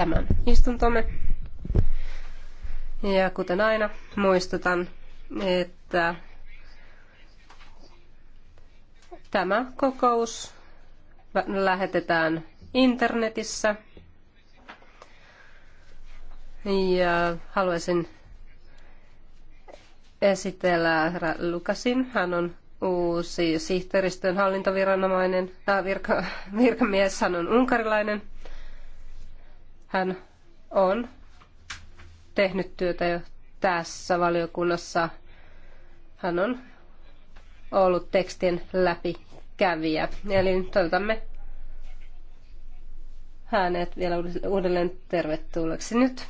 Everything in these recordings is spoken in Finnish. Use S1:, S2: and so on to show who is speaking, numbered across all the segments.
S1: tämän istuntomme. Ja kuten aina, muistutan, että tämä kokous lähetetään internetissä. Ja haluaisin esitellä herra Lukasin. Hän on uusi sihteeristön hallintoviranomainen, äh, virka, virkamies, hän on unkarilainen. Hän on tehnyt työtä jo tässä valiokunnassa. Hän on ollut tekstin läpikävijä. Eli toivotamme hänet vielä uudelleen tervetulleeksi. Nyt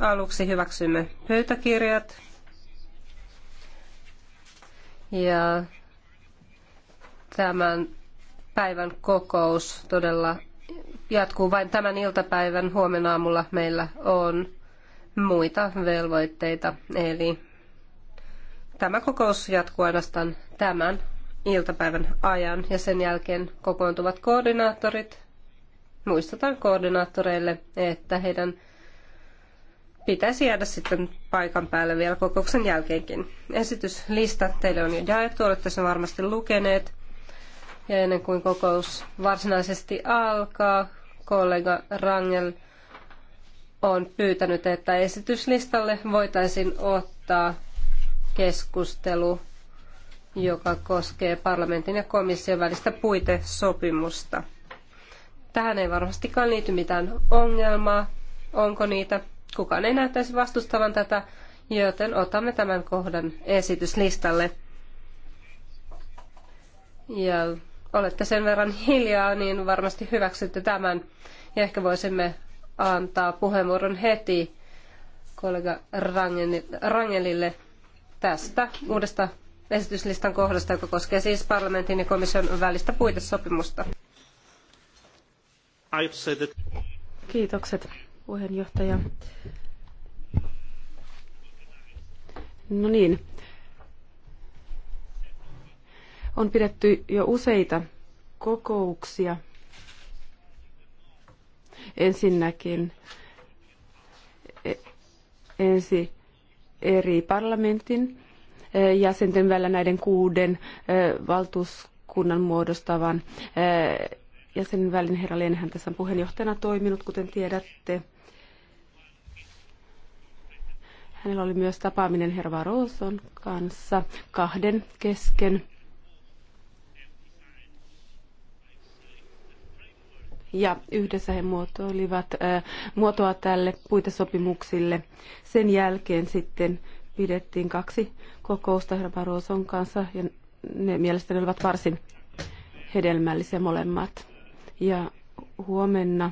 S1: aluksi hyväksymme pöytäkirjat. Ja tämän päivän kokous todella jatkuu vain tämän iltapäivän. Huomenna aamulla meillä on muita velvoitteita. Eli tämä kokous jatkuu ainoastaan tämän iltapäivän ajan ja sen jälkeen kokoontuvat koordinaattorit. Muistutan koordinaattoreille, että heidän pitäisi jäädä sitten paikan päälle vielä kokouksen jälkeenkin. Esityslista teille on jo jaettu, olette sen varmasti lukeneet. Ja ennen kuin kokous varsinaisesti alkaa, kollega Rangel on pyytänyt, että esityslistalle voitaisiin ottaa keskustelu, joka koskee parlamentin ja komission välistä puitesopimusta. Tähän ei varmastikaan liity mitään ongelmaa. Onko niitä? Kukaan ei näyttäisi vastustavan tätä, joten otamme tämän kohdan esityslistalle. Ja olette sen verran hiljaa, niin varmasti hyväksytte tämän. Ja ehkä voisimme antaa puheenvuoron heti kollega Rangelille tästä uudesta esityslistan kohdasta, joka koskee siis parlamentin ja komission välistä puitesopimusta.
S2: Kiitokset puheenjohtaja. No niin, on pidetty jo useita kokouksia. Ensinnäkin e, ensi eri parlamentin e, jäsenten välillä näiden kuuden e, valtuuskunnan muodostavan jäsenen välin herra Lenhän tässä on puheenjohtajana toiminut, kuten tiedätte. Hänellä oli myös tapaaminen herra Roson kanssa kahden kesken. ja yhdessä he muotoilivat muotoa tälle puitesopimuksille. Sen jälkeen sitten pidettiin kaksi kokousta herra Baroson kanssa ja ne mielestäni olivat varsin hedelmällisiä molemmat. Ja huomenna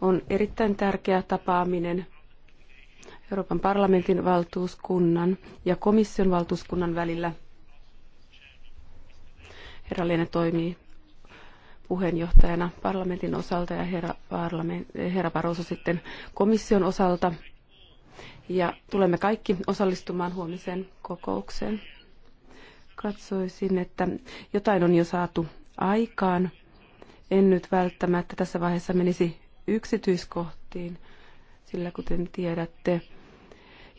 S2: on erittäin tärkeä tapaaminen Euroopan parlamentin valtuuskunnan ja komission valtuuskunnan välillä. Herra Liene toimii puheenjohtajana parlamentin osalta ja herra, parlament, herra Barroso sitten komission osalta. Ja tulemme kaikki osallistumaan huomiseen kokoukseen. Katsoisin, että jotain on jo saatu aikaan. En nyt välttämättä tässä vaiheessa menisi yksityiskohtiin, sillä kuten tiedätte,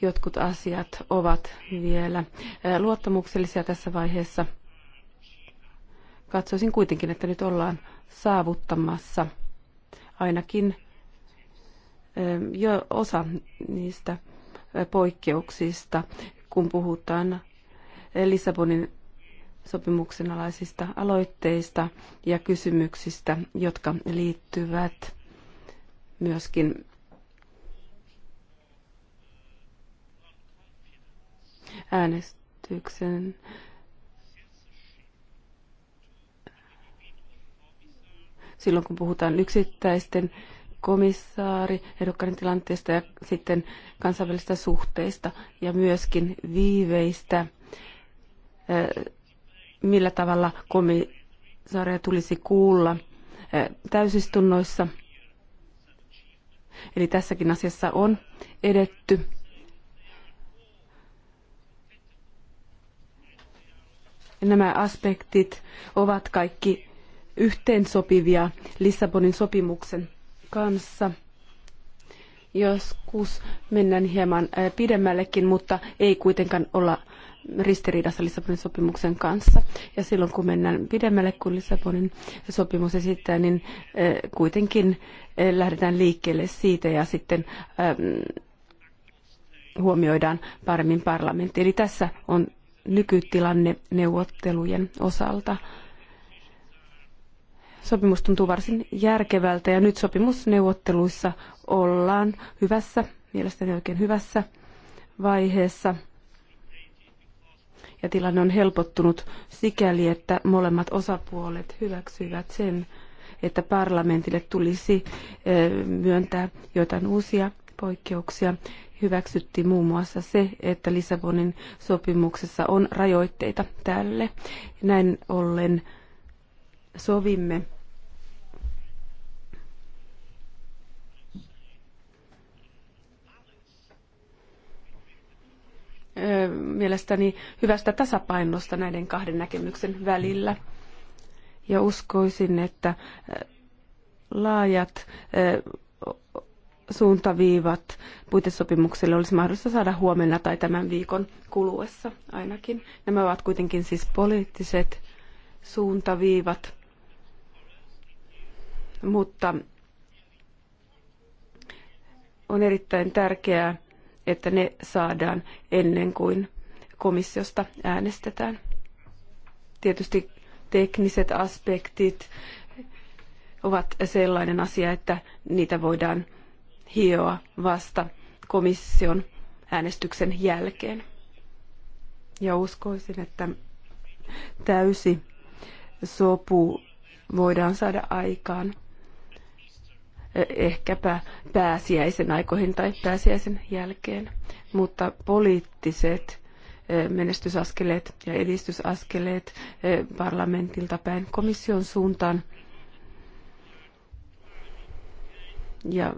S2: jotkut asiat ovat vielä luottamuksellisia tässä vaiheessa – katsoisin kuitenkin, että nyt ollaan saavuttamassa ainakin jo osa niistä poikkeuksista, kun puhutaan Lissabonin sopimuksen alaisista aloitteista ja kysymyksistä, jotka liittyvät myöskin äänestyksen silloin, kun puhutaan yksittäisten komissaari ehdokkaiden tilanteesta ja sitten kansainvälisistä suhteista ja myöskin viiveistä, eh, millä tavalla komissaaria tulisi kuulla eh, täysistunnoissa. Eli tässäkin asiassa on edetty. Nämä aspektit ovat kaikki yhteensopivia Lissabonin sopimuksen kanssa. Joskus mennään hieman pidemmällekin, mutta ei kuitenkaan olla ristiriidassa Lissabonin sopimuksen kanssa. Ja silloin kun mennään pidemmälle kuin Lissabonin sopimus esittää, niin kuitenkin lähdetään liikkeelle siitä ja sitten huomioidaan paremmin parlamentti. Eli tässä on nykytilanne neuvottelujen osalta. Sopimus tuntuu varsin järkevältä ja nyt sopimusneuvotteluissa ollaan hyvässä, mielestäni oikein hyvässä vaiheessa. Ja tilanne on helpottunut sikäli, että molemmat osapuolet hyväksyivät sen, että parlamentille tulisi myöntää joitain uusia poikkeuksia. Hyväksyttiin muun muassa se, että Lissabonin sopimuksessa on rajoitteita tälle. Näin ollen sovimme mielestäni hyvästä tasapainosta näiden kahden näkemyksen välillä. Ja uskoisin, että laajat suuntaviivat puitesopimukselle olisi mahdollista saada huomenna tai tämän viikon kuluessa ainakin. Nämä ovat kuitenkin siis poliittiset suuntaviivat, mutta on erittäin tärkeää, että ne saadaan ennen kuin komissiosta äänestetään. Tietysti tekniset aspektit ovat sellainen asia, että niitä voidaan hioa vasta komission äänestyksen jälkeen. Ja uskoisin, että täysi sopu voidaan saada aikaan ehkäpä pääsiäisen aikoihin tai pääsiäisen jälkeen. Mutta poliittiset menestysaskeleet ja edistysaskeleet parlamentilta päin komission suuntaan ja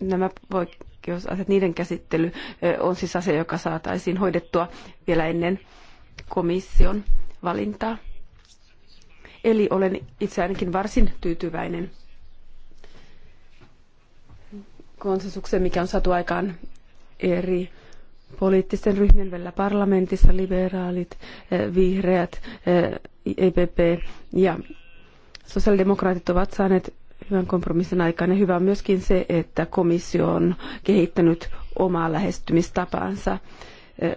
S2: nämä poikkeusasiat, niiden käsittely on siis asia, joka saataisiin hoidettua vielä ennen komission valintaa. Eli olen itse ainakin varsin tyytyväinen konsensukseen, mikä on saatu aikaan eri poliittisten ryhmien välillä parlamentissa, liberaalit, eh, vihreät, EPP eh, e ja sosiaalidemokraatit ovat saaneet hyvän kompromissin aikaan. Ja hyvä on myöskin se, että komissio on kehittänyt omaa lähestymistapaansa eh,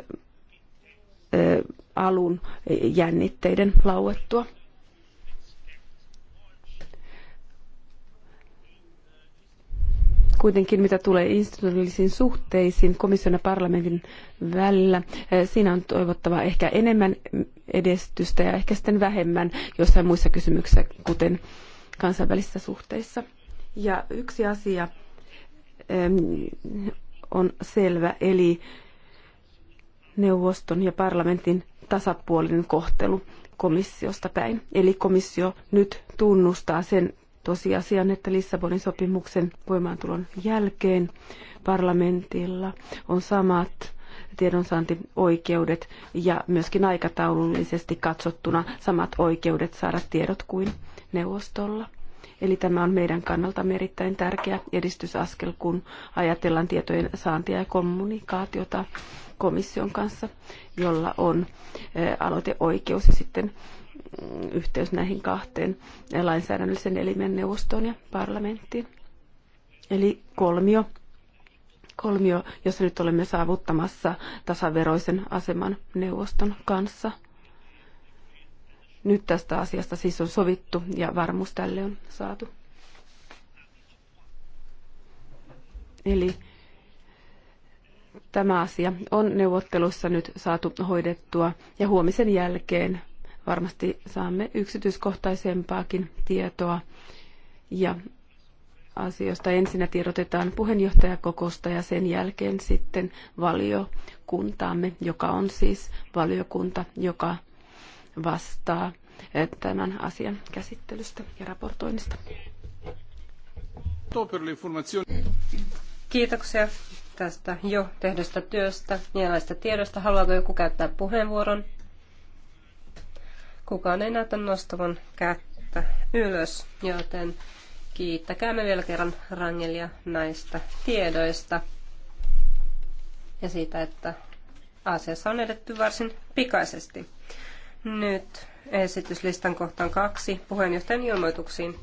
S2: alun jännitteiden lauettua. Kuitenkin mitä tulee instituutiollisiin suhteisiin komission ja parlamentin välillä, eh, siinä on toivottava ehkä enemmän edistystä ja ehkä sitten vähemmän jossain muissa kysymyksissä, kuten kansainvälisissä suhteissa. Ja yksi asia on selvä, eli neuvoston ja parlamentin tasapuolinen kohtelu komissiosta päin. Eli komissio nyt tunnustaa sen tosiasian, että Lissabonin sopimuksen voimaantulon jälkeen parlamentilla on samat tiedonsaantioikeudet ja myöskin aikataulullisesti katsottuna samat oikeudet saada tiedot kuin neuvostolla. Eli tämä on meidän kannaltamme erittäin tärkeä edistysaskel, kun ajatellaan tietojen saantia ja kommunikaatiota komission kanssa, jolla on eh, aloiteoikeus ja sitten yhteys näihin kahteen lainsäädännöllisen elimen neuvostoon ja parlamenttiin. Eli kolmio, kolmio, jossa nyt olemme saavuttamassa tasaveroisen aseman neuvoston kanssa. Nyt tästä asiasta siis on sovittu ja varmuus tälle on saatu. Eli tämä asia on neuvottelussa nyt saatu hoidettua ja huomisen jälkeen varmasti saamme yksityiskohtaisempaakin tietoa. Ja asioista ensinnä tiedotetaan puheenjohtajakokousta ja sen jälkeen sitten valiokuntaamme, joka on siis valiokunta, joka vastaa eh, tämän asian käsittelystä ja raportoinnista.
S1: Kiitoksia tästä jo tehdystä työstä ja näistä tiedosta. Haluaako joku käyttää puheenvuoron? Kukaan ei näytä nostavan kättä ylös, joten kiittäkäämme vielä kerran Rangelia näistä tiedoista ja siitä, että asiassa on edetty varsin pikaisesti. Nyt esityslistan kohtaan kaksi puheenjohtajan ilmoituksiin.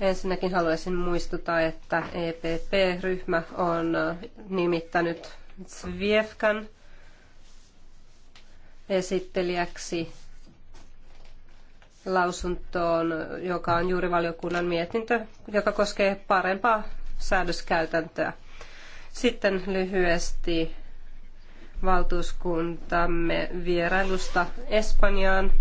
S1: Ensinnäkin haluaisin muistuttaa, että EPP-ryhmä on nimittänyt Zviefkan esittelijäksi lausuntoon, joka on juuri valiokunnan mietintö, joka koskee parempaa säädöskäytäntöä. Sitten lyhyesti valtuuskuntamme vierailusta Espanjaan.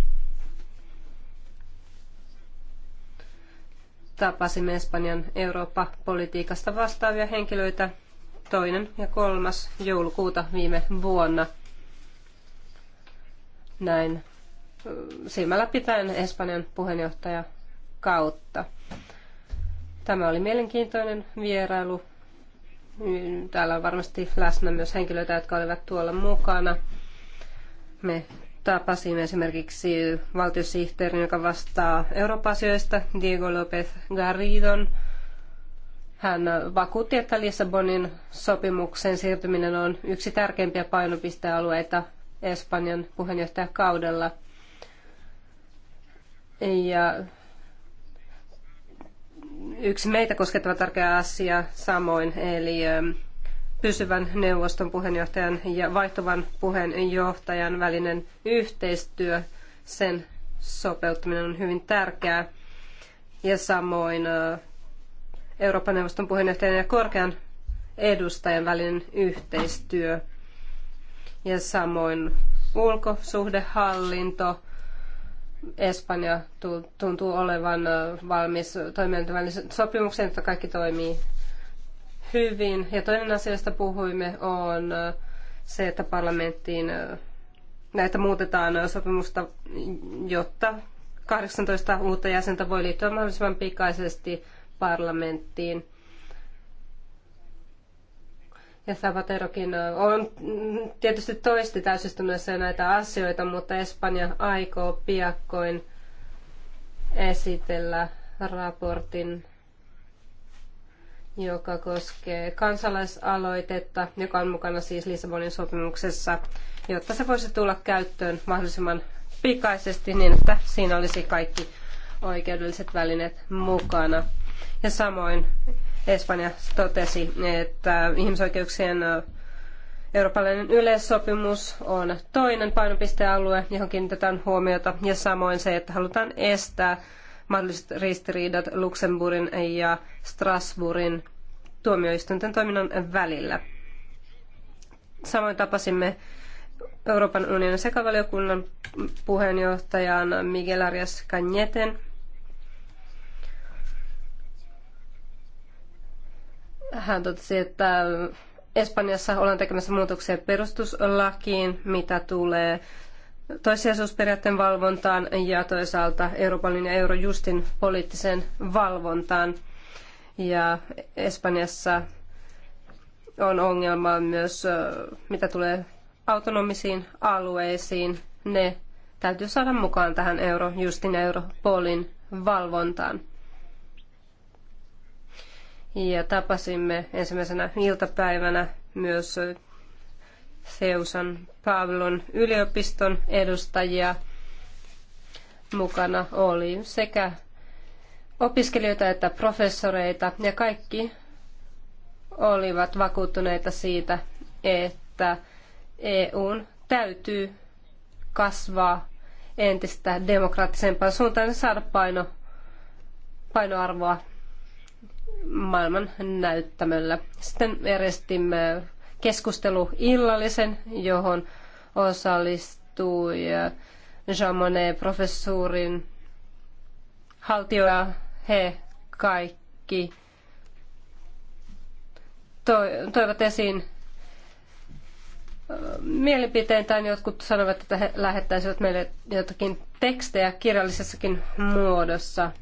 S1: Tapasimme Espanjan Eurooppa-politiikasta vastaavia henkilöitä toinen ja kolmas joulukuuta viime vuonna. Näin silmällä pitäen Espanjan puheenjohtaja kautta. Tämä oli mielenkiintoinen vierailu. Täällä on varmasti läsnä myös henkilöitä, jotka olivat tuolla mukana. Me tapasimme esimerkiksi valtiosihteerin, joka vastaa Eurooppa-asioista, Diego López Garridon. Hän vakuutti, että Lissabonin sopimuksen siirtyminen on yksi tärkeimpiä painopistealueita Espanjan puheenjohtajakaudella – ja yksi meitä koskettava tärkeä asia samoin, eli ähm, pysyvän neuvoston puheenjohtajan ja vaihtuvan puheenjohtajan välinen yhteistyö, sen sopeuttaminen on hyvin tärkeää. Ja samoin äh, Euroopan neuvoston puheenjohtajan ja korkean edustajan välinen yhteistyö. Ja samoin ulkosuhdehallinto, Espanja tuntuu olevan valmis toimijoiden sopimuksen että kaikki toimii hyvin. Ja toinen asia, josta puhuimme, on se, että parlamenttiin näitä muutetaan sopimusta, jotta 18 uutta jäsentä voi liittyä mahdollisimman pikaisesti parlamenttiin. Ja Zapaterokin on mm, tietysti toisti täysistunnossa näitä asioita, mutta Espanja aikoo piakkoin esitellä raportin, joka koskee kansalaisaloitetta, joka on mukana siis Lissabonin sopimuksessa, jotta se voisi tulla käyttöön mahdollisimman pikaisesti niin, että siinä olisi kaikki oikeudelliset välineet mukana. Ja samoin Espanja totesi, että ihmisoikeuksien eurooppalainen yleissopimus on toinen painopistealue, johon kiinnitetään huomiota, ja samoin se, että halutaan estää mahdolliset ristiriidat Luxemburgin ja Strasbourgin tuomioistuinten toiminnan välillä. Samoin tapasimme Euroopan unionin sekavaliokunnan puheenjohtajan Miguel Arias Cañeten Hän totesi, että Espanjassa ollaan tekemässä muutoksia perustuslakiin, mitä tulee toissijaisuusperiaatteen valvontaan ja toisaalta Euroopan ja Eurojustin poliittiseen valvontaan. Ja Espanjassa on ongelma myös, mitä tulee autonomisiin alueisiin. Ne täytyy saada mukaan tähän Eurojustin ja Europolin valvontaan. Ja tapasimme ensimmäisenä iltapäivänä myös Seusan Pavlon yliopiston edustajia. Mukana oli sekä opiskelijoita että professoreita ja kaikki olivat vakuuttuneita siitä, että EUn täytyy kasvaa entistä demokraattisempaan suuntaan ja saada paino, painoarvoa maailman näyttämöllä. Sitten järjestimme keskusteluillallisen, johon osallistui eh, Jean Monnet professuurin haltijoja. He kaikki toivat esiin eh, mielipiteitään. Jotkut sanovat, että he lähettäisivät meille jotakin tekstejä kirjallisessakin muodossa –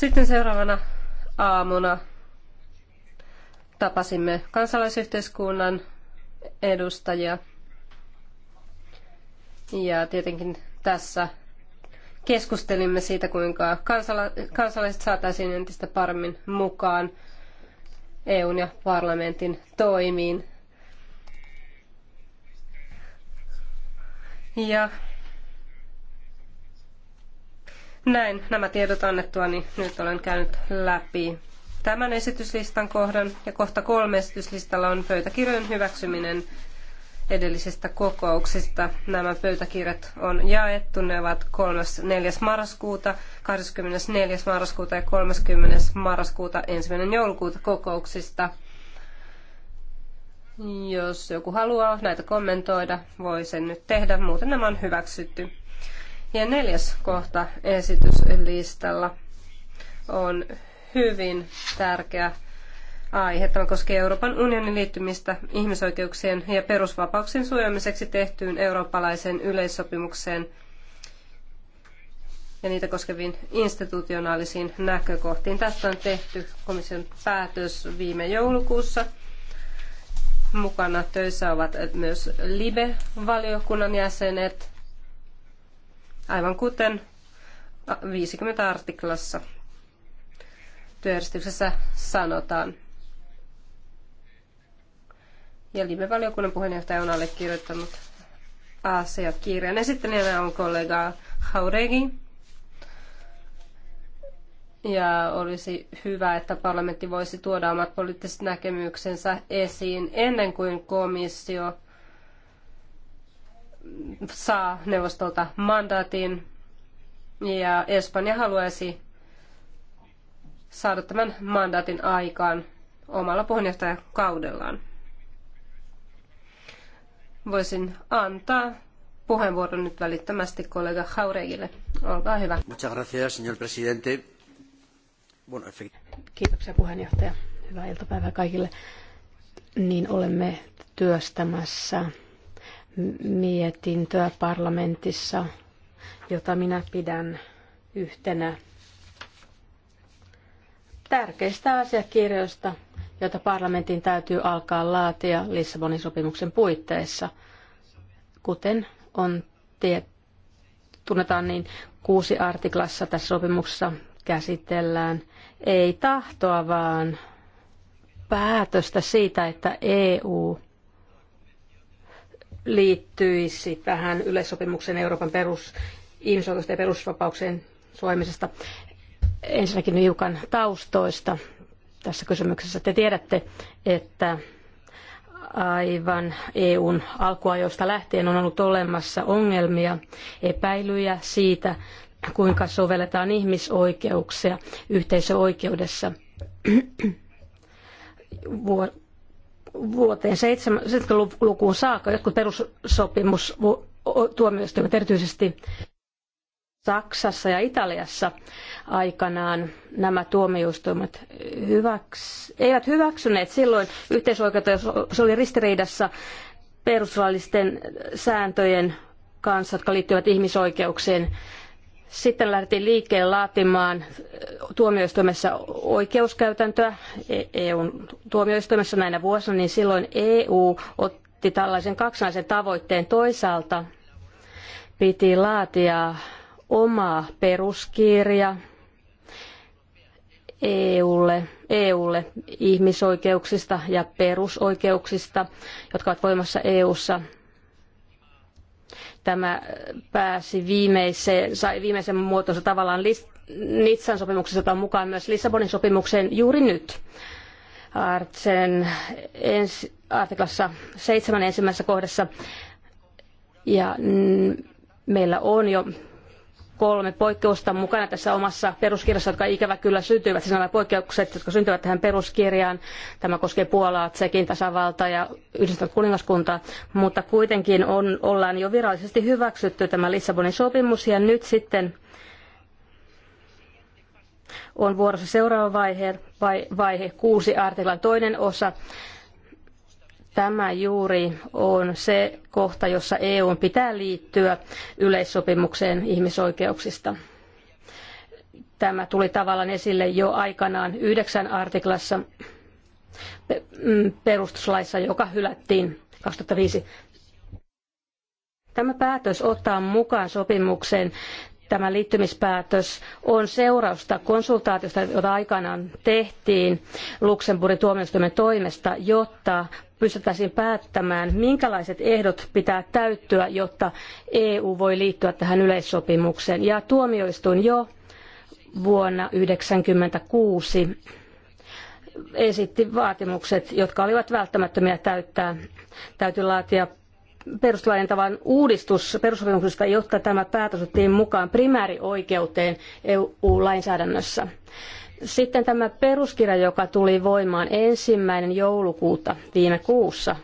S1: Sitten seuraavana aamuna tapasimme kansalaisyhteiskunnan edustajia. Ja tietenkin tässä keskustelimme siitä, kuinka kansala- kansalaiset saataisiin entistä paremmin mukaan EUn ja parlamentin toimiin. Ja näin nämä tiedot annettua, niin nyt olen käynyt läpi tämän esityslistan kohdan ja kohta kolme esityslistalla on pöytäkirjojen hyväksyminen edellisistä kokouksista. Nämä pöytäkirjat on jaettu, ne ovat 3.4. marraskuuta, 24. marraskuuta ja 30. marraskuuta 1. joulukuuta kokouksista. Jos joku haluaa näitä kommentoida, voi sen nyt tehdä, muuten nämä on hyväksytty. Ja neljäs kohta esityslistalla on hyvin tärkeä aihe. Tämä koskee Euroopan unionin liittymistä ihmisoikeuksien ja perusvapauksien suojelmiseksi tehtyyn eurooppalaiseen yleissopimukseen ja niitä koskeviin institutionaalisiin näkökohtiin. Tästä on tehty komission päätös viime joulukuussa. Mukana töissä ovat myös LIBE-valiokunnan jäsenet aivan kuten 50 artiklassa työjärjestyksessä sanotaan. Ja Libe-valiokunnan puheenjohtaja on allekirjoittanut asiakirjan. Esittelijänä on kollega Hauregi. Ja olisi hyvä, että parlamentti voisi tuoda omat poliittiset näkemyksensä esiin ennen kuin komissio saa neuvostolta mandaatin ja Espanja haluaisi saada tämän mandaatin aikaan omalla puheenjohtajakaudellaan. Voisin antaa puheenvuoron nyt välittömästi kollega Jauregille. Olkaa hyvä.
S3: Muchas gracias, señor presidente. Bueno, Kiitoksia puheenjohtaja. Hyvää iltapäivää kaikille. Niin olemme työstämässä mietintöä parlamentissa, jota minä pidän yhtenä tärkeistä asiakirjoista, joita parlamentin täytyy alkaa laatia Lissabonin sopimuksen puitteissa, kuten on tie, tunnetaan niin kuusi artiklassa tässä sopimuksessa käsitellään ei tahtoa, vaan päätöstä siitä, että EU liittyisi tähän yleissopimuksen Euroopan perus, ihmisoikeuksien ja perusvapauksien suojelmisesta. Ensinnäkin hiukan taustoista tässä kysymyksessä. Te tiedätte, että aivan EUn alkuajoista lähtien on ollut olemassa ongelmia, epäilyjä siitä, kuinka sovelletaan ihmisoikeuksia yhteisöoikeudessa vuoteen 70-lukuun saakka. Jotkut perussopimustuomioistuimet erityisesti Saksassa ja Italiassa aikanaan nämä tuomioistuimet hyväks, eivät hyväksyneet silloin yhteisoikeutta, jos se oli ristiriidassa perustuslaillisten sääntöjen kanssa, jotka liittyvät ihmisoikeuksiin sitten lähdettiin liikkeelle laatimaan äh, tuomioistuimessa oikeuskäytäntöä e- EUn tuomioistuimessa näinä vuosina, niin silloin EU otti tällaisen kaksinaisen tavoitteen. Toisaalta piti laatia oma peruskirja EUlle, EUlle ihmisoikeuksista ja perusoikeuksista, jotka ovat voimassa EUssa – Tämä pääsi viimeiseen, sai viimeisen muotonsa tavallaan Nitsan sopimuksessa, jota on mukaan myös Lissabonin sopimukseen juuri nyt. Artsen ensi, artiklassa seitsemän ensimmäisessä kohdassa. Ja meillä on jo kolme poikkeusta mukana tässä omassa peruskirjassa, jotka ikävä kyllä syntyivät. Siis nämä poikkeukset, jotka syntyvät tähän peruskirjaan. Tämä koskee Puolaa, Tsekin tasavaltaa ja yhdistynyt kuningaskuntaa. Mutta kuitenkin on, ollaan jo virallisesti hyväksytty tämä Lissabonin sopimus ja nyt sitten on vuorossa seuraava vaihe, vai, vaihe kuusi artiklan toinen osa Tämä juuri on se kohta, jossa EUn pitää liittyä yleissopimukseen ihmisoikeuksista. Tämä tuli tavallaan esille jo aikanaan yhdeksän artiklassa mm, perustuslaissa, joka hylättiin 2005. Tämä päätös ottaa mukaan sopimukseen tämä liittymispäätös on seurausta konsultaatiosta, jota aikanaan tehtiin Luxemburgin tuomioistuimen toimesta, jotta pystyttäisiin päättämään, minkälaiset ehdot pitää täyttyä, jotta EU voi liittyä tähän yleissopimukseen. Ja tuomioistuin jo vuonna 1996 esitti vaatimukset, jotka olivat välttämättömiä täyttää. Täytyy laatia perustuslain uudistus perussopimuksesta, jotta tämä päätös otettiin mukaan primäärioikeuteen EU-lainsäädännössä. Sitten tämä peruskirja, joka tuli voimaan ensimmäinen joulukuuta viime kuussa.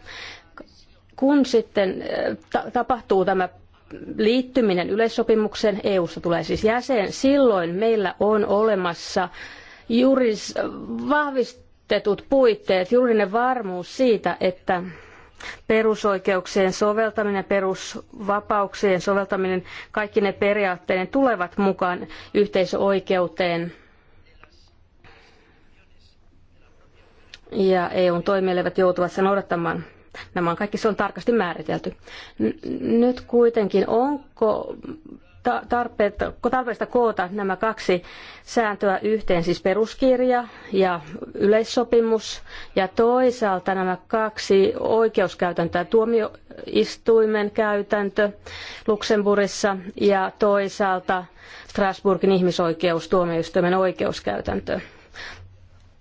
S3: Kun sitten eh, tapahtuu tämä liittyminen yleissopimukseen, EUsta tulee siis jäsen, silloin meillä on olemassa juuri vahvistetut puitteet, juridinen varmuus siitä, että perusoikeuksien soveltaminen, perusvapauksien soveltaminen, kaikki ne periaatteet tulevat mukaan yhteisöoikeuteen. Ja EUn toimielevät joutuvat sen noudattamaan. Nämä on kaikki, se on tarkasti määritelty. nyt kuitenkin, onko tarpeet, tarpeesta koota nämä kaksi sääntöä yhteen, siis peruskirja ja yleissopimus, ja toisaalta nämä kaksi oikeuskäytäntöä, tuomioistuimen käytäntö Luxemburgissa ja toisaalta Strasbourgin ihmisoikeustuomioistuimen oikeuskäytäntö.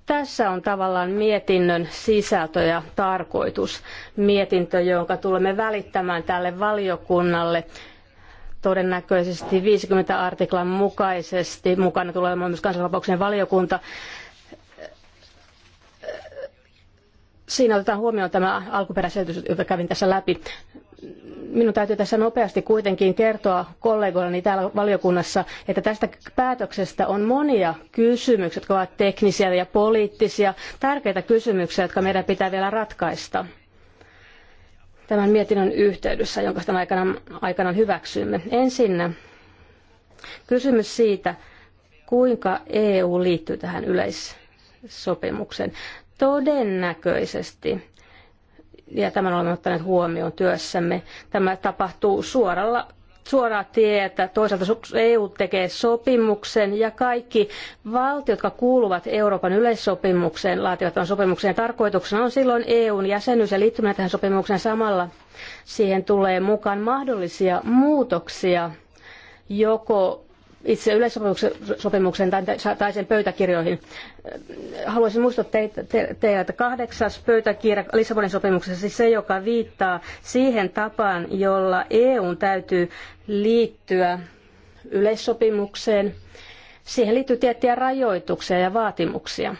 S3: Tässä on tavallaan mietinnön sisältö ja tarkoitus. Mietintö, jonka tulemme välittämään tälle valiokunnalle todennäköisesti 50 artiklan mukaisesti. Mukana tulee olemaan myös kansanvapauksien valiokunta. Siinä otetaan huomioon tämä alkuperäiselitys, jota kävin tässä läpi. Minun täytyy tässä nopeasti kuitenkin kertoa kollegoilleni täällä valiokunnassa, että tästä päätöksestä on monia kysymyksiä, jotka ovat teknisiä ja poliittisia, tärkeitä kysymyksiä, jotka meidän pitää vielä ratkaista tämän mietinnön yhteydessä, jonka tämän aikana, aikanaan hyväksyimme. Ensinnä kysymys siitä, kuinka EU liittyy tähän yleissopimukseen. Todennäköisesti, ja tämän olemme ottaneet huomioon työssämme, tämä tapahtuu suoralla suoraa tietä. Toisaalta EU tekee sopimuksen ja kaikki valtiot, jotka kuuluvat Euroopan yleissopimukseen, laativat tämän sopimuksen. Ja tarkoituksena on silloin EUn jäsenyys ja liittyminen tähän sopimukseen samalla. Siihen tulee mukaan mahdollisia muutoksia joko itse yleissopimuksen tai sen pöytäkirjoihin. Haluaisin muistuttaa teille, että kahdeksas pöytäkirja Lissabonin sopimuksessa, siis se, joka viittaa siihen tapaan, jolla EUn täytyy liittyä yleissopimukseen, siihen liittyy tiettyjä rajoituksia ja vaatimuksia.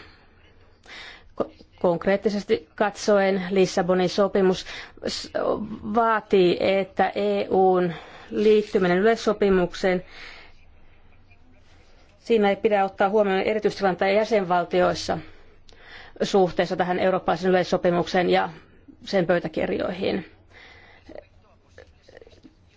S3: Konkreettisesti katsoen Lissabonin sopimus vaatii, että EUn liittyminen yleissopimukseen Siinä ei pidä ottaa huomioon erityistilanteen jäsenvaltioissa suhteessa tähän eurooppalaisen yleissopimukseen ja sen pöytäkirjoihin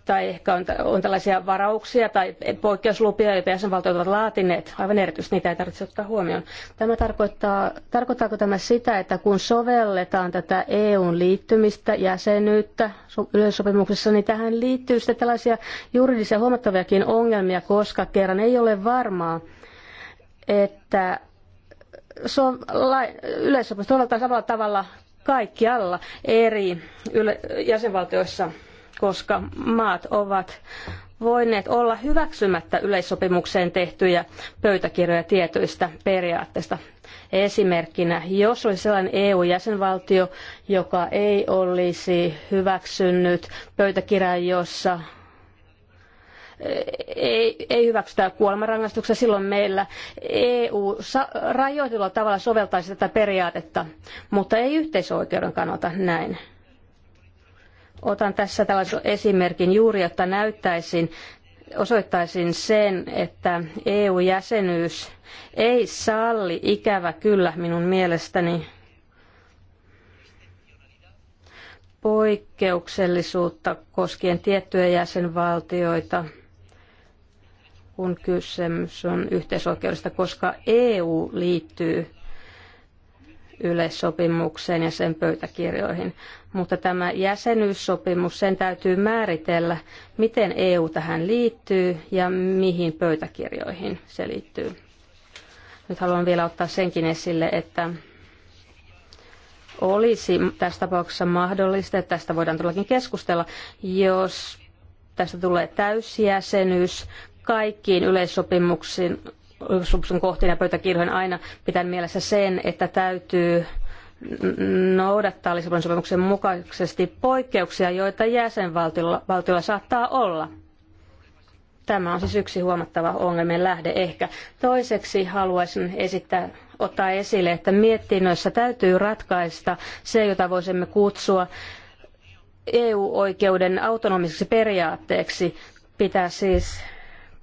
S3: tai ehkä on, on tällaisia varauksia tai poikkeuslupia, joita jäsenvaltiot ovat laatineet. Aivan erityisesti niitä ei tarvitse ottaa huomioon. Tämä tarkoittaa, tarkoittaako tämä sitä, että kun sovelletaan tätä EUn liittymistä, jäsenyyttä yleissopimuksessa, niin tähän liittyy sitten tällaisia juridisia huomattaviakin ongelmia, koska kerran ei ole varmaa, että so, yleissopimus sovelletaan samalla tavalla kaikkialla eri yle, jäsenvaltioissa – koska maat ovat voineet olla hyväksymättä yleissopimukseen tehtyjä pöytäkirjoja tietyistä periaatteista. Esimerkkinä, jos olisi sellainen EU-jäsenvaltio, joka ei olisi hyväksynyt pöytäkirjaa, jossa ei, ei hyväksytä kuolemanrangaistuksia, silloin meillä EU rajoitetulla tavalla soveltaisi tätä periaatetta, mutta ei yhteisoikeuden kannalta näin. Otan tässä tällaisen esimerkin juuri, jotta näyttäisin, osoittaisin sen, että EU-jäsenyys ei salli ikävä kyllä minun mielestäni poikkeuksellisuutta koskien tiettyjä jäsenvaltioita, kun kysymys on yhteisoikeudesta, koska EU liittyy yleissopimukseen ja sen pöytäkirjoihin. Mutta tämä jäsenyyssopimus, sen täytyy määritellä, miten EU tähän liittyy ja mihin pöytäkirjoihin se liittyy. Nyt haluan vielä ottaa senkin esille, että olisi tässä tapauksessa mahdollista, että tästä voidaan todellakin keskustella, jos tästä tulee täysjäsenyys kaikkiin yleissopimuksiin sopimuksen kohteena ja pöytäkirjoihin aina pitää mielessä sen, että täytyy noudattaa Lissabonin sopimuksen mukaisesti poikkeuksia, joita jäsenvaltiolla saattaa olla. Tämä on siis yksi huomattava ongelmien lähde ehkä. Toiseksi haluaisin esittää, ottaa esille, että mietinnöissä täytyy ratkaista se, jota voisimme kutsua EU-oikeuden autonomiseksi periaatteeksi. Pitää siis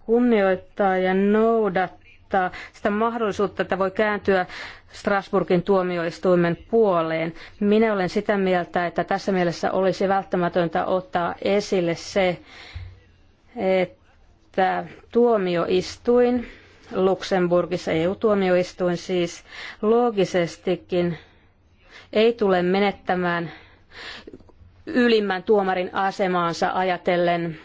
S3: kunnioittaa ja noudattaa rajoittaa sitä mahdollisuutta, että voi kääntyä Strasburgin tuomioistuimen puoleen. Minä olen sitä mieltä, että tässä mielessä olisi välttämätöntä ottaa esille se, että tuomioistuin Luxemburgissa, EU-tuomioistuin siis loogisestikin ei tule menettämään ylimmän tuomarin asemaansa ajatellen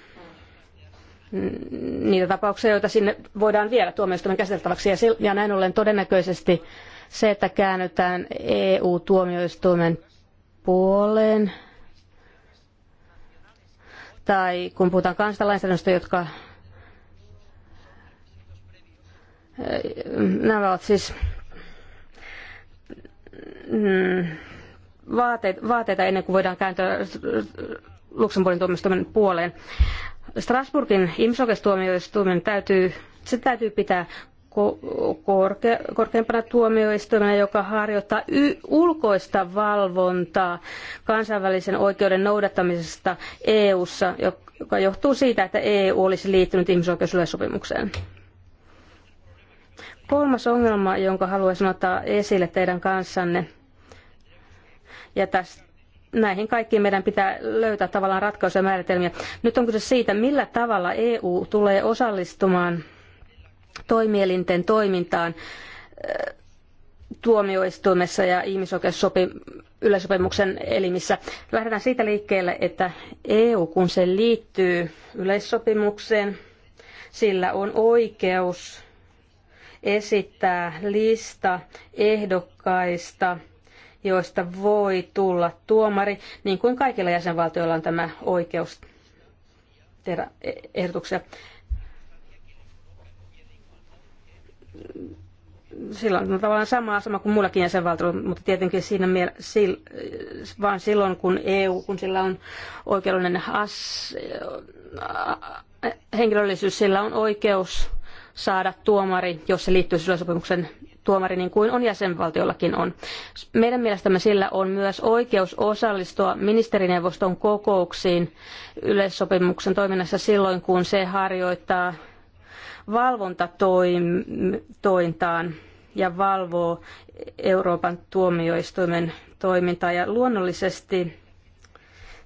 S3: niitä tapauksia, joita sinne voidaan viedä tuomioistuimen käsiteltäväksi. Ja, näin ollen todennäköisesti se, että käännytään EU-tuomioistuimen puoleen, tai kun puhutaan kansalainsäädännöstä, jotka eh, nämä ovat siis mm, vaateita ennen kuin voidaan kääntyä Luxemburgin tuomioistuimen puoleen. Strasbourgin ihmisoikeustuomioistuimen täytyy, se täytyy pitää korke, korkeimpana tuomioistuimena, joka harjoittaa y, ulkoista valvontaa kansainvälisen oikeuden noudattamisesta EU:ssa, joka johtuu siitä, että EU olisi liittynyt ihmisoikeusyleissopimukseen. Kolmas ongelma, jonka haluaisin ottaa esille teidän kanssanne, ja tästä näihin kaikkiin meidän pitää löytää tavallaan ratkaisuja ja määritelmiä. Nyt on kyse siitä, millä tavalla EU tulee osallistumaan toimielinten toimintaan eh, tuomioistuimessa ja ihmisoikeussopimuksen elimissä. Lähdetään siitä liikkeelle, että EU, kun se liittyy yleissopimukseen, sillä on oikeus esittää lista ehdokkaista – joista voi tulla tuomari, niin kuin kaikilla jäsenvaltioilla on tämä oikeus tehdä e- ehdotuksia. Silloin on tavallaan sama asema kuin muillakin jäsenvaltioilla, mutta tietenkin siinä miel- sil, vaan silloin, kun EU, kun sillä on oikeudellinen as, henkilöllisyys, sillä on oikeus saada tuomari, jos se liittyy sopimuksen tuomari niin kuin on jäsenvaltiollakin on. Meidän mielestämme sillä on myös oikeus osallistua ministerineuvoston kokouksiin yleissopimuksen toiminnassa silloin, kun se harjoittaa valvontatointaan ja valvoo Euroopan tuomioistuimen toimintaa. Ja luonnollisesti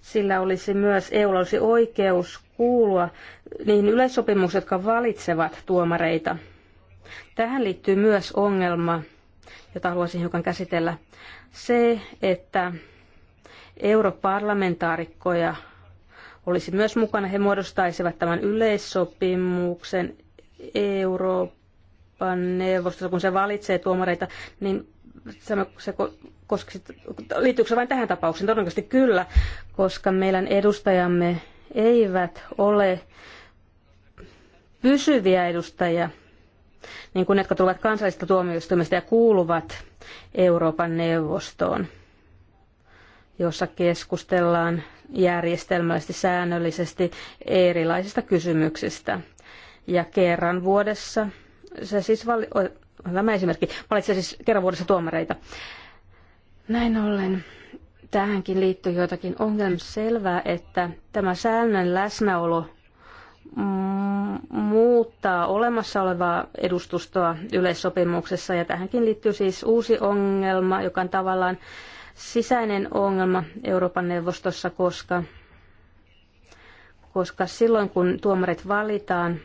S3: sillä olisi myös, EUlla olisi oikeus kuulua niihin yleissopimuksiin, jotka valitsevat tuomareita – Tähän liittyy myös ongelma, jota haluaisin hiukan käsitellä. Se, että europarlamentaarikkoja olisi myös mukana. He muodostaisivat tämän yleissopimuksen Euroopan neuvostossa, kun se valitsee tuomareita, niin se koskisi, liittyykö se vain tähän tapaukseen? Todennäköisesti kyllä, koska meidän edustajamme eivät ole pysyviä edustajia niin kuin ne, jotka tulevat kansallisesta tuomioistuimesta ja kuuluvat Euroopan neuvostoon, jossa keskustellaan järjestelmällisesti, säännöllisesti erilaisista kysymyksistä. Ja kerran vuodessa, se siis vali, tämä esimerkki, valitsee siis kerran vuodessa tuomareita. Näin ollen tähänkin liittyy joitakin ongelmia. Selvää, että tämä säännön läsnäolo Mm, muuttaa olemassa olevaa edustustoa yleissopimuksessa. Ja tähänkin liittyy siis uusi ongelma, joka on tavallaan sisäinen ongelma Euroopan neuvostossa, koska, koska silloin kun tuomarit valitaan,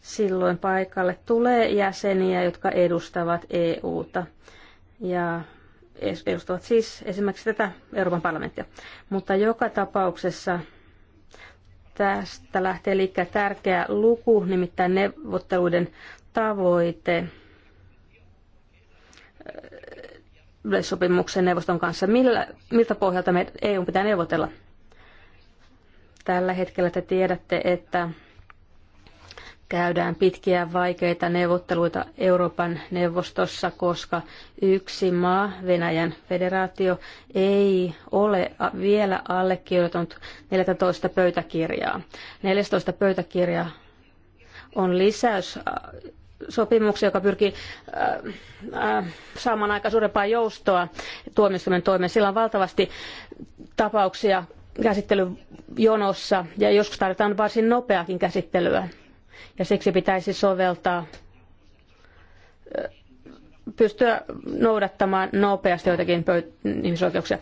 S3: silloin paikalle tulee jäseniä, jotka edustavat EUta. Ja edustavat siis esimerkiksi tätä Euroopan parlamenttia. Mutta joka tapauksessa tästä lähtee liikkeelle tärkeä luku, nimittäin neuvotteluiden tavoite äh, yleissopimuksen neuvoston kanssa. Millä, miltä pohjalta me EU pitää neuvotella? Tällä hetkellä te tiedätte, että käydään pitkiä vaikeita neuvotteluita Euroopan neuvostossa, koska yksi maa, Venäjän federaatio, ei ole vielä allekirjoitunut 14 pöytäkirjaa. 14 pöytäkirja on lisäys äh, sopimuksia, joka pyrkii äh, äh, saamaan aika suurempaa joustoa tuomioistuimen toimeen. Sillä on valtavasti tapauksia käsittelyjonossa ja joskus tarvitaan varsin nopeakin käsittelyä ja siksi pitäisi soveltaa pystyä noudattamaan nopeasti joitakin pöyt- ihmisoikeuksia.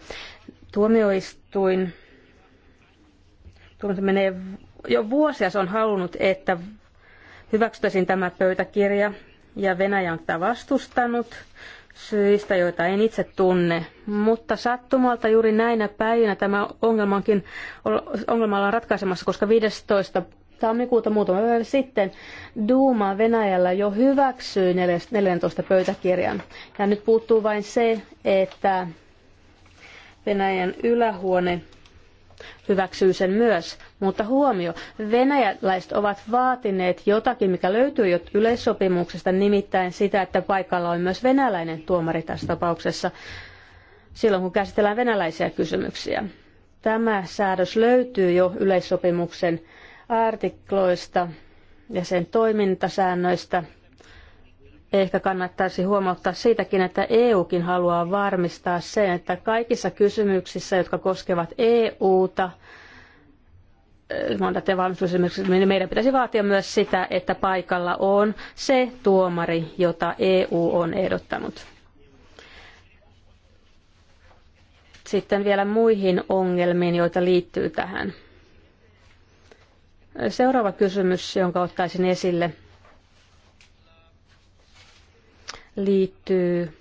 S3: Tuomioistuin tuomioistuin menee jo vuosia se on halunnut, että hyväksyttäisiin tämä pöytäkirja ja Venäjä on tätä vastustanut syistä, joita en itse tunne. Mutta sattumalta juuri näinä päivinä tämä ongelmankin, ongelma ollaan ratkaisemassa, koska 15 tammikuuta muutama päivä sitten Duuma Venäjällä jo hyväksyi 14 pöytäkirjan. Ja nyt puuttuu vain se, että Venäjän ylähuone hyväksyy sen myös. Mutta huomio, venäläiset ovat vaatineet jotakin, mikä löytyy jo yleissopimuksesta, nimittäin sitä, että paikalla on myös venäläinen tuomari tässä tapauksessa silloin, kun käsitellään venäläisiä kysymyksiä. Tämä säädös löytyy jo yleissopimuksen artikloista ja sen toimintasäännöistä. Ehkä kannattaisi huomauttaa siitäkin, että EUkin haluaa varmistaa sen, että kaikissa kysymyksissä, jotka koskevat EUta, niin meidän pitäisi vaatia myös sitä, että paikalla on se tuomari, jota EU on ehdottanut. Sitten vielä muihin ongelmiin, joita liittyy tähän Seuraava kysymys, jonka ottaisin esille, liittyy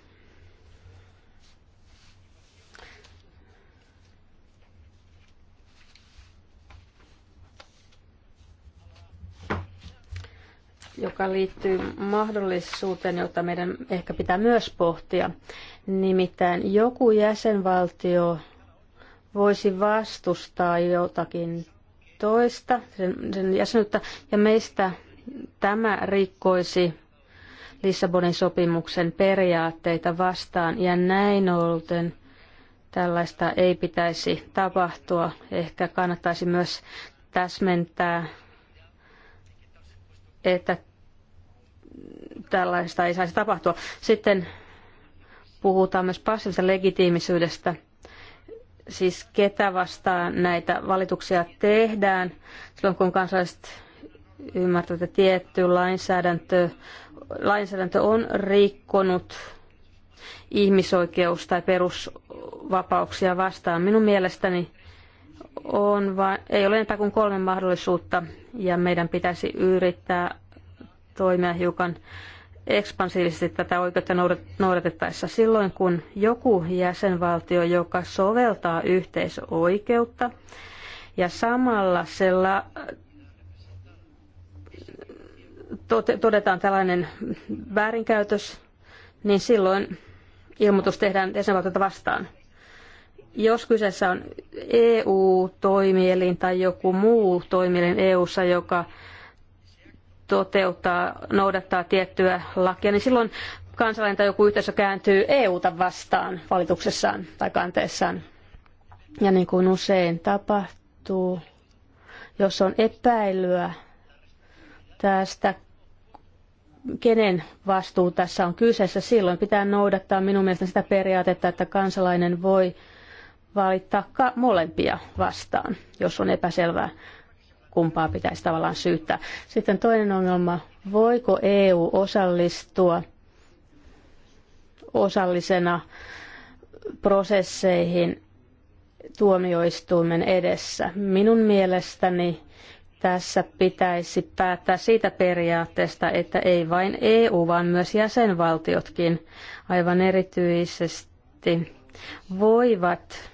S3: joka liittyy mahdollisuuteen, jota meidän ehkä pitää myös pohtia. Nimittäin joku jäsenvaltio voisi vastustaa jotakin toista, sen, sen jäsenyyttä, ja meistä tämä rikkoisi Lissabonin sopimuksen periaatteita vastaan, ja näin ollen tällaista ei pitäisi tapahtua. Ehkä kannattaisi myös täsmentää, että tällaista ei saisi tapahtua. Sitten puhutaan myös passiivisesta legitiimisyydestä – siis ketä vastaan näitä valituksia tehdään silloin, kun kansalaiset ymmärtävät, että tietty lainsäädäntö, lainsäädäntö on rikkonut ihmisoikeus- tai perusvapauksia vastaan. Minun mielestäni on vain, ei ole enempää kuin kolme mahdollisuutta ja meidän pitäisi yrittää toimia hiukan ekspansiivisesti tätä oikeutta noudatettaessa silloin, kun joku jäsenvaltio, joka soveltaa yhteisoikeutta ja samalla sella todetaan tällainen väärinkäytös, niin silloin ilmoitus tehdään jäsenvaltiota vastaan. Jos kyseessä on EU-toimielin tai joku muu toimielin EU-ssa, joka toteuttaa, noudattaa tiettyä lakia, niin silloin kansalainen tai joku yhteisö kääntyy EUta vastaan valituksessaan tai kanteessaan. Ja niin kuin usein tapahtuu, jos on epäilyä tästä, kenen vastuu tässä on kyseessä, silloin pitää noudattaa minun mielestäni sitä periaatetta, että kansalainen voi valittaa molempia vastaan, jos on epäselvää kumpaa pitäisi tavallaan syyttää. Sitten toinen ongelma, voiko EU osallistua osallisena prosesseihin tuomioistuimen edessä. Minun mielestäni tässä pitäisi päättää siitä periaatteesta, että ei vain EU, vaan myös jäsenvaltiotkin aivan erityisesti voivat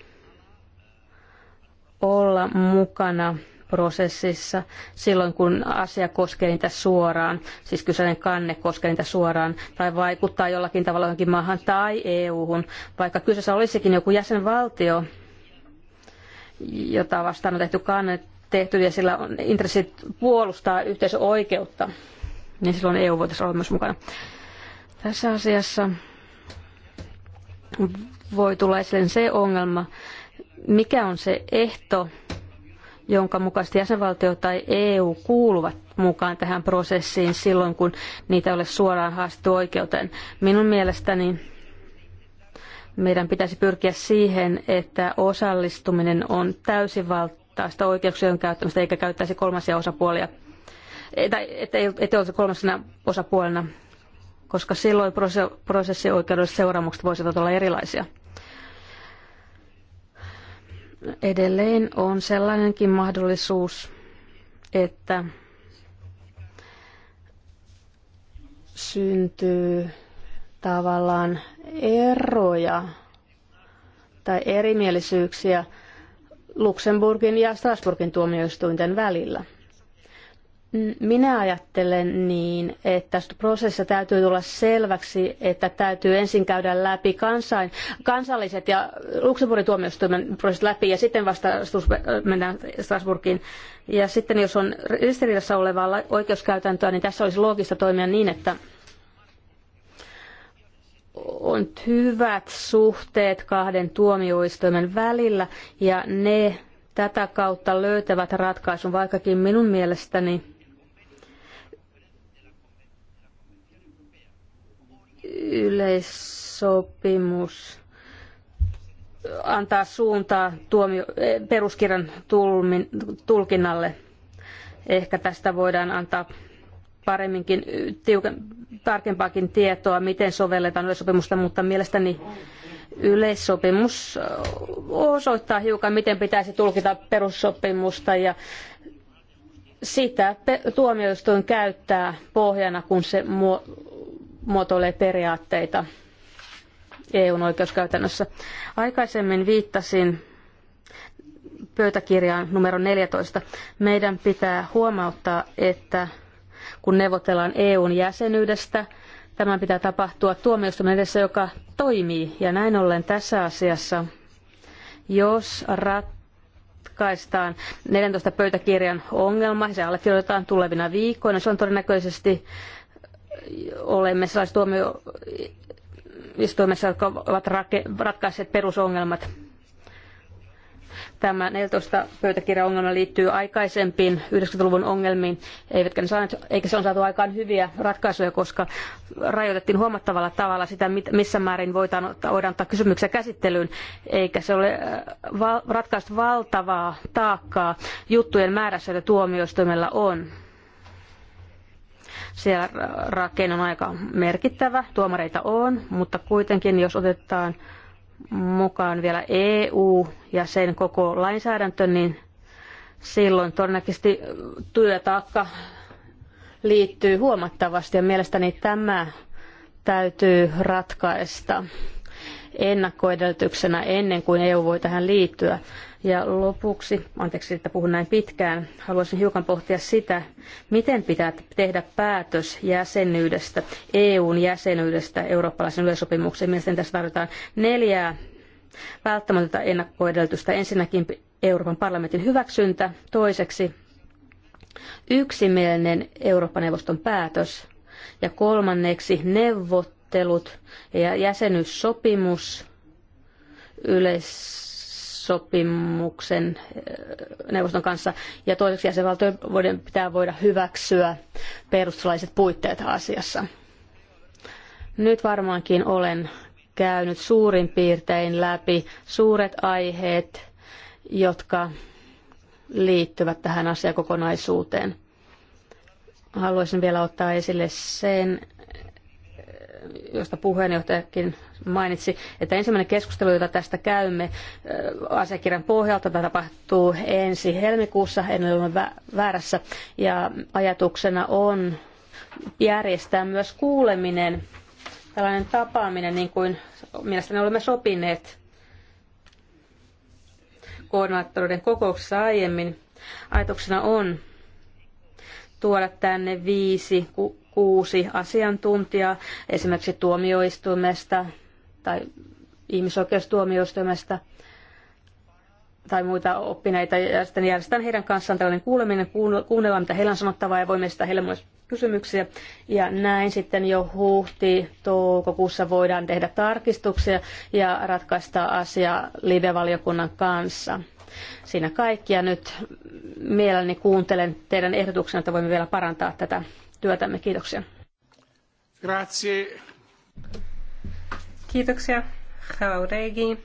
S3: olla mukana prosessissa silloin, kun asia koskee niitä suoraan, siis kyseinen kanne koskee niitä suoraan, tai vaikuttaa jollakin tavalla johonkin maahan tai EU-hun, vaikka kyseessä olisikin joku jäsenvaltio, jota vastaan on tehty kanne tehty ja sillä on intressi puolustaa yhteisöoikeutta, niin silloin EU voitaisiin olla myös mukana. Tässä asiassa voi tulla esille se ongelma, mikä on se ehto, jonka mukaisesti jäsenvaltio tai EU kuuluvat mukaan tähän prosessiin silloin, kun niitä ei ole suoraan haastettu oikeuteen. Minun mielestäni meidän pitäisi pyrkiä siihen, että osallistuminen on täysivaltaista oikeuksien käyttämistä eikä käyttäisi kolmansia osapuolia, eh, tai ettei, ettei olisi kolmasena osapuolena, koska silloin prosessioikeudelliset seuraamukset voisivat olla erilaisia edelleen on sellainenkin mahdollisuus, että syntyy tavallaan eroja tai erimielisyyksiä Luxemburgin ja Strasbourgin tuomioistuinten välillä. Minä ajattelen niin, että tästä prosessissa täytyy tulla selväksi, että täytyy ensin käydä läpi kansain, kansalliset ja Luxemburgin tuomioistuimen prosessit läpi ja sitten vasta mennään Strasburgiin. Ja sitten jos on ristiriidassa olevaa oikeuskäytäntöä, niin tässä olisi loogista toimia niin, että on hyvät suhteet kahden tuomioistuimen välillä ja ne tätä kautta löytävät ratkaisun, vaikkakin minun mielestäni yleissopimus antaa suuntaa tuomio, eh, peruskirjan tulmin, tulkinnalle. Ehkä tästä voidaan antaa paremminkin, tiuken, tarkempaakin tietoa, miten sovelletaan yleissopimusta, mutta mielestäni yleissopimus osoittaa hiukan, miten pitäisi tulkita perussopimusta ja sitä tuomioistuin käyttää pohjana, kun se muotoilee periaatteita EUn oikeuskäytännössä. Aikaisemmin viittasin pöytäkirjaan numero 14. Meidän pitää huomauttaa, että kun neuvotellaan EUn jäsenyydestä, tämän pitää tapahtua tuomioistuimen edessä, joka toimii. Ja näin ollen tässä asiassa, jos ratkaistaan 14 pöytäkirjan ongelma, se allekirjoitetaan tulevina viikkoina, se on todennäköisesti olemme sellaiset tuomioistuimessa, jotka ovat ratkaisseet perusongelmat. Tämä 14 pöytäkirjaongelma liittyy aikaisempiin 90-luvun ongelmiin, eivätkä ne saaneet, eikä se on saatu aikaan hyviä ratkaisuja, koska rajoitettiin huomattavalla tavalla sitä, missä määrin voidaan ottaa, voidaan ottaa kysymyksiä käsittelyyn, eikä se ole äh, val, ratkaistu valtavaa taakkaa juttujen määrässä, joita tuomioistuimella on siellä rakein on aika merkittävä, tuomareita on, mutta kuitenkin jos otetaan mukaan vielä EU ja sen koko lainsäädäntö, niin silloin todennäköisesti työtaakka liittyy huomattavasti ja mielestäni tämä täytyy ratkaista ennakkoedellytyksenä ennen kuin EU voi tähän liittyä. Ja lopuksi, anteeksi, että puhun näin pitkään, haluaisin hiukan pohtia sitä, miten pitää tehdä päätös jäsenyydestä, EUn jäsenyydestä eurooppalaisen yleisopimuksen. Mielestäni tässä tarvitaan neljää välttämätöntä ennakkoedellytystä. Ensinnäkin Euroopan parlamentin hyväksyntä, toiseksi yksimielinen Euroopan neuvoston päätös ja kolmanneksi neuvottelut ja jäsenyyssopimus yleis sopimuksen äh, neuvoston kanssa ja toiseksi jäsenvaltioiden pitää voida hyväksyä perustuslailliset puitteet asiassa. Nyt varmaankin olen käynyt suurin piirtein läpi suuret aiheet, jotka liittyvät tähän asiakokonaisuuteen. Haluaisin vielä ottaa esille sen, josta puheenjohtajakin mainitsi, että ensimmäinen keskustelu, jota tästä käymme asiakirjan pohjalta, tämä tapahtuu ensi helmikuussa, en ole väärässä, ja ajatuksena on järjestää myös kuuleminen, tällainen tapaaminen, niin kuin mielestäni olemme sopineet koordinaattoreiden kokouksessa aiemmin. Ajatuksena on tuoda tänne viisi kuusi asiantuntijaa esimerkiksi tuomioistuimesta tai ihmisoikeustuomioistuimesta tai muita oppineita ja sitten järjestetään heidän kanssaan tällainen kuuleminen, kuunnellaan mitä heillä on sanottavaa ja voimme esittää heille myös kysymyksiä. Ja näin sitten jo huhti-toukokuussa voidaan tehdä tarkistuksia ja ratkaista asia live-valiokunnan kanssa. Siinä kaikki ja nyt mielelläni kuuntelen teidän ehdotuksena, että voimme vielä parantaa tätä työtämme. Kiitoksia.
S1: Grazie. Kiitoksia, Hauregi.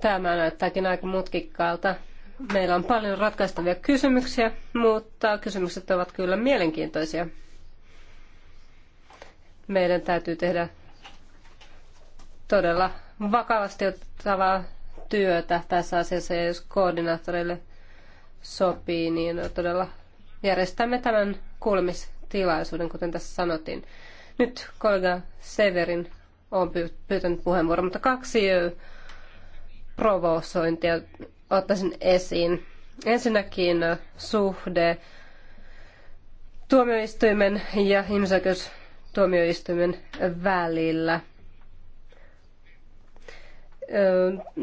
S1: Tämä näyttääkin aika mutkikkaalta. Meillä on paljon ratkaistavia kysymyksiä, mutta kysymykset ovat kyllä mielenkiintoisia. Meidän täytyy tehdä todella vakavasti otettavaa työtä tässä asiassa, ja jos koordinaattoreille sopii, niin todella järjestämme tämän kuulemistilaisuuden, kuten tässä sanotin. Nyt kollega Severin on pyytänyt puheenvuoron, mutta kaksi provosointia ottaisin esiin. Ensinnäkin suhde tuomioistuimen ja ihmisoikeustuomioistuimen välillä –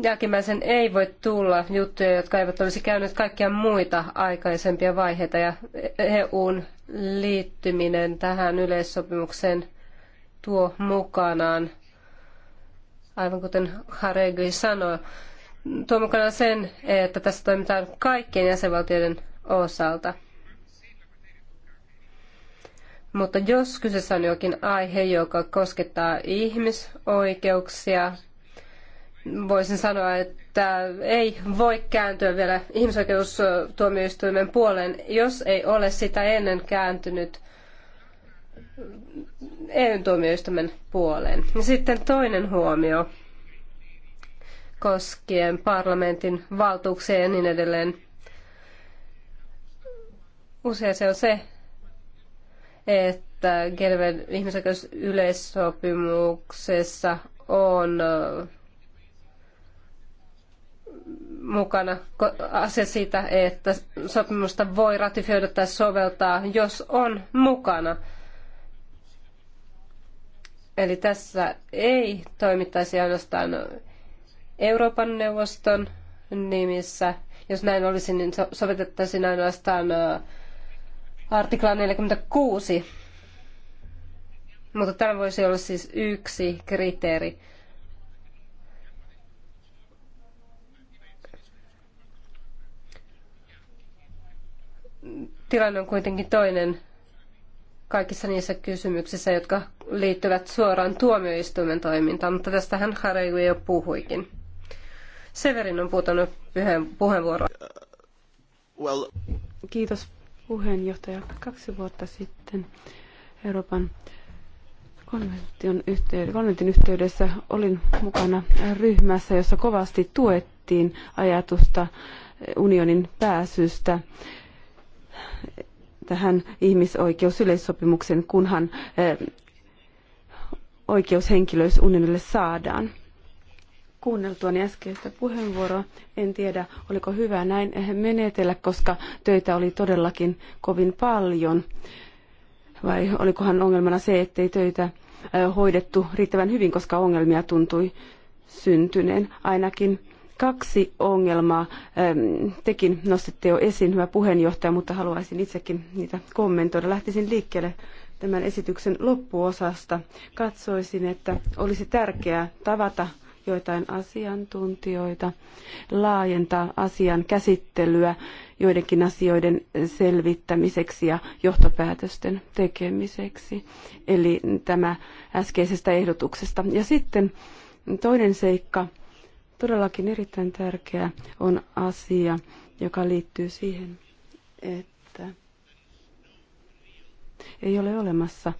S1: jälkimmäisen ei voi tulla juttuja, jotka eivät olisi käyneet kaikkia muita aikaisempia vaiheita ja EUn liittyminen tähän yleissopimukseen tuo mukanaan, aivan kuten Haregui sanoi, tuo mukanaan sen, että tässä toimitaan kaikkien jäsenvaltioiden osalta. Mutta jos kyseessä on jokin aihe, joka koskettaa ihmisoikeuksia, voisin sanoa, että ei voi kääntyä vielä ihmisoikeustuomioistuimen puoleen, jos ei ole sitä ennen kääntynyt EU-tuomioistuimen puoleen. Sitten toinen huomio koskien parlamentin valtuuksia ja niin edelleen. Usein se on se, että Genven ihmisoikeusyleissopimuksessa on mukana asia siitä, että sopimusta voi ratifioida tai soveltaa, jos on mukana. Eli tässä ei toimittaisi ainoastaan Euroopan neuvoston nimissä. Jos näin olisi, niin sovitettaisiin ainoastaan artikla 46. Mutta tämä voisi olla siis yksi kriteeri. tilanne on kuitenkin toinen kaikissa niissä kysymyksissä, jotka liittyvät suoraan tuomioistuimen toimintaan, mutta tästähän Harajui jo puhuikin. Severin on puutunut puheenvuoroon.
S2: Well. Kiitos puheenjohtaja. Kaksi vuotta sitten Euroopan konvention yhteydessä, konventin yhteydessä olin mukana ryhmässä, jossa kovasti tuettiin ajatusta unionin pääsystä tähän ihmisoikeusyleissopimuksen, kunhan eh, oikeushenkilöys unionille saadaan. Kuunneltuani äskeistä puheenvuoroa en tiedä, oliko hyvä näin eh, menetellä, koska töitä oli todellakin kovin paljon. Vai olikohan ongelmana se, ettei töitä eh, hoidettu riittävän hyvin, koska ongelmia tuntui syntyneen. Ainakin kaksi ongelmaa. Tekin nostitte jo esiin, hyvä puheenjohtaja, mutta haluaisin itsekin niitä kommentoida. Lähtisin liikkeelle tämän esityksen loppuosasta. Katsoisin, että olisi tärkeää tavata joitain asiantuntijoita, laajentaa asian käsittelyä joidenkin asioiden selvittämiseksi ja johtopäätösten tekemiseksi. Eli tämä äskeisestä ehdotuksesta. Ja sitten toinen seikka todellakin erittäin tärkeä on asia, joka liittyy siihen, että ei ole olemassa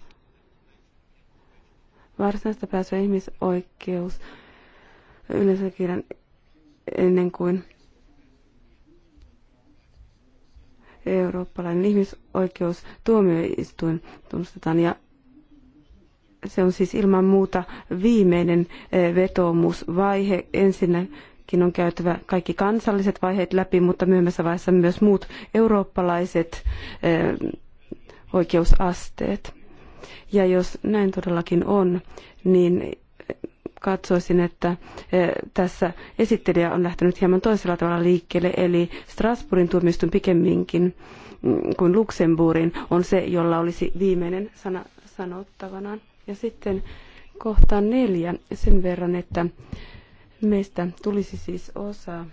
S2: varsinaista pääsyä ihmisoikeus yleensä kirjan ennen kuin eurooppalainen tuomioistuin tunnustetaan ja se on siis ilman muuta viimeinen eh, vetoomusvaihe. Ensinnäkin on käytävä kaikki kansalliset vaiheet läpi, mutta myöhemmässä vaiheessa myös muut eurooppalaiset eh, oikeusasteet. Ja jos näin todellakin on, niin katsoisin, että eh, tässä esittelijä on lähtenyt hieman toisella tavalla liikkeelle, eli Strasbourgin tuomioistuin pikemminkin mm, kuin Luxemburgin on se, jolla olisi viimeinen sana sanottavanaan. Ja sitten kohtaan neljä sen verran, että meistä tulisi siis osa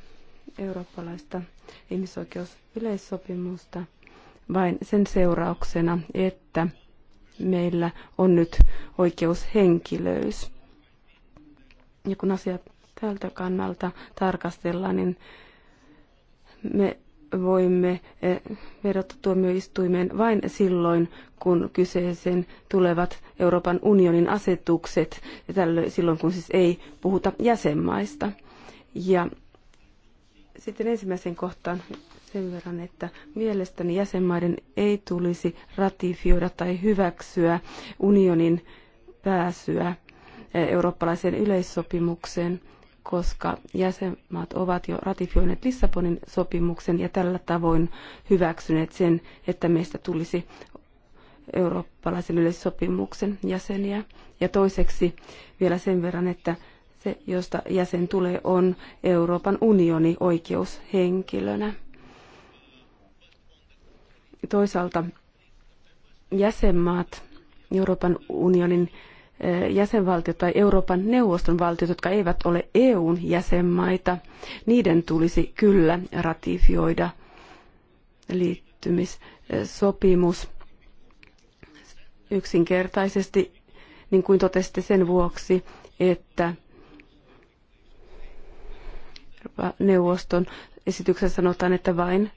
S2: eurooppalaista ihmisoikeusyleissopimusta vain sen seurauksena, että meillä on nyt oikeushenkilöys. Ja kun asiat tältä kannalta tarkastellaan, niin me voimme eh, vedota tuomioistuimeen vain silloin, kun kyseeseen tulevat Euroopan unionin asetukset, ja tällöin, silloin kun siis ei puhuta jäsenmaista. Ja sitten ensimmäisen kohtaan sen verran, että mielestäni jäsenmaiden ei tulisi ratifioida tai hyväksyä unionin pääsyä eh, eurooppalaiseen yleissopimukseen – koska jäsenmaat ovat jo ratifioineet Lissabonin sopimuksen ja tällä tavoin hyväksyneet sen, että meistä tulisi eurooppalaisen yleissopimuksen jäseniä. Ja toiseksi vielä sen verran, että se, josta jäsen tulee, on Euroopan unioni oikeushenkilönä. Toisaalta jäsenmaat Euroopan unionin Eh, jäsenvaltiot tai Euroopan neuvoston valtiot, jotka eivät ole EUn jäsenmaita, niiden tulisi kyllä ratifioida liittymissopimus yksinkertaisesti, niin kuin totesitte sen vuoksi, että neuvoston esityksessä sanotaan, että vain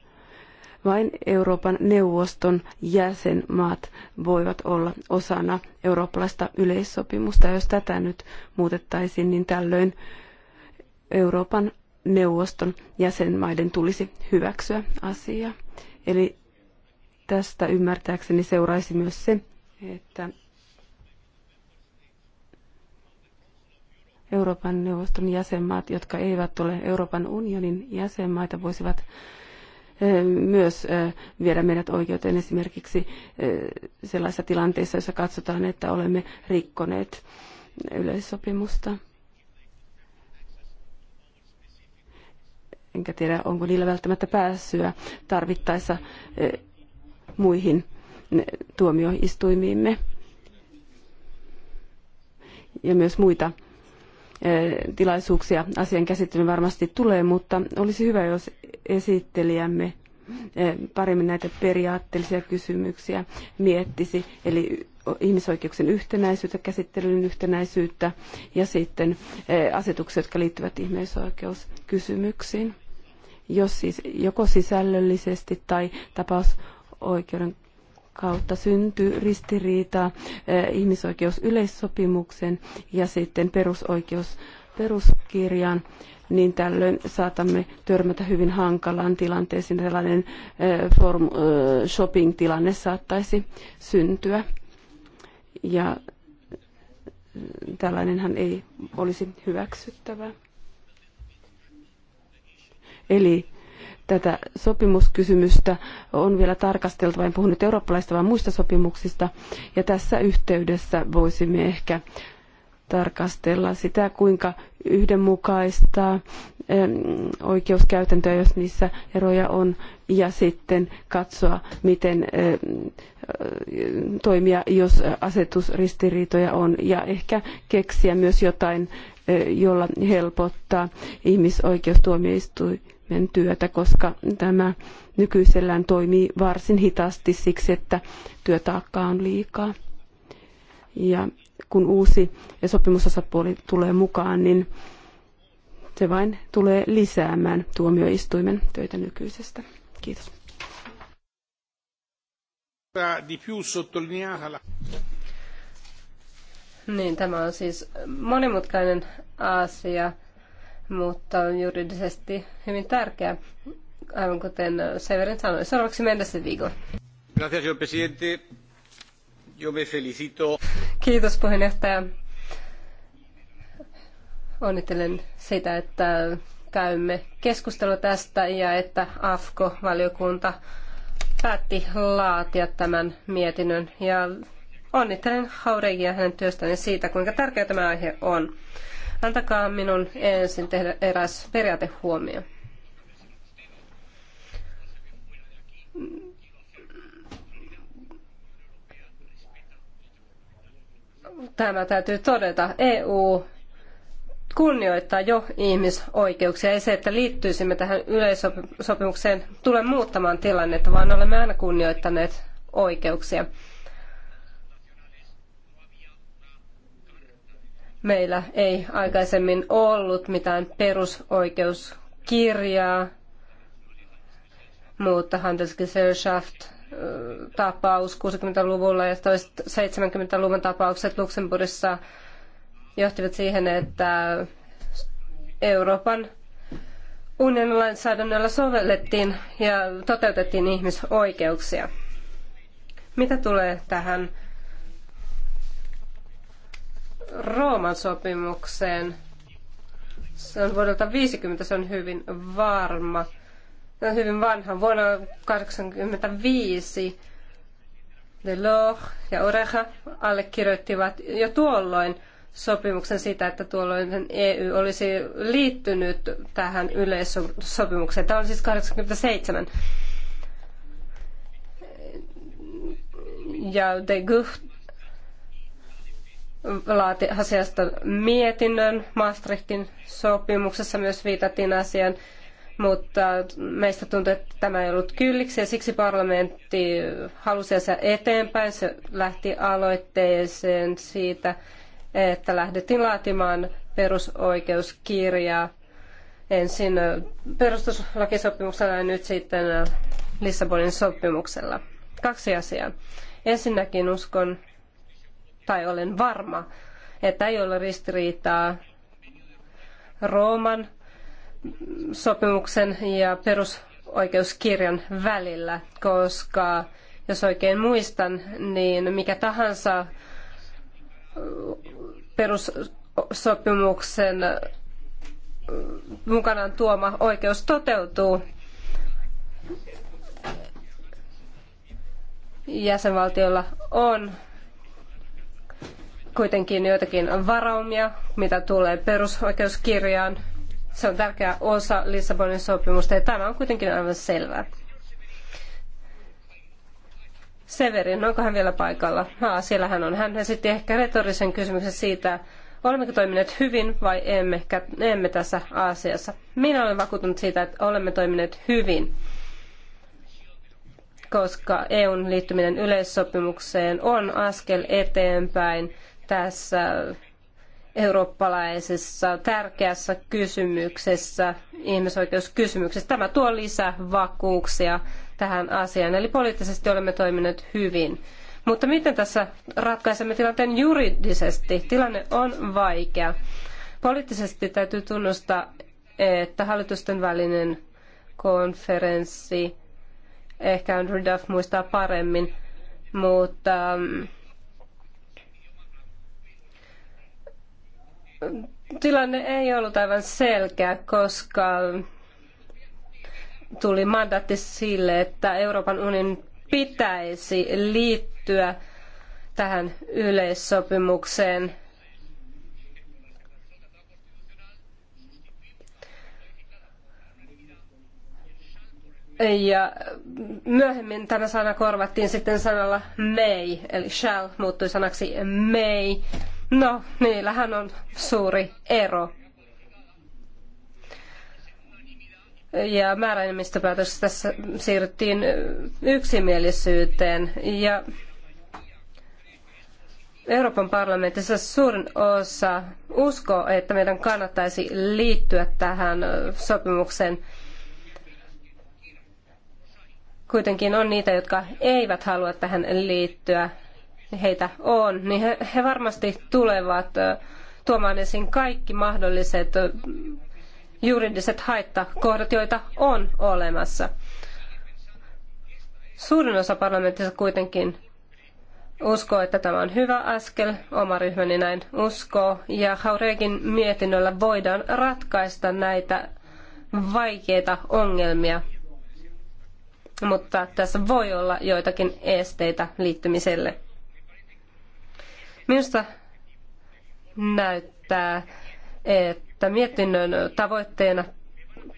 S2: vain Euroopan neuvoston jäsenmaat voivat olla osana eurooppalaista yleissopimusta. Jos tätä nyt muutettaisiin, niin tällöin Euroopan neuvoston jäsenmaiden tulisi hyväksyä asia. Eli tästä ymmärtääkseni seuraisi myös se, että Euroopan neuvoston jäsenmaat, jotka eivät ole Euroopan unionin jäsenmaita, voisivat myös viedä meidät oikeuteen esimerkiksi sellaisissa tilanteissa, joissa katsotaan, että olemme rikkoneet yleissopimusta. Enkä tiedä, onko niillä välttämättä pääsyä tarvittaessa muihin tuomioistuimiimme ja myös muita tilaisuuksia asian käsittelyyn varmasti tulee, mutta olisi hyvä, jos esittelijämme paremmin näitä periaatteellisia kysymyksiä miettisi, eli ihmisoikeuksien yhtenäisyyttä, käsittelyn yhtenäisyyttä ja sitten asetuksia, jotka liittyvät ihmisoikeuskysymyksiin. Jos siis joko sisällöllisesti tai tapausoikeuden kautta syntyy ristiriita eh, ihmisoikeusyleissopimuksen ja sitten perusoikeus peruskirjan, niin tällöin saatamme törmätä hyvin hankalaan tilanteeseen. Tällainen eh, form, eh, shopping-tilanne saattaisi syntyä. Ja tällainenhan ei olisi hyväksyttävää. Eli tätä sopimuskysymystä on vielä tarkasteltava, en puhu nyt eurooppalaista, vaan muista sopimuksista. Ja tässä yhteydessä voisimme ehkä tarkastella sitä, kuinka yhdenmukaista oikeuskäytäntöä, jos niissä eroja on, ja sitten katsoa, miten toimia, jos asetusristiriitoja on, ja ehkä keksiä myös jotain, jolla helpottaa ihmisoikeustuomioistuin työtä, koska tämä nykyisellään toimii varsin hitaasti siksi, että työtaakkaa on liikaa. Ja kun uusi sopimusosapuoli tulee mukaan, niin se vain tulee lisäämään tuomioistuimen töitä nykyisestä. Kiitos.
S1: Niin, tämä on siis monimutkainen asia mutta on juridisesti hyvin tärkeä, aivan kuten Severin sanoi. Seuraavaksi Se Vigo. Gracias, señor presidente. Yo me felicito. Kiitos puheenjohtaja. Onnittelen sitä, että käymme keskustelua tästä ja että AFKO-valiokunta päätti laatia tämän mietinnön ja onnittelen Hauregia hänen työstään ja siitä, kuinka tärkeä tämä aihe on. Antakaa minun ensin tehdä eräs periaatehuomio. Tämä täytyy todeta. EU kunnioittaa jo ihmisoikeuksia. Ei se, että liittyisimme tähän yleissopimukseen, tule muuttamaan tilannetta, vaan olemme aina kunnioittaneet oikeuksia. Meillä ei aikaisemmin ollut mitään perusoikeuskirjaa, mutta Handelsgesellschaft tapaus 60-luvulla ja 70-luvun tapaukset Luxemburgissa johtivat siihen, että Euroopan unionin lainsäädännöllä sovellettiin ja toteutettiin ihmisoikeuksia. Mitä tulee tähän Rooman sopimukseen. Se on vuodelta 50, se on hyvin varma. Se on hyvin vanha. Vuonna 1985 Delors ja Oreja allekirjoittivat jo tuolloin sopimuksen siitä, että tuolloin EU olisi liittynyt tähän yleissopimukseen. Tämä on siis 87. Ja de Gucht laati asiasta mietinnön. Maastrichtin sopimuksessa myös viitattiin asiaan, mutta meistä tuntui, että tämä ei ollut kylliksi ja siksi parlamentti halusi asiaa eteenpäin. Se lähti aloitteeseen siitä, että lähdettiin laatimaan perusoikeuskirjaa ensin perustuslakisopimuksella ja nyt sitten Lissabonin sopimuksella. Kaksi asiaa. Ensinnäkin uskon, tai olen varma, että ei ole ristiriitaa Rooman sopimuksen ja perusoikeuskirjan välillä, koska jos oikein muistan, niin mikä tahansa perussopimuksen mukanaan tuoma oikeus toteutuu jäsenvaltiolla on kuitenkin joitakin varaumia, mitä tulee perusoikeuskirjaan. Se on tärkeä osa Lissabonin sopimusta ja tämä on kuitenkin aivan selvää. Severin, onko hän vielä paikalla? Haa, siellä hän on. Hän esitti ehkä retorisen kysymyksen siitä, olemmeko toimineet hyvin vai emme, emme tässä asiassa. Minä olen vakuuttunut siitä, että olemme toimineet hyvin, koska EUn liittyminen yleissopimukseen on askel eteenpäin tässä eurooppalaisessa tärkeässä kysymyksessä, ihmisoikeuskysymyksessä. Tämä tuo lisävakuuksia tähän asiaan, eli poliittisesti olemme toimineet hyvin. Mutta miten tässä ratkaisemme tilanteen juridisesti? Tilanne on vaikea. Poliittisesti täytyy tunnustaa, että hallitusten välinen konferenssi, ehkä Andrew Duff muistaa paremmin, mutta mm, tilanne ei ollut aivan selkeä, koska tuli mandaatti sille, että Euroopan unionin pitäisi liittyä tähän yleissopimukseen. Ja myöhemmin tämä sana korvattiin sitten sanalla may, eli shall muuttui sanaksi may. No, niillähän on suuri ero. Ja määräenemmistöpäätöksessä tässä siirryttiin yksimielisyyteen. Ja Euroopan parlamentissa suurin osa uskoo, että meidän kannattaisi liittyä tähän sopimukseen. Kuitenkin on niitä, jotka eivät halua tähän liittyä heitä on, niin he, he varmasti tulevat tuomaan esiin kaikki mahdolliset juridiset haittakohdat, joita on olemassa. Suurin osa parlamentissa kuitenkin uskoo, että tämä on hyvä askel, oma ryhmäni näin uskoo, ja Haurekin mietinnöllä voidaan ratkaista näitä vaikeita ongelmia, mutta tässä voi olla joitakin esteitä liittymiselle. Minusta näyttää, että mietinnön tavoitteena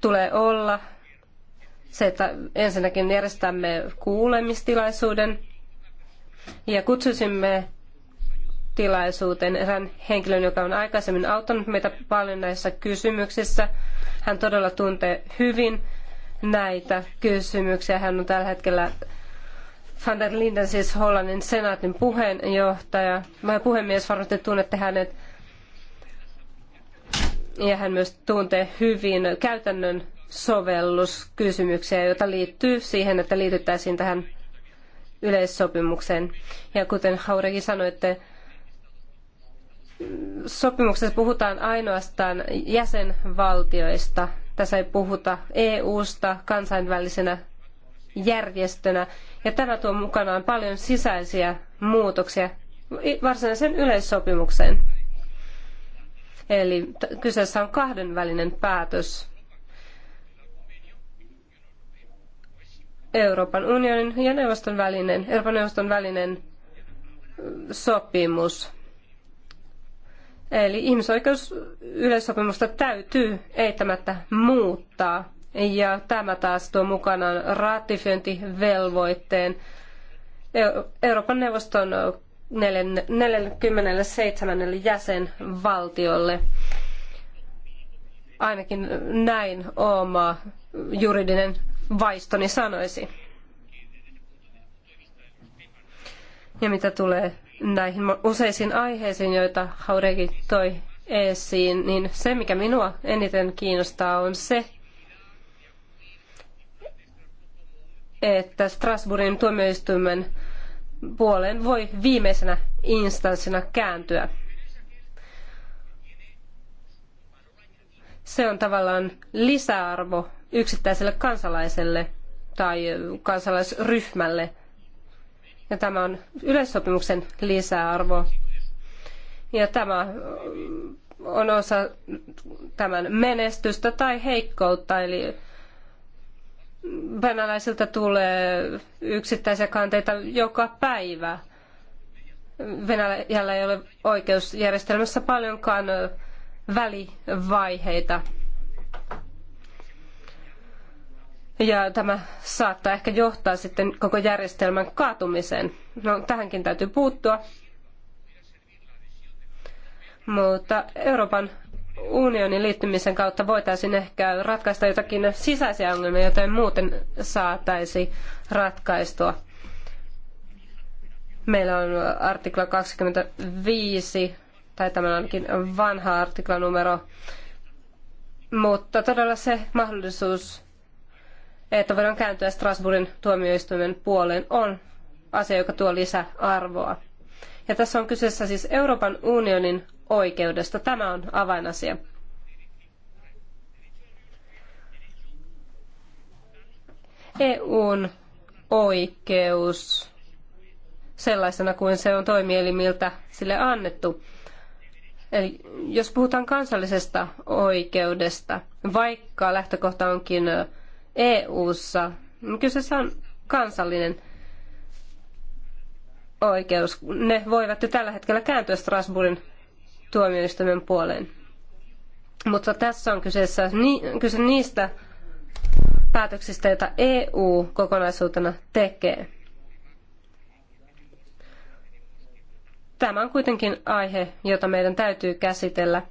S1: tulee olla se, että ensinnäkin järjestämme kuulemistilaisuuden ja kutsuisimme tilaisuuteen erään henkilön, joka on aikaisemmin auttanut meitä paljon näissä kysymyksissä. Hän todella tuntee hyvin näitä kysymyksiä. Hän on tällä hetkellä van der Linden, siis Hollannin senaatin puheenjohtaja. Mä puhemies varmasti tunnette hänet. Ja hän myös tuntee hyvin käytännön sovelluskysymyksiä, joita liittyy siihen, että liityttäisiin tähän yleissopimukseen. Ja kuten sanoi, että sopimuksessa puhutaan ainoastaan jäsenvaltioista. Tässä ei puhuta EU-sta kansainvälisenä järjestönä. Ja tämä tuo mukanaan paljon sisäisiä muutoksia varsinaiseen yleissopimukseen. Eli kyseessä on kahdenvälinen päätös Euroopan unionin ja neuvoston välinen, Euroopan neuvoston välinen sopimus. Eli ihmisoikeusyleissopimusta täytyy eittämättä muuttaa ja tämä taas tuo mukanaan ratifiointivelvoitteen Euroopan neuvoston 47. jäsenvaltiolle. Ainakin näin oma juridinen vaistoni sanoisi. Ja mitä tulee näihin useisiin aiheisiin, joita Hauregi toi esiin, niin se mikä minua eniten kiinnostaa on se, että Strasbourgin tuomioistuimen puoleen voi viimeisenä instanssina kääntyä. Se on tavallaan lisäarvo yksittäiselle kansalaiselle tai kansalaisryhmälle. Ja tämä on yleissopimuksen lisäarvo. Ja tämä on osa tämän menestystä tai heikkoutta, eli venäläisiltä tulee yksittäisiä kanteita joka päivä. Venäjällä ei ole oikeusjärjestelmässä paljonkaan välivaiheita. Ja tämä saattaa ehkä johtaa sitten koko järjestelmän kaatumiseen. No, tähänkin täytyy puuttua. Mutta Euroopan unionin liittymisen kautta voitaisiin ehkä ratkaista jotakin sisäisiä ongelmia, joten muuten saataisi ratkaistua. Meillä on artikla 25, tai tämä onkin vanha artiklanumero, mutta todella se mahdollisuus, että voidaan kääntyä Strasbourgin tuomioistuimen puoleen, on asia, joka tuo lisäarvoa. Ja tässä on kyseessä siis Euroopan unionin oikeudesta. Tämä on avainasia. EUn oikeus sellaisena kuin se on toimielimiltä sille annettu. Eli jos puhutaan kansallisesta oikeudesta, vaikka lähtökohta onkin EU-ssa, niin kyseessä on kansallinen oikeus. Ne voivat jo tällä hetkellä kääntyä Strasbourgin tuomioistuimen puoleen. Mutta tässä on kyseessä, ni, kyse niistä päätöksistä, joita EU kokonaisuutena tekee. Tämä on kuitenkin aihe, jota meidän täytyy käsitellä,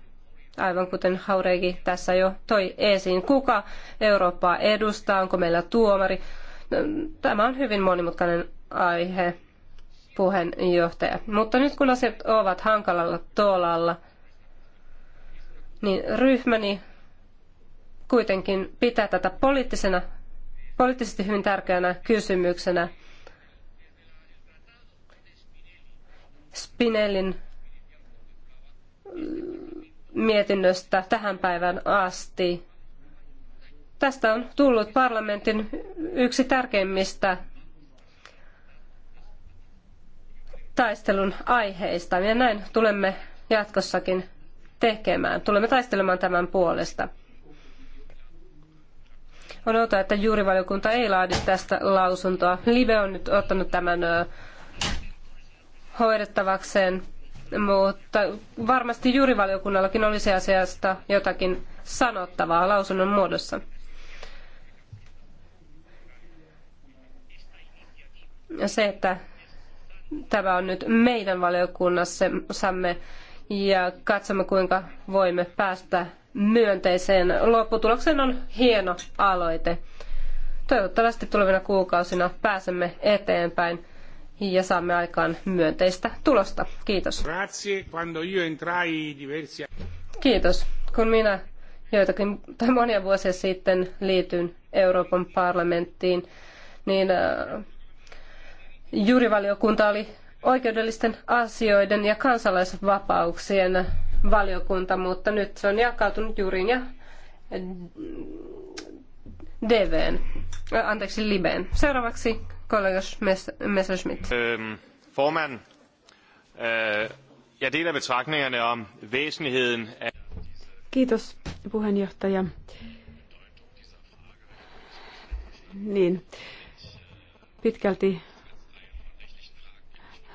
S1: aivan kuten Hauregi tässä jo toi esiin. Kuka Eurooppaa edustaa, onko meillä tuomari? Tämä on hyvin monimutkainen aihe puheenjohtaja. Mutta nyt kun asiat ovat hankalalla tolalla, niin ryhmäni kuitenkin pitää tätä poliittisena, poliittisesti hyvin tärkeänä kysymyksenä. Spinellin mietinnöstä tähän päivän asti. Tästä on tullut parlamentin yksi tärkeimmistä taistelun aiheista. Ja näin tulemme jatkossakin tekemään. Tulemme taistelemaan tämän puolesta. On outoa, että juurivaliokunta ei laadi tästä lausuntoa. Live on nyt ottanut tämän hoidettavakseen, mutta varmasti juurivaliokunnallakin olisi asiasta jotakin sanottavaa lausunnon muodossa. Se, että Tämä on nyt meidän valiokunnassamme ja katsomme, kuinka voimme päästä myönteiseen lopputulokseen. On hieno aloite. Toivottavasti tulevina kuukausina pääsemme eteenpäin ja saamme aikaan myönteistä tulosta. Kiitos. Kiitos. Kun minä joitakin tai monia vuosia sitten liityin Euroopan parlamenttiin, niin äh, Juurivaliokunta oli oikeudellisten asioiden ja kansalaisvapauksien valiokunta, mutta nyt se on jakautunut juuriin ja DVn, äh, anteeksi Libeen. Seuraavaksi kollega Messerschmidt.
S3: Øhm, formand, øh, jeg deler betragtningerne om væsentligheden af...
S2: Kiitos puheenjohtaja. Niin, pitkälti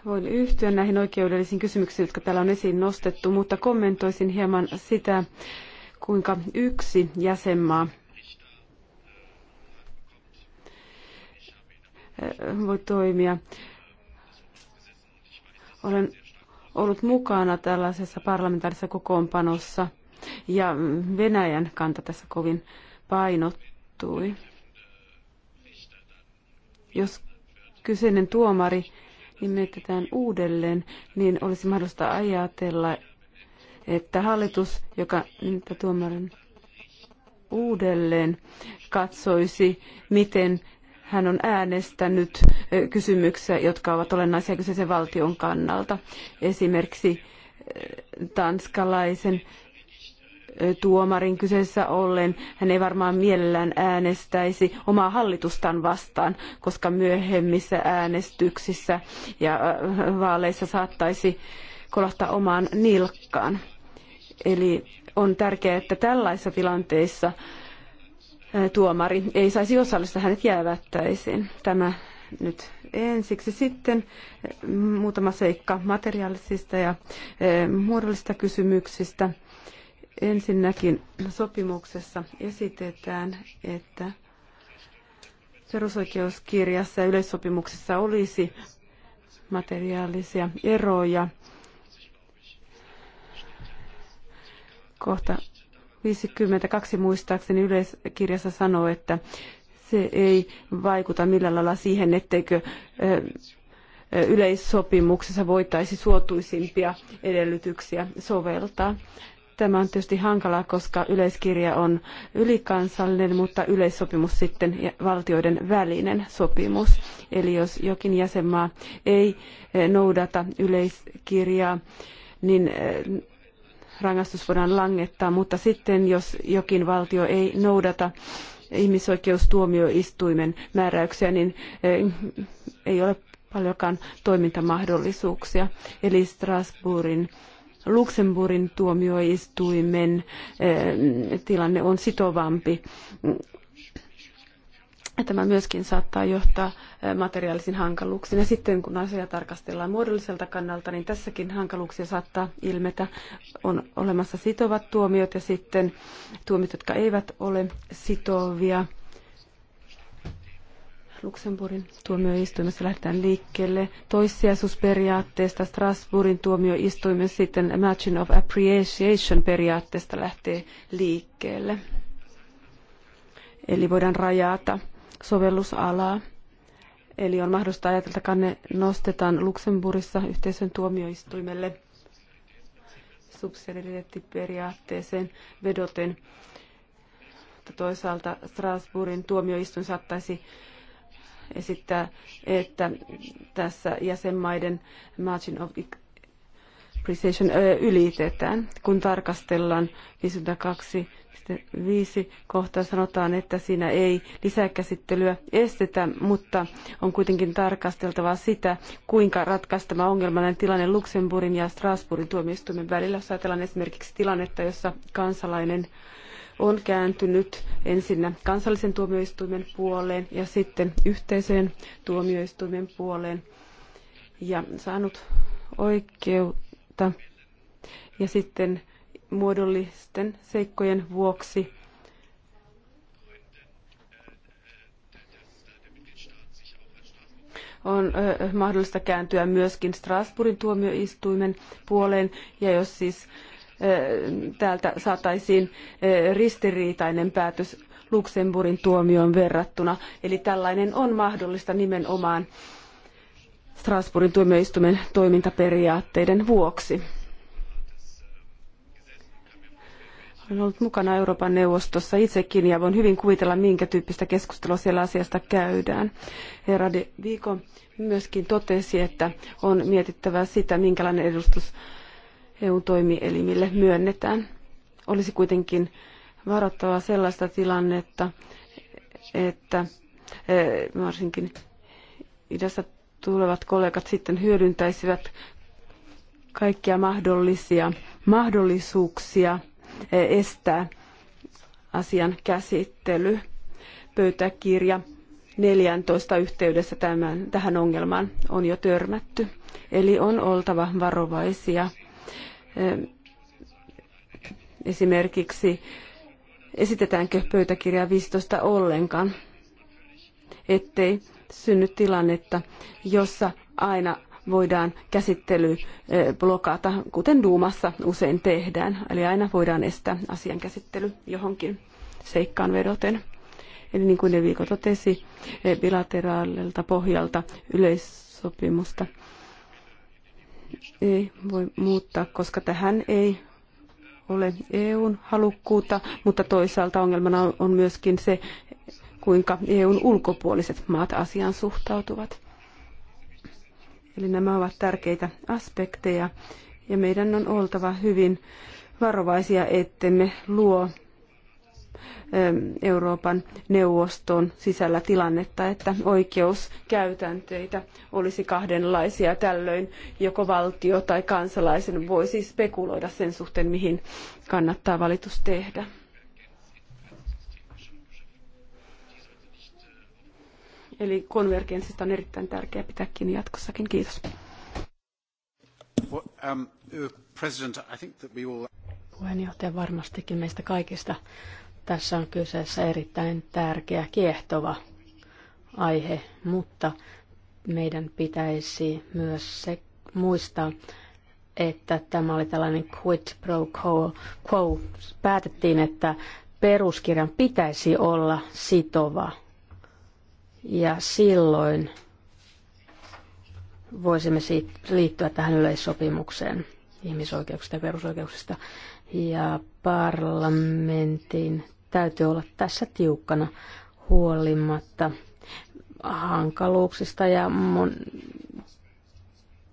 S2: Voin yhtyä näihin oikeudellisiin kysymyksiin, jotka täällä on esiin nostettu, mutta kommentoisin hieman sitä, kuinka yksi jäsenmaa eh, voi toimia. Olen ollut mukana tällaisessa parlamentaarisessa kokoonpanossa ja Venäjän kanta tässä kovin painottui. Jos kyseinen tuomari nimetetään uudelleen, niin olisi mahdollista ajatella, että hallitus, joka nimittää tuomarin uudelleen, katsoisi, miten hän on äänestänyt kysymyksiä, jotka ovat olennaisia kyseisen valtion kannalta. Esimerkiksi tanskalaisen tuomarin kyseessä ollen. Hän ei varmaan mielellään äänestäisi omaa hallitustaan vastaan, koska myöhemmissä äänestyksissä ja äh, vaaleissa saattaisi kolahtaa omaan nilkkaan. Eli on tärkeää, että tällaisissa tilanteissa äh, tuomari ei saisi osallistua, hänet jäävättäisiin. Tämä nyt ensiksi sitten äh, muutama seikka materiaalisista ja muodollisista kysymyksistä. Ensinnäkin sopimuksessa esitetään, että perusoikeuskirjassa ja yleissopimuksessa olisi materiaalisia eroja. Kohta 52 muistaakseni yleiskirjassa sanoo, että se ei vaikuta millään lailla siihen, etteikö yleissopimuksessa voitaisi suotuisimpia edellytyksiä soveltaa. Tämä on tietysti hankalaa, koska yleiskirja on ylikansallinen, mutta yleissopimus sitten valtioiden välinen sopimus. Eli jos jokin jäsenmaa ei eh, noudata yleiskirjaa, niin eh, rangaistus voidaan langettaa, mutta sitten jos jokin valtio ei noudata ihmisoikeustuomioistuimen määräyksiä, niin eh, ei ole paljonkaan toimintamahdollisuuksia. Eli Strasbourgin Luxemburgin tuomioistuimen eh, tilanne on sitovampi. Tämä myöskin saattaa johtaa eh, materiaalisiin hankaluuksiin. Ja sitten kun asiaa tarkastellaan muodolliselta kannalta, niin tässäkin hankaluuksia saattaa ilmetä. On olemassa sitovat tuomiot ja sitten tuomiot, jotka eivät ole sitovia. Luxemburgin tuomioistuimessa lähdetään liikkeelle toissijaisuusperiaatteesta, Strasbourgin tuomioistuimen sitten Matching of Appreciation periaatteesta lähtee liikkeelle. Eli voidaan rajata sovellusalaa. Eli on mahdollista ajatella, että kanne nostetaan Luxemburgissa yhteisön tuomioistuimelle subsidiariteettiperiaatteeseen vedoten mutta toisaalta Strasbourgin tuomioistuin saattaisi esittää, että tässä jäsenmaiden margin of precision ylitetään. Kun tarkastellaan 52.5 kohtaa sanotaan, että siinä ei lisäkäsittelyä estetä, mutta on kuitenkin tarkasteltava sitä, kuinka ratkaistava ongelmallinen tilanne Luxemburgin ja Strasbourgin tuomioistuimen välillä. Jos ajatellaan esimerkiksi tilannetta, jossa kansalainen on kääntynyt ensinnä kansallisen tuomioistuimen puoleen ja sitten yhteisöjen tuomioistuimen puoleen ja saanut oikeutta. Ja sitten muodollisten seikkojen vuoksi on mahdollista kääntyä myöskin Strasbourgin tuomioistuimen puoleen. Ja jos siis täältä saataisiin ristiriitainen päätös Luxemburgin tuomioon verrattuna. Eli tällainen on mahdollista nimenomaan Strasbourgin tuomioistuimen toimintaperiaatteiden vuoksi. Olen ollut mukana Euroopan neuvostossa itsekin ja voin hyvin kuvitella, minkä tyyppistä keskustelua siellä asiasta käydään. Herra de Vico myöskin totesi, että on mietittävä sitä, minkälainen edustus EU-toimielimille myönnetään. Olisi kuitenkin varottava sellaista tilannetta, että e, varsinkin idästä tulevat kollegat sitten hyödyntäisivät kaikkia mahdollisia mahdollisuuksia e, estää asian käsittely. Pöytäkirja 14 yhteydessä tämän, tähän ongelmaan on jo törmätty. Eli on oltava varovaisia esimerkiksi esitetäänkö pöytäkirjaa 15 ollenkaan, ettei synny tilannetta, jossa aina voidaan käsittely blokata, kuten Duumassa usein tehdään. Eli aina voidaan estää asian käsittely johonkin seikkaan vedoten. Eli niin kuin Eviiko totesi, bilateraalilta pohjalta yleissopimusta ei voi muuttaa, koska tähän ei ole EUn halukkuutta, mutta toisaalta ongelmana on myöskin se, kuinka EUn ulkopuoliset maat asiaan suhtautuvat. Eli nämä ovat tärkeitä aspekteja ja meidän on oltava hyvin varovaisia, ettemme luo Ähm, Euroopan neuvoston sisällä tilannetta, että oikeuskäytänteitä olisi kahdenlaisia. Tällöin joko valtio tai kansalaisen voisi spekuloida sen suhteen, mihin kannattaa valitus tehdä. Eli konvergenssista on erittäin tärkeää pitää kiinni jatkossakin. Kiitos.
S1: Um, uh,
S2: Puheenjohtaja, varmastikin meistä kaikista tässä
S3: on kyseessä erittäin tärkeä, kiehtova aihe, mutta meidän pitäisi myös se muistaa, että tämä oli tällainen quid pro quo. quo. Päätettiin, että peruskirjan pitäisi olla sitova. Ja silloin voisimme liittyä tähän yleissopimukseen ihmisoikeuksista ja perusoikeuksista ja parlamentin täytyy olla tässä tiukkana huolimatta hankaluuksista, ja mon,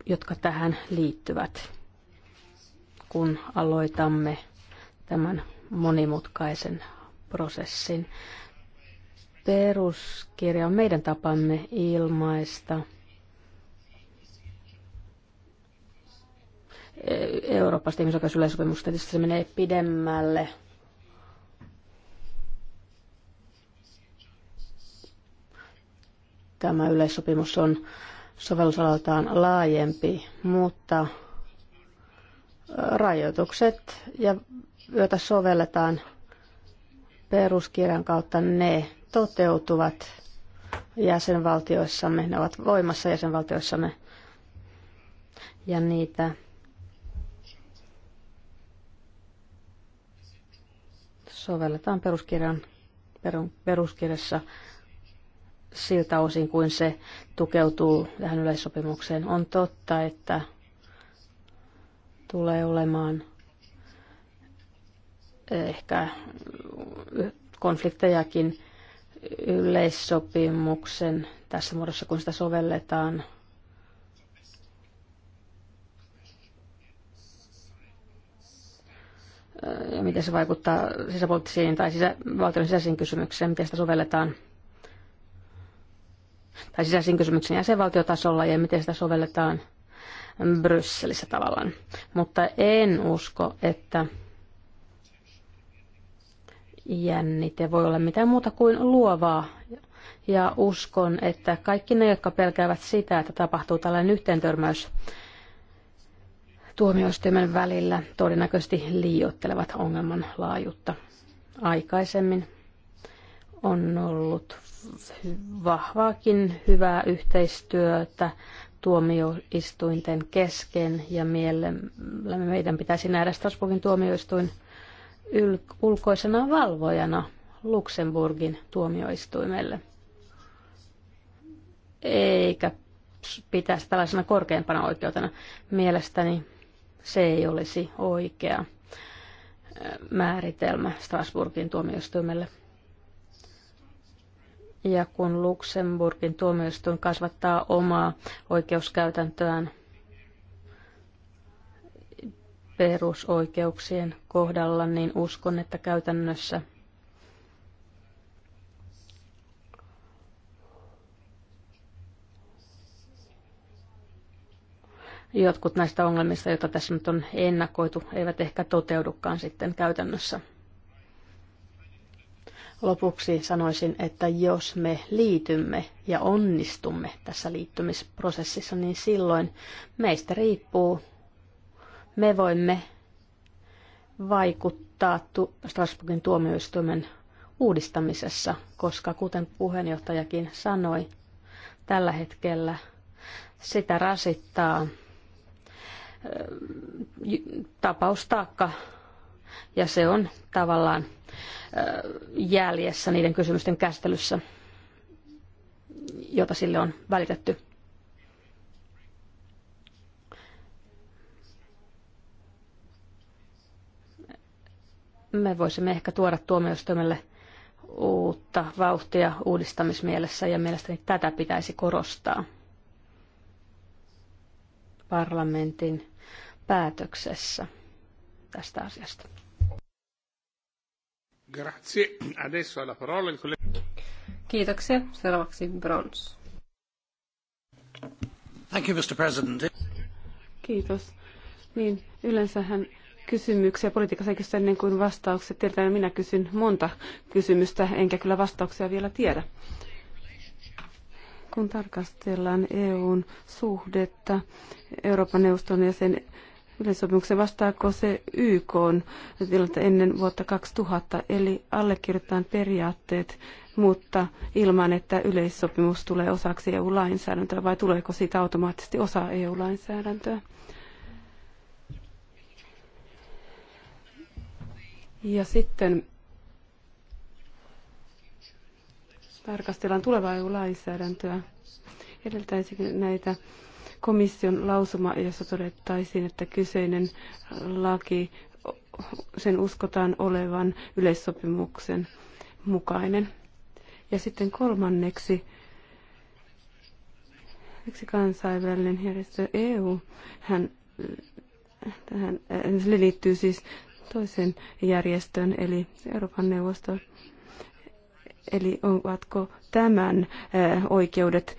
S3: jotka tähän liittyvät, kun aloitamme tämän monimutkaisen prosessin. Peruskirja on meidän tapamme ilmaista Euroopasta ihmisoikeusyleisopimusta, että se menee pidemmälle. Tämä yleissopimus on sovellusalaltaan laajempi, mutta rajoitukset, ja, joita sovelletaan peruskirjan kautta, ne toteutuvat jäsenvaltioissamme, ne ovat voimassa jäsenvaltioissamme, ja niitä sovelletaan peruskirjan, peruskirjassa siltä osin kuin se tukeutuu tähän yleissopimukseen. On totta, että tulee olemaan ehkä konfliktejakin yleissopimuksen tässä muodossa, kun sitä sovelletaan – ja miten se vaikuttaa sisäpoliittisiin tai sisä, valtion sisäisiin kysymyksiin, miten sitä sovelletaan tai sisäisiin kysymyksiin jäsenvaltiotasolla ja miten sitä sovelletaan Brysselissä tavallaan. Mutta en usko, että jännite voi olla mitään muuta kuin luovaa. Ja uskon, että kaikki ne, jotka pelkäävät sitä, että tapahtuu tällainen yhteentörmäys, tuomioistuimen välillä todennäköisesti liioittelevat ongelman laajuutta. Aikaisemmin on ollut vahvaakin hyvää yhteistyötä tuomioistuinten kesken ja mielellä meidän pitäisi nähdä Strasbourgin tuomioistuin ulkoisena valvojana Luxemburgin tuomioistuimelle. Eikä pitäisi tällaisena korkeimpana oikeutena. Mielestäni se ei olisi oikea määritelmä Strasburgin tuomioistuimelle. Ja kun Luxemburgin tuomioistuin kasvattaa omaa oikeuskäytäntöään perusoikeuksien kohdalla, niin uskon, että käytännössä – jotkut näistä ongelmista, joita tässä nyt on ennakoitu, eivät ehkä toteudukaan sitten käytännössä. Lopuksi sanoisin, että jos me liitymme ja onnistumme tässä liittymisprosessissa, niin silloin meistä riippuu, me voimme vaikuttaa Strasbourgin tuomioistuimen uudistamisessa, koska kuten puheenjohtajakin sanoi, tällä hetkellä sitä rasittaa tapaustaakka ja se on tavallaan jäljessä niiden kysymysten käsittelyssä, jota sille on välitetty. Me voisimme ehkä tuoda tuomioistuimelle uutta vauhtia uudistamismielessä ja mielestäni tätä pitäisi korostaa parlamentin päätöksessä
S1: tästä asiasta.
S2: Grazie. Adesso alla parola il collega.
S1: Kiitoksia. Seuraavaksi Brons. Thank you, Mr. President.
S2: Kiitos. Niin, yleensähän kysymyksiä politiikassa ei ennen kuin vastaukset. Tiedetään, minä kysyn monta kysymystä, enkä kyllä vastauksia vielä tiedä. Kun tarkastellaan EUn suhdetta Euroopan neuvoston ja sen yleissopimuksen vastaako se YK tilannetta ennen vuotta 2000, eli allekirjoitetaan periaatteet, mutta ilman, että yleissopimus tulee osaksi EU-lainsäädäntöä, vai tuleeko siitä automaattisesti osa EU-lainsäädäntöä? Ja sitten tarkastellaan tulevaa EU-lainsäädäntöä. Edeltäisikö näitä komission lausuma, jossa todettaisiin, että kyseinen laki sen uskotaan olevan yleissopimuksen mukainen. Ja sitten kolmanneksi yksi kansainvälinen järjestö EU, hän, tähän, se liittyy siis toisen järjestön, eli Euroopan neuvoston. Eli ovatko tämän oikeudet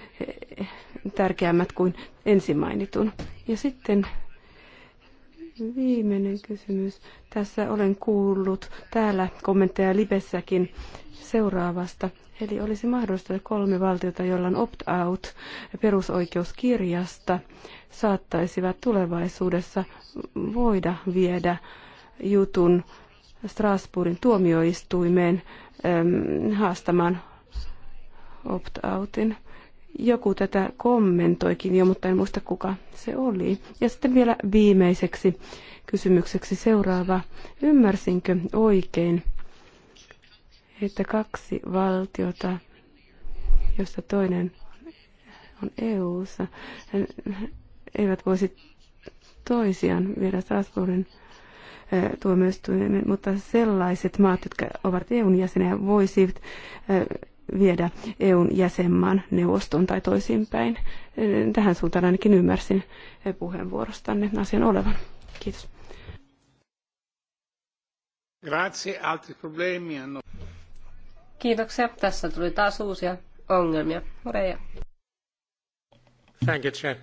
S2: tärkeämmät kuin ensimainitun. Ja sitten viimeinen kysymys. Tässä olen kuullut täällä kommentteja Libessäkin seuraavasta. Eli olisi mahdollista, että kolme valtiota, joilla on opt-out perusoikeuskirjasta, saattaisivat tulevaisuudessa voida viedä jutun Strasbourgin tuomioistuimeen äm, haastamaan opt-outin. Joku tätä kommentoikin jo, mutta en muista kuka se oli. Ja sitten vielä viimeiseksi kysymykseksi seuraava. Ymmärsinkö oikein, että kaksi valtiota, josta toinen on EU-ssa, eivät voisi toisiaan viedä Strasbourgin eh, tuomioistuimen, mutta sellaiset maat, jotka ovat EUn jäseniä, voisivat eh, viedä EUn jäsenmaan neuvoston tai toisinpäin. Tähän suuntaan ainakin ymmärsin puheenvuorostanne asian olevan. Kiitos.
S1: Grazie, Kiitoksia. Tässä tuli taas uusia ongelmia. Moreja. Thank you, Chair.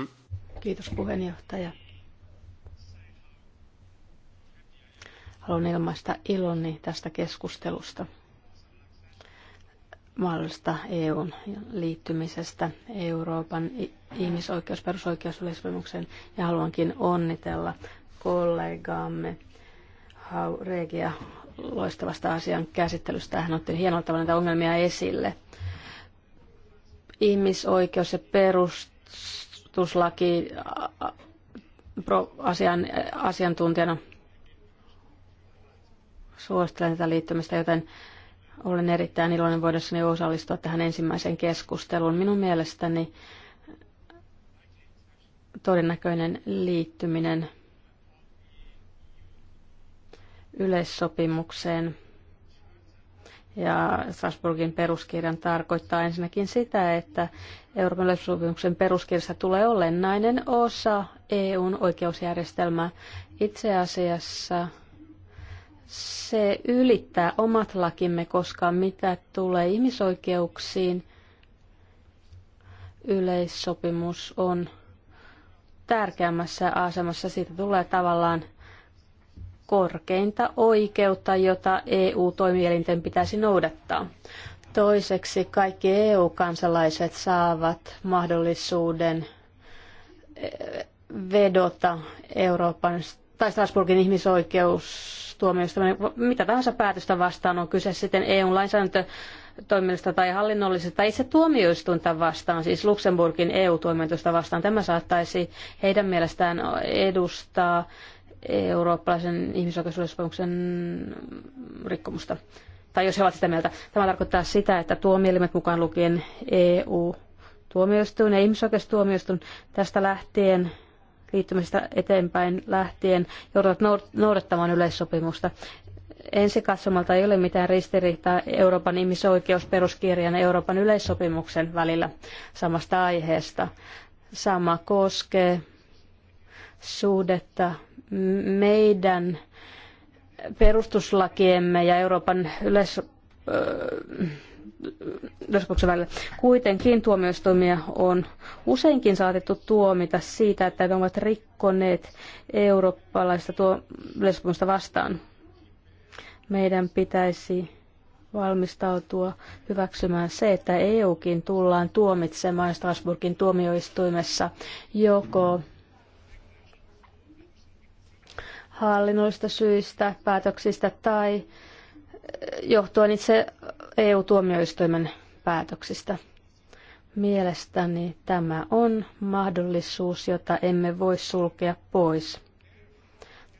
S1: Um... Kiitos puheenjohtaja.
S3: Haluan ilmaista iloni tästä keskustelusta mahdollisesta EUn liittymisestä Euroopan ihmisoikeus- perusoikeusyleissopimukseen ja haluankin onnitella kollegaamme Hau Regia loistavasta asian käsittelystä. Hän otti hienolla tavalla näitä ongelmia esille. Ihmisoikeus- ja perustuslaki asian, asiantuntijana suosittelen tätä liittymistä, joten olen erittäin iloinen voidessani osallistua tähän ensimmäiseen keskusteluun. Minun mielestäni todennäköinen liittyminen yleissopimukseen ja Strasbourgin peruskirjan tarkoittaa ensinnäkin sitä, että Euroopan yleissopimuksen peruskirjassa tulee olennainen osa EUn oikeusjärjestelmää. Itse asiassa se ylittää omat lakimme, koska mitä tulee ihmisoikeuksiin, yleissopimus on tärkeämmässä asemassa. Siitä tulee tavallaan korkeinta oikeutta, jota EU-toimielinten pitäisi noudattaa. Toiseksi kaikki EU-kansalaiset saavat mahdollisuuden vedota Euroopan tai Strasbourgin ihmisoikeustuomioistuimen, mitä tahansa päätöstä vastaan on kyse sitten EUn lainsäädäntö tai hallinnollisesta tai itse tuomioistuinta vastaan, siis Luxemburgin EU-tuomioistuinta vastaan. Tämä saattaisi heidän mielestään edustaa eurooppalaisen ihmisoikeussuojelusopimuksen rikkomusta. Tai jos he ovat sitä mieltä. Tämä tarkoittaa sitä, että tuomioelimet mukaan lukien EU-tuomioistuin ja ihmisoikeustuomioistuin tästä lähtien liittymisestä eteenpäin lähtien joudut noudattamaan yleissopimusta. Ensi katsomalta ei ole mitään ristiriitaa Euroopan ihmisoikeusperuskirjan ja Euroopan yleissopimuksen välillä samasta aiheesta. Sama koskee suhdetta meidän perustuslakiemme ja Euroopan yleissopimuksen rikosrikoksen välillä. Kuitenkin tuomioistuimia on useinkin saatettu tuomita siitä, että ne ovat rikkoneet eurooppalaista tuo vastaan. Meidän pitäisi valmistautua hyväksymään se, että EUkin tullaan tuomitsemaan Strasbourgin tuomioistuimessa joko hallinnollista syistä, päätöksistä tai johtuen itse EU-tuomioistuimen päätöksistä. Mielestäni tämä on mahdollisuus, jota emme voi sulkea pois.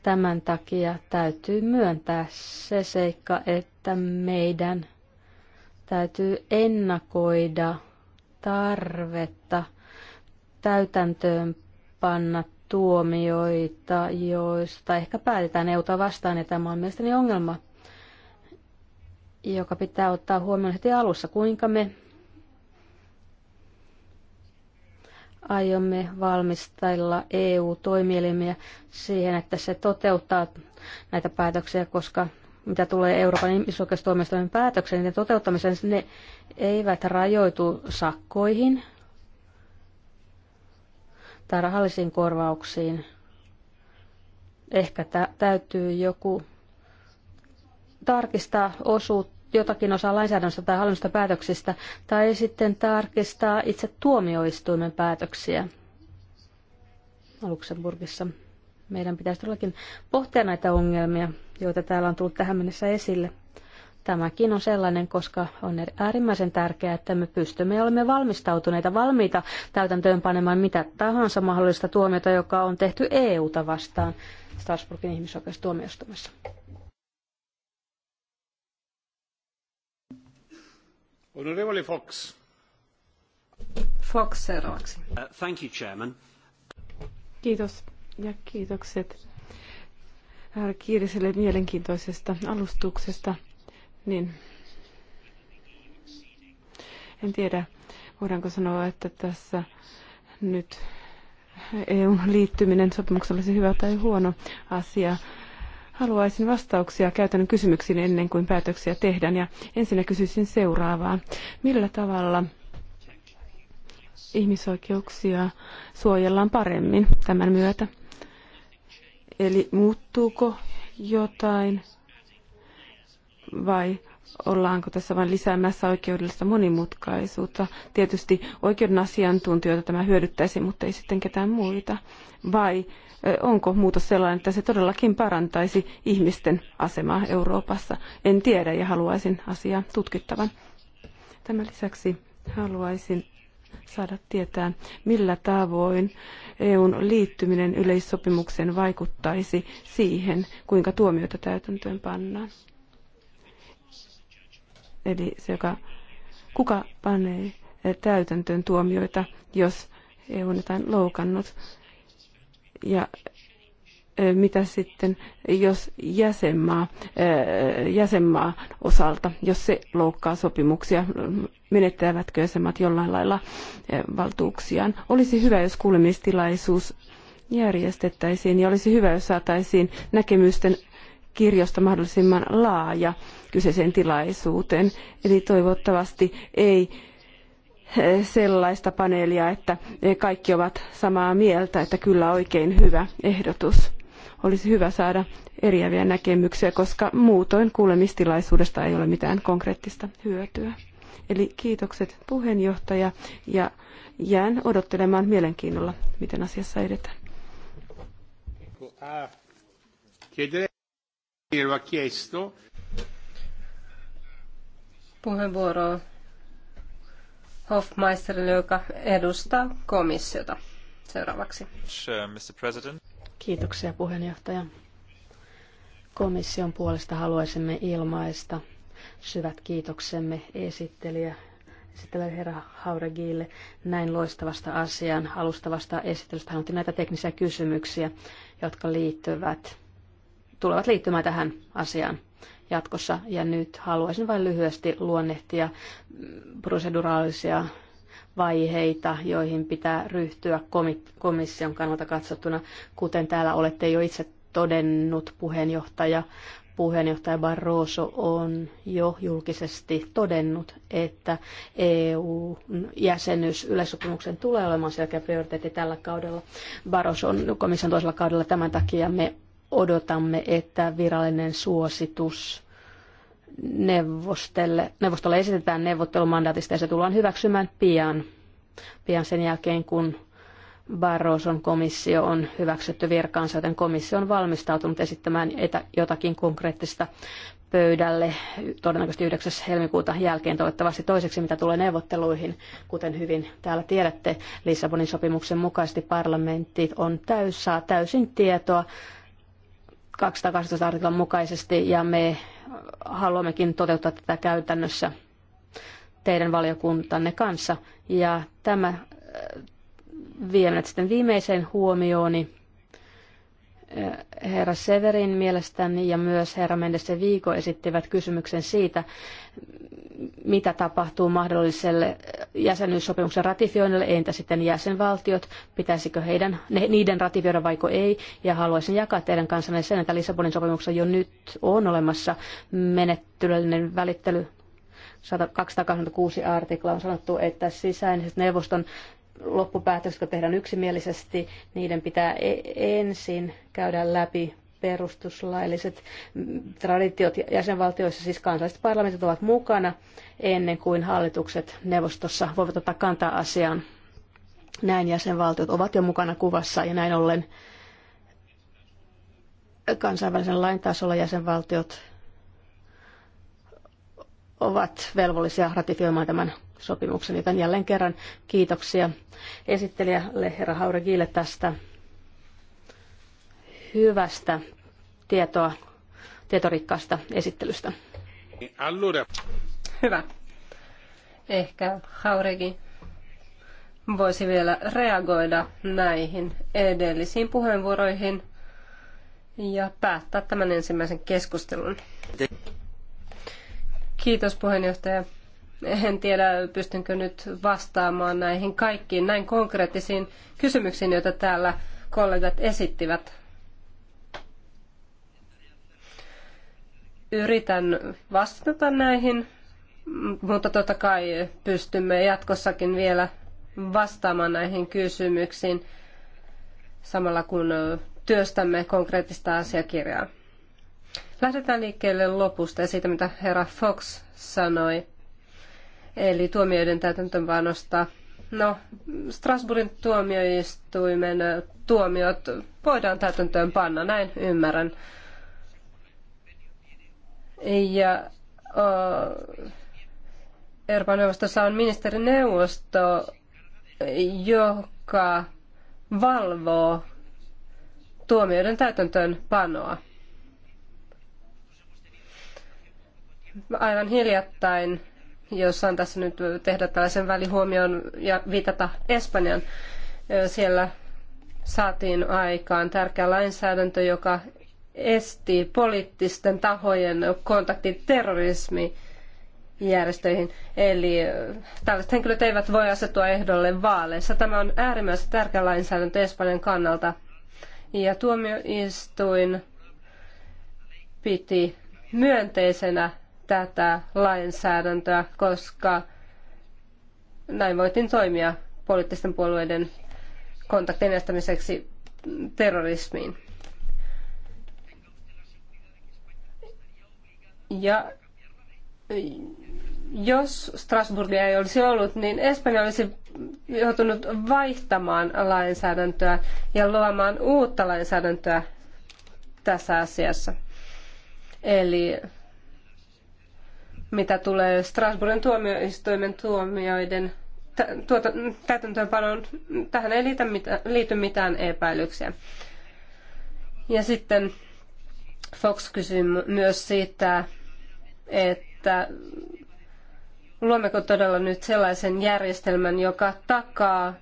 S3: Tämän takia täytyy myöntää se seikka, että meidän täytyy ennakoida tarvetta täytäntöön panna tuomioita, joista ehkä päätetään EUta vastaan, ja tämä on mielestäni ongelma joka pitää ottaa huomioon heti alussa, kuinka me aiomme valmistella EU-toimielimiä siihen, että se toteuttaa näitä päätöksiä, koska mitä tulee Euroopan ihmisoikeustuomioistuimen päätökseen, niiden toteuttamisen ne eivät rajoitu sakkoihin tai rahallisiin korvauksiin. Ehkä tä- täytyy joku tarkistaa osuut, jotakin osaa lainsäädännöstä tai hallinnosta päätöksistä, tai sitten tarkistaa itse tuomioistuimen päätöksiä Luxemburgissa. Meidän pitäisi todellakin pohtia näitä ongelmia, joita täällä on tullut tähän mennessä esille. Tämäkin on sellainen, koska on äärimmäisen tärkeää, että me pystymme ja olemme valmistautuneita, valmiita täytäntöön panemaan mitä tahansa mahdollista tuomiota, joka on tehty EU-ta vastaan Strasbourgin ihmisoikeustuomioistuimessa.
S2: Fox. Fox uh, Kiitos ja kiitokset Kiiriselle mielenkiintoisesta alustuksesta. Niin. En tiedä, voidaanko sanoa, että tässä nyt EU-liittyminen sopimuksella olisi hyvä tai huono asia. Haluaisin vastauksia käytännön kysymyksiin ennen kuin päätöksiä tehdään. Ja ensinnä kysyisin seuraavaa. Millä tavalla ihmisoikeuksia suojellaan paremmin tämän myötä? Eli muuttuuko jotain vai ollaanko tässä vain lisäämässä oikeudellista monimutkaisuutta. Tietysti oikeuden asiantuntijoita tämä hyödyttäisi, mutta ei sitten ketään muita. Vai onko muutos sellainen, että se todellakin parantaisi ihmisten asemaa Euroopassa. En tiedä ja haluaisin asiaa tutkittavan. Tämän lisäksi haluaisin saada tietää, millä tavoin EUn liittyminen yleissopimukseen vaikuttaisi siihen, kuinka tuomioita täytäntöön pannaan. Eli se, joka, kuka panee täytäntöön tuomioita, jos EU on jotain loukannut. Ja mitä sitten, jos jäsenmaa, jäsenmaa osalta, jos se loukkaa sopimuksia, menettävätkö jäsenmaat jollain lailla valtuuksiaan? Olisi hyvä, jos kuulemistilaisuus järjestettäisiin ja olisi hyvä, jos saataisiin näkemysten kirjosta mahdollisimman laaja kyseiseen tilaisuuteen. Eli toivottavasti ei sellaista paneelia, että kaikki ovat samaa mieltä, että kyllä oikein hyvä ehdotus. Olisi hyvä saada eriäviä näkemyksiä, koska muutoin kuulemistilaisuudesta ei ole mitään konkreettista hyötyä. Eli kiitokset puheenjohtaja ja jään odottelemaan mielenkiinnolla, miten asiassa edetään.
S1: Puheenvuoroa Hofmeisterille, joka edustaa komissiota. Seuraavaksi.
S3: Mr. President. Kiitoksia puheenjohtaja. Komission puolesta haluaisimme ilmaista syvät kiitoksemme esittelijä esittelijä herra Hauregille näin loistavasta asian alustavasta esittelystä. Hän otti näitä teknisiä kysymyksiä, jotka liittyvät, tulevat liittymään tähän asiaan jatkossa. Ja nyt haluaisin vain lyhyesti luonnehtia proseduraalisia vaiheita, joihin pitää ryhtyä komission kannalta katsottuna, kuten täällä olette jo itse todennut puheenjohtaja. Puheenjohtaja Barroso on jo julkisesti todennut, että EU-jäsenyys yleissopimuksen tulee olemaan selkeä prioriteetti tällä kaudella. Barroso on komission toisella kaudella tämän takia me odotamme, että virallinen suositus neuvostolle, neuvostolle esitetään neuvottelumandaatista ja se tullaan hyväksymään pian, pian sen jälkeen, kun Barroson komissio on hyväksytty virkaansa, joten komissio on valmistautunut esittämään jotakin konkreettista pöydälle todennäköisesti 9. helmikuuta jälkeen toivottavasti toiseksi, mitä tulee neuvotteluihin. Kuten hyvin täällä tiedätte, Lissabonin sopimuksen mukaisesti parlamentti on täys, saa täysin tietoa 218 artiklan mukaisesti ja me haluammekin toteuttaa tätä käytännössä teidän valiokuntanne kanssa. Ja tämä eh, vie sitten viimeiseen huomiooni herra Severin mielestäni ja myös herra Mendes ja Viiko esittivät kysymyksen siitä, mitä tapahtuu mahdolliselle jäsenyyssopimuksen ratifioinnille, entä sitten jäsenvaltiot, pitäisikö heidän, niiden ratifioida vaiko ei, ja haluaisin jakaa teidän kanssanne sen, että Lissabonin sopimuksessa jo nyt on olemassa menettelyllinen välittely 286 artikla on sanottu, että sisäiset neuvoston loppupäätökset, jotka tehdään yksimielisesti, niiden pitää e- ensin käydä läpi perustuslailliset traditiot jäsenvaltioissa, siis kansalliset parlamentit ovat mukana ennen kuin hallitukset neuvostossa voivat ottaa kantaa asiaan. Näin jäsenvaltiot ovat jo mukana kuvassa ja näin ollen kansainvälisen lain tasolla jäsenvaltiot ovat velvollisia ratifioimaan tämän sopimuksen, joten jälleen kerran kiitoksia esittelijälle herra Hauregille tästä hyvästä tietoa, tietorikkaasta esittelystä.
S1: Hyvä. Ehkä Hauregi voisi vielä reagoida näihin edellisiin puheenvuoroihin ja päättää tämän ensimmäisen keskustelun. Kiitos puheenjohtaja. En tiedä, pystynkö nyt vastaamaan näihin kaikkiin näin konkreettisiin kysymyksiin, joita täällä kollegat esittivät. Yritän vastata näihin, mutta totta kai pystymme jatkossakin vielä vastaamaan näihin kysymyksiin samalla kun työstämme konkreettista asiakirjaa. Lähdetään liikkeelle lopusta ja siitä, mitä herra Fox sanoi eli tuomioiden täytäntöönpanosta. No, Strasbourgin tuomioistuimen tuomiot voidaan täytäntöön panna, näin ymmärrän. Ja uh, Euroopan neuvostossa on ministerineuvosto, joka valvoo tuomioiden täytäntöönpanoa. Aivan hiljattain jos on tässä nyt tehdä tällaisen välihuomion ja viitata Espanjan. Siellä saatiin aikaan tärkeä lainsäädäntö, joka esti poliittisten tahojen kontaktit terrorismi järjestöihin. Eli äh, tällaiset henkilöt eivät voi asettua ehdolle vaaleissa. Tämä on äärimmäisen tärkeä lainsäädäntö Espanjan kannalta. Ja tuomioistuin piti myönteisenä tätä lainsäädäntöä, koska näin voitiin toimia poliittisten puolueiden kontaktien estämiseksi terrorismiin. Ja jos Strasbourgia ei olisi ollut, niin Espanja olisi joutunut vaihtamaan lainsäädäntöä ja luomaan uutta lainsäädäntöä tässä asiassa. Eli mitä tulee Strasbourgin tuomioistuimen tuomioiden tuota, täytäntöönpanoon, tähän ei liity, mitään, liity mitään epäilyksiä. Ja sitten Fox kysyi myös siitä, että luommeko todella nyt sellaisen järjestelmän, joka takaa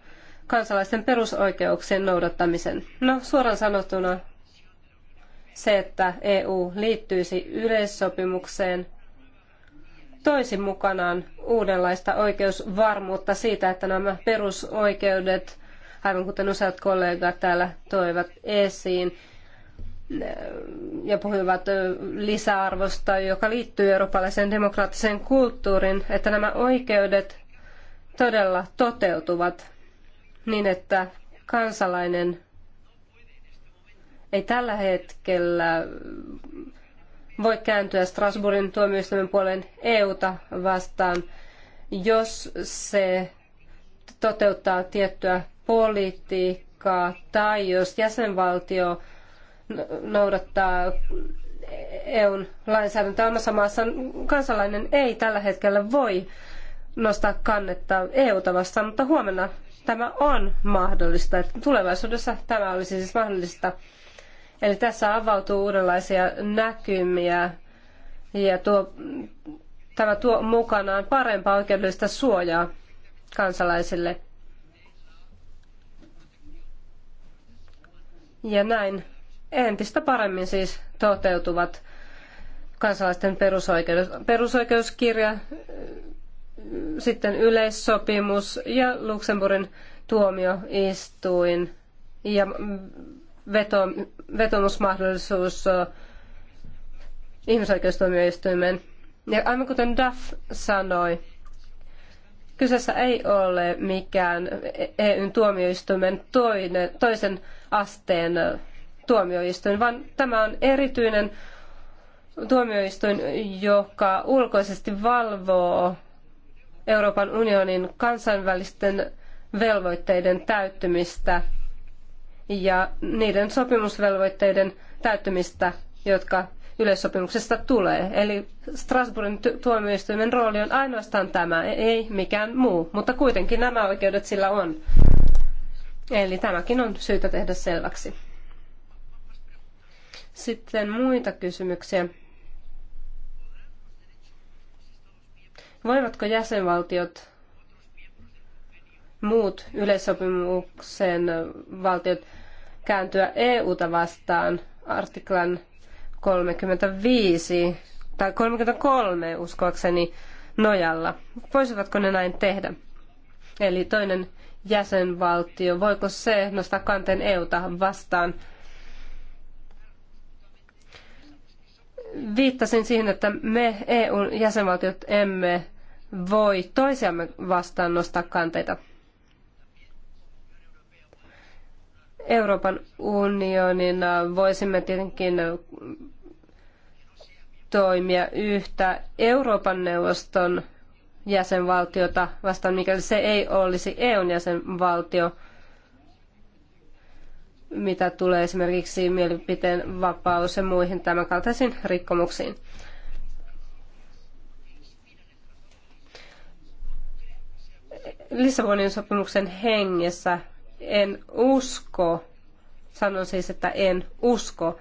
S1: kansalaisten perusoikeuksien noudattamisen. No suoraan sanottuna se, että EU liittyisi yleissopimukseen – toisi mukanaan uudenlaista oikeusvarmuutta siitä, että nämä perusoikeudet, aivan kuten useat kollegat täällä toivat esiin, ja puhuivat lisäarvosta, joka liittyy eurooppalaiseen demokraattiseen kulttuuriin, että nämä oikeudet todella toteutuvat niin, että kansalainen ei tällä hetkellä voi kääntyä Strasbourgin tuomioistuimen puolen EUta vastaan, jos se toteuttaa tiettyä politiikkaa tai jos jäsenvaltio noudattaa EUn lainsäädäntöä omassa maassa, kansalainen ei tällä hetkellä voi nostaa kannetta EUta vastaan, mutta huomenna tämä on mahdollista. Tulevaisuudessa tämä olisi siis mahdollista. Eli tässä avautuu uudenlaisia näkymiä ja tuo, tämä tuo mukanaan parempaa oikeudellista suojaa kansalaisille. Ja näin entistä paremmin siis toteutuvat kansalaisten perusoikeudet. Perusoikeuskirja, sitten yleissopimus ja Luxemburgin tuomioistuin ja veto, vetomusmahdollisuus ihmisoikeustuomioistuimen. Ja aivan kuten Duff sanoi, kyseessä ei ole mikään EUn e tuomioistuimen toinen, toisen asteen tuomioistuin, vaan tämä on erityinen tuomioistuin, joka ulkoisesti valvoo Euroopan unionin kansainvälisten velvoitteiden täyttymistä – ja niiden sopimusvelvoitteiden täyttymistä, jotka yleissopimuksesta tulee. Eli Strasbourgin tuomioistuimen rooli on ainoastaan tämä, ei mikään muu, mutta kuitenkin nämä oikeudet sillä on. Eli tämäkin on syytä tehdä selväksi. Sitten muita kysymyksiä. Voivatko jäsenvaltiot muut yleissopimuksen valtiot kääntyä EUta vastaan artiklan 35 tai 33 uskoakseni nojalla. Voisivatko ne näin tehdä? Eli toinen jäsenvaltio, voiko se nostaa kanteen EUta vastaan? Viittasin siihen, että me EU jäsenvaltiot emme voi toisiamme vastaan nostaa kanteita. Euroopan unionina voisimme tietenkin toimia yhtä Euroopan neuvoston jäsenvaltiota vastaan, mikäli se ei olisi EUn jäsenvaltio, mitä tulee esimerkiksi mielipiteen vapaus ja muihin tämänkaltaisiin rikkomuksiin. Lissabonin sopimuksen hengessä en usko, sanon siis, että en usko,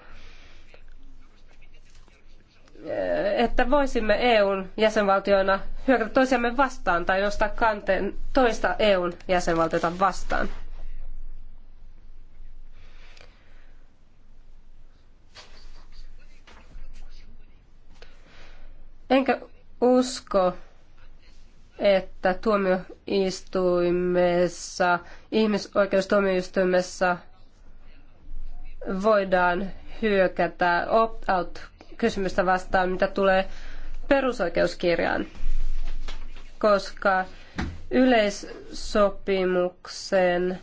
S1: että voisimme EUn jäsenvaltioina hyökätä toisiamme vastaan tai nostaa kanteen toista EUn jäsenvaltiota vastaan. Enkä usko, että tuomioistuimessa, ihmisoikeustuomioistuimessa voidaan hyökätä opt-out-kysymystä vastaan, mitä tulee perusoikeuskirjaan, koska yleissopimuksen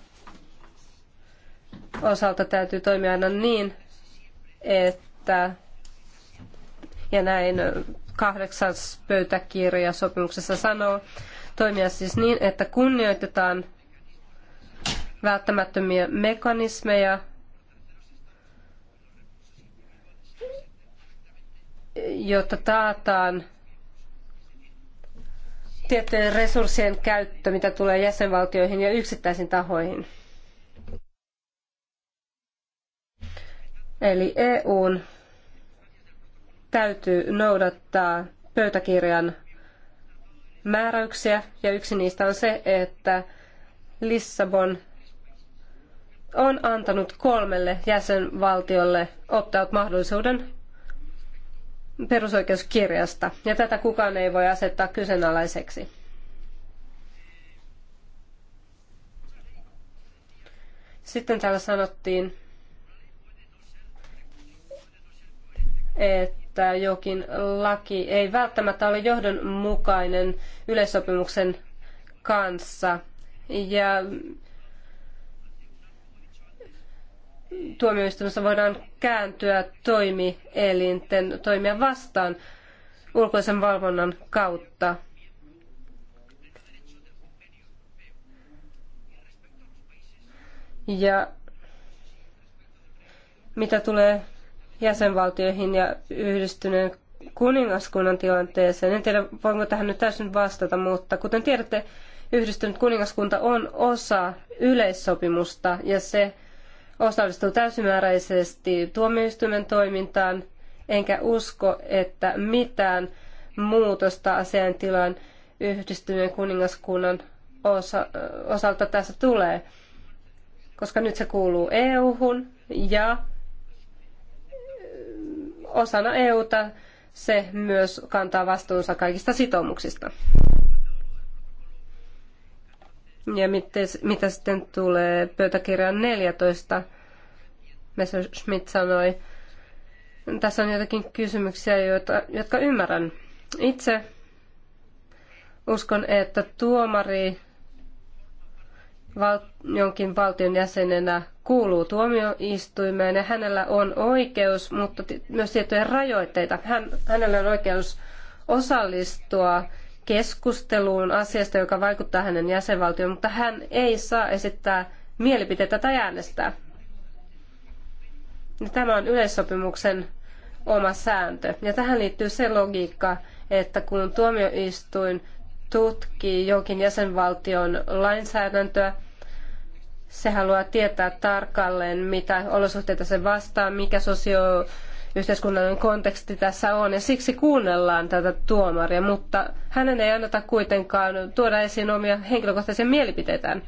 S1: osalta täytyy toimia aina niin, että ja näin kahdeksas pöytäkirja sopimuksessa sanoo, toimia siis niin, että kunnioitetaan välttämättömiä mekanismeja, jotta taataan tiettyjen resurssien käyttö, mitä tulee jäsenvaltioihin ja yksittäisiin tahoihin. Eli EUn täytyy noudattaa pöytäkirjan määräyksiä, ja yksi niistä on se, että Lissabon on antanut kolmelle jäsenvaltiolle opt-out-mahdollisuuden perusoikeuskirjasta, ja tätä kukaan ei voi asettaa kyseenalaiseksi. Sitten täällä sanottiin, että että jokin laki ei välttämättä ole johdonmukainen yleissopimuksen kanssa. Ja tuomioistuimessa voidaan kääntyä toimielinten toimia vastaan ulkoisen valvonnan kautta. Ja mitä tulee jäsenvaltioihin ja yhdistyneen kuningaskunnan tilanteeseen. En tiedä, voinko tähän nyt täysin vastata, mutta kuten tiedätte, yhdistynyt kuningaskunta on osa yleissopimusta ja se osallistuu täysimääräisesti tuomioistuimen toimintaan, enkä usko, että mitään muutosta asiantilaan yhdistyneen kuningaskunnan osa, osalta tässä tulee, koska nyt se kuuluu EU-hun ja osana EUta se myös kantaa vastuunsa kaikista sitoumuksista. Ja mites, mitä sitten tulee pöytäkirjaan 14, Messerschmitt sanoi, tässä on jotakin kysymyksiä, joita, jotka ymmärrän. Itse uskon, että tuomari val- jonkin valtion jäsenenä kuuluu tuomioistuimeen ja hänellä on oikeus, mutta myös tiettyjä rajoitteita. Hän, hänellä on oikeus osallistua keskusteluun asiasta, joka vaikuttaa hänen jäsenvaltioon, mutta hän ei saa esittää mielipiteitä tai äänestää. Tämä on yleissopimuksen oma sääntö. Ja tähän liittyy se logiikka, että kun tuomioistuin tutkii jonkin jäsenvaltion lainsäädäntöä, se haluaa tietää tarkalleen, mitä olosuhteita se vastaa, mikä sosio yhteiskunnallinen konteksti tässä on, ja siksi kuunnellaan tätä tuomaria, mutta hänen ei anneta kuitenkaan tuoda esiin omia henkilökohtaisia mielipiteitään.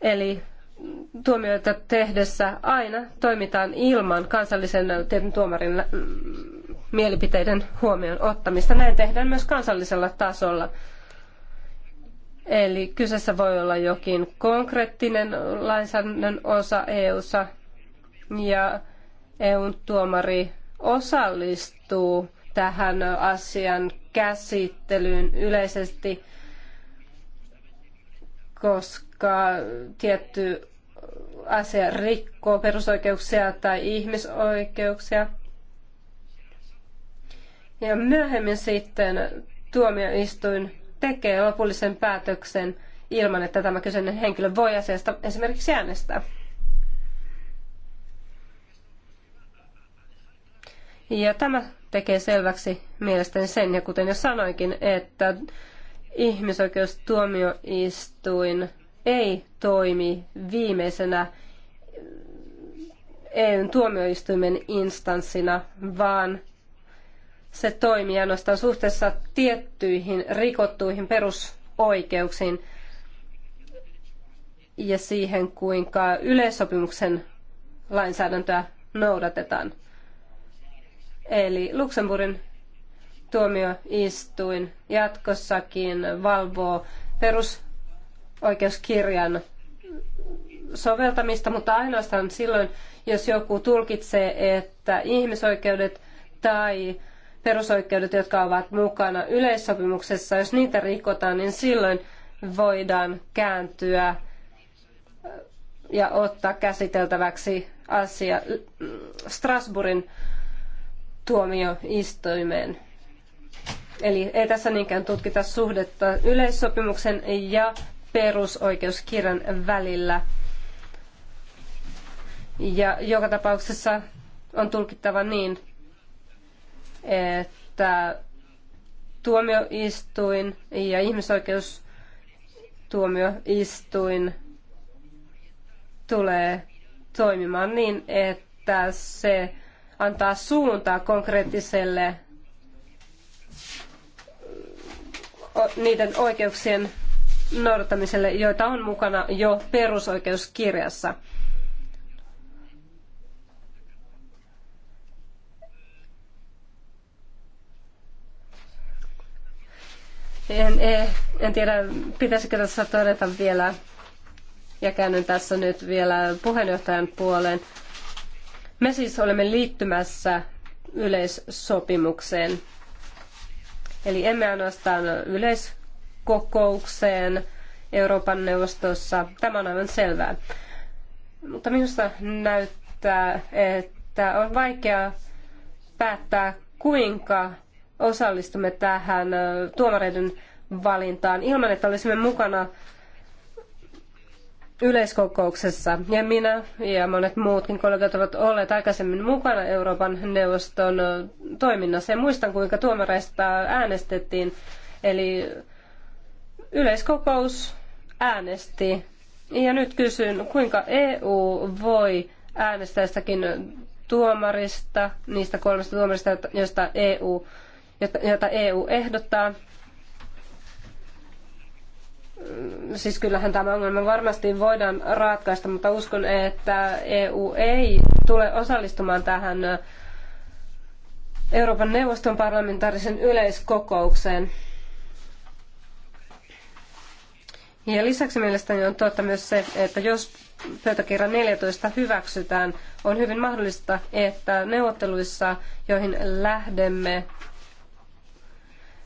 S1: Eli tuomioita tehdessä aina toimitaan ilman kansallisen tietyn tuomarin mm, mielipiteiden huomioon ottamista. Näin tehdään myös kansallisella tasolla. Eli kyseessä voi olla jokin konkreettinen lainsäädännön osa EU:ssa ja EUn tuomari osallistuu tähän asian käsittelyyn yleisesti, koska tietty asia rikkoo perusoikeuksia tai ihmisoikeuksia. Ja myöhemmin sitten tuomioistuin tekee lopullisen päätöksen ilman, että tämä kyseinen henkilö voi asiasta esimerkiksi äänestää. Ja tämä tekee selväksi mielestäni sen, ja kuten jo sanoinkin, että ihmisoikeustuomioistuin ei toimi viimeisenä EUn tuomioistuimen instanssina, vaan se toimii ainoastaan suhteessa tiettyihin rikottuihin perusoikeuksiin ja siihen, kuinka yleissopimuksen lainsäädäntöä noudatetaan. Eli Luxemburgin tuomioistuin jatkossakin valvoo perusoikeuskirjan soveltamista, mutta ainoastaan silloin, jos joku tulkitsee, että ihmisoikeudet tai perusoikeudet, jotka ovat mukana yleissopimuksessa, jos niitä rikotaan, niin silloin voidaan kääntyä äh, ja ottaa käsiteltäväksi asia mm, Strasbourgin tuomioistuimeen. Eli ei tässä niinkään tutkita suhdetta yleissopimuksen ja perusoikeuskirjan välillä. Ja joka tapauksessa on tulkittava niin, että tuomioistuin ja ihmisoikeustuomioistuin tulee toimimaan niin, että se antaa suuntaa konkreettiselle niiden oikeuksien noudattamiselle, joita on mukana jo perusoikeuskirjassa. En, eh, en tiedä, pitäisikö tässä todeta vielä, ja käännyn tässä nyt vielä puheenjohtajan puoleen. Me siis olemme liittymässä yleissopimukseen. Eli emme ainoastaan yleiskokoukseen Euroopan neuvostossa. Tämä on aivan selvää. Mutta minusta näyttää, että on vaikea päättää, kuinka osallistumme tähän tuomareiden valintaan ilman, että olisimme mukana yleiskokouksessa. Ja minä ja monet muutkin kollegat ovat olleet aikaisemmin mukana Euroopan neuvoston toiminnassa. Ja muistan, kuinka tuomareista äänestettiin. Eli yleiskokous äänesti. Ja nyt kysyn, kuinka EU voi äänestää tuomarista, niistä kolmesta tuomarista, joista EU jota EU ehdottaa. Siis kyllähän tämä ongelma varmasti voidaan ratkaista, mutta uskon, että EU ei tule osallistumaan tähän Euroopan neuvoston parlamentaarisen yleiskokoukseen. Ja lisäksi mielestäni on totta myös se, että jos pöytäkirja 14 hyväksytään, on hyvin mahdollista, että neuvotteluissa, joihin lähdemme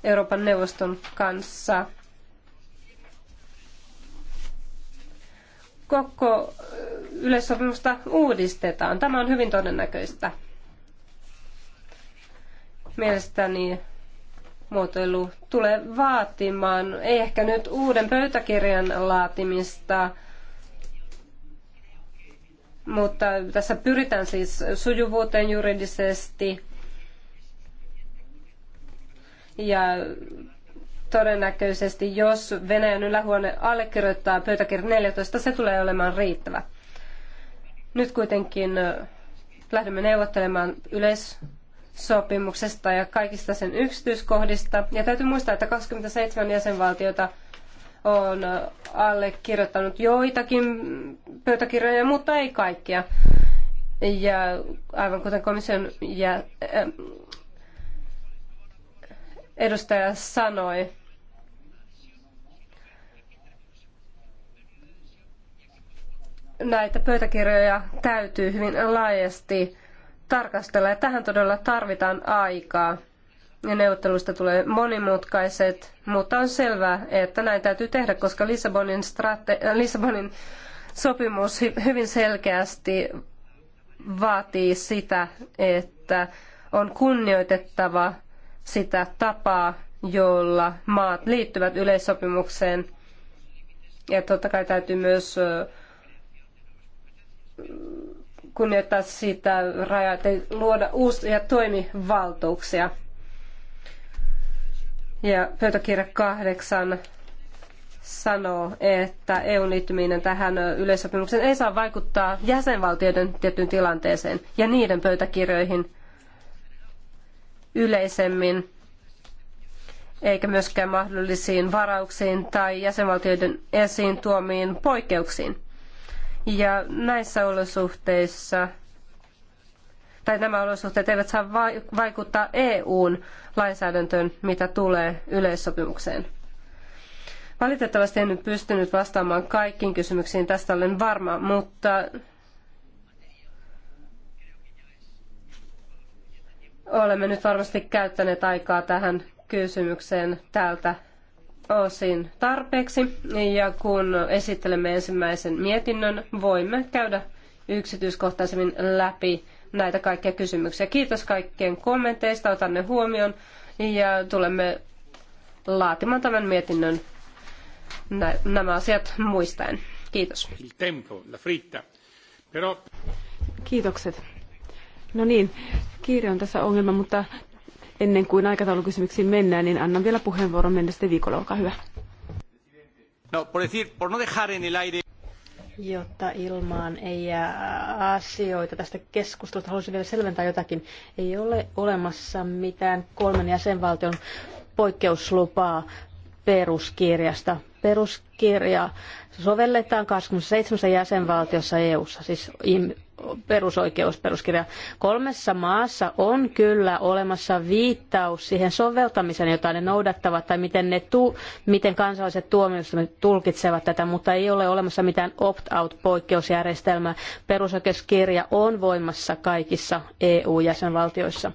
S1: Euroopan neuvoston kanssa. Koko yleissopimusta uudistetaan. Tämä on hyvin todennäköistä. Mielestäni muotoilu tulee vaatimaan, ei ehkä nyt uuden pöytäkirjan laatimista, mutta tässä pyritään siis sujuvuuteen juridisesti ja todennäköisesti, jos Venäjän ylähuone allekirjoittaa pöytäkirja 14, se tulee olemaan riittävä. Nyt kuitenkin lähdemme neuvottelemaan yleissopimuksesta ja kaikista sen yksityiskohdista. Ja täytyy muistaa, että 27 jäsenvaltiota on allekirjoittanut joitakin pöytäkirjoja, mutta ei kaikkia. Ja aivan kuten komission jä, edustaja sanoi. Näitä pöytäkirjoja täytyy hyvin laajasti tarkastella ja tähän todella tarvitaan aikaa. Ja neuvotteluista tulee monimutkaiset, mutta on selvää, että näin täytyy tehdä, koska Lissabonin, strate- äh, Lissabonin sopimus hyvin selkeästi vaatii sitä, että on kunnioitettava sitä tapaa, jolla maat liittyvät yleissopimukseen. Ja totta kai täytyy myös kunnioittaa sitä rajaa, että luoda uusia toimivaltuuksia. Ja pöytäkirja kahdeksan sanoo, että eu liittyminen tähän yleissopimukseen ei saa vaikuttaa jäsenvaltioiden tiettyyn tilanteeseen ja niiden pöytäkirjoihin – yleisemmin, eikä myöskään mahdollisiin varauksiin tai jäsenvaltioiden esiin tuomiin poikkeuksiin. Ja näissä olosuhteissa, tai nämä olosuhteet eivät saa vaikuttaa EUn lainsäädäntöön, mitä tulee yleissopimukseen. Valitettavasti en nyt pystynyt vastaamaan kaikkiin kysymyksiin, tästä olen varma, mutta Olemme nyt varmasti käyttäneet aikaa tähän kysymykseen tältä osin tarpeeksi. Ja kun esittelemme ensimmäisen mietinnön, voimme käydä yksityiskohtaisemmin läpi näitä kaikkia kysymyksiä. Kiitos kaikkien kommenteista, otan ne huomioon ja tulemme laatimaan tämän mietinnön nämä asiat muistaen. Kiitos.
S2: Kiitokset. No niin, kiire on tässä ongelma, mutta ennen kuin aikataulukysymyksiin mennään, niin annan vielä puheenvuoron mennä sitten viikolla, olkaa hyvä.
S1: No, por decir, por no dejar en el aire...
S2: Jotta ilmaan
S3: ei jää asioita tästä keskustelusta, haluaisin vielä selventää jotakin. Ei ole olemassa mitään kolmen jäsenvaltion poikkeuslupaa peruskirjasta. Peruskirja sovelletaan 27 jäsenvaltiossa EU-ssa, siis perusoikeus, peruskirja. Kolmessa maassa on kyllä olemassa viittaus siihen soveltamiseen, jota ne noudattavat tai miten, ne tu- miten kansalliset tuomioistuimet tulkitsevat tätä, mutta ei ole olemassa mitään opt-out-poikkeusjärjestelmää. Perusoikeuskirja on voimassa kaikissa EU-jäsenvaltioissa.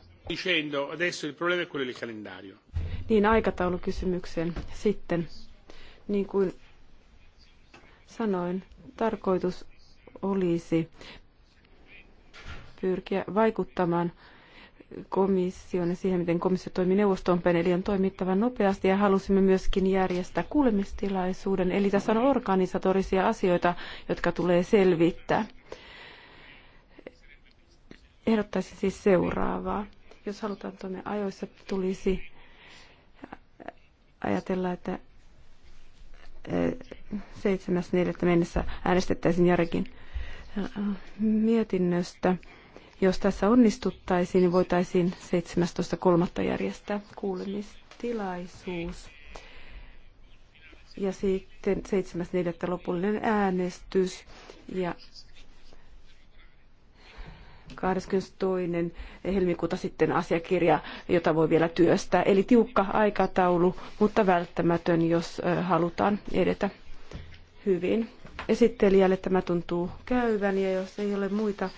S2: Niin, aikataulukysymykseen sitten. Niin kuin sanoin, tarkoitus olisi pyrkiä vaikuttamaan komission ja siihen, miten komissio toimii neuvostoon päin, eli on toimittava nopeasti ja halusimme myöskin järjestää kuulemistilaisuuden. Eli tässä on organisatorisia asioita, jotka tulee selvittää. Ehdottaisin siis seuraavaa. Jos halutaan toimia ajoissa, tulisi ajatella, että 7.4. Eh, mennessä äänestettäisiin Jarekin mietinnöstä jos tässä onnistuttaisiin, niin voitaisiin 17.3. järjestää kuulemistilaisuus. Ja sitten 7.4. lopullinen äänestys ja 22. helmikuuta sitten asiakirja, jota voi vielä työstää. Eli tiukka aikataulu, mutta välttämätön, jos halutaan edetä hyvin. Esittelijälle tämä tuntuu käyvän ja jos ei ole muita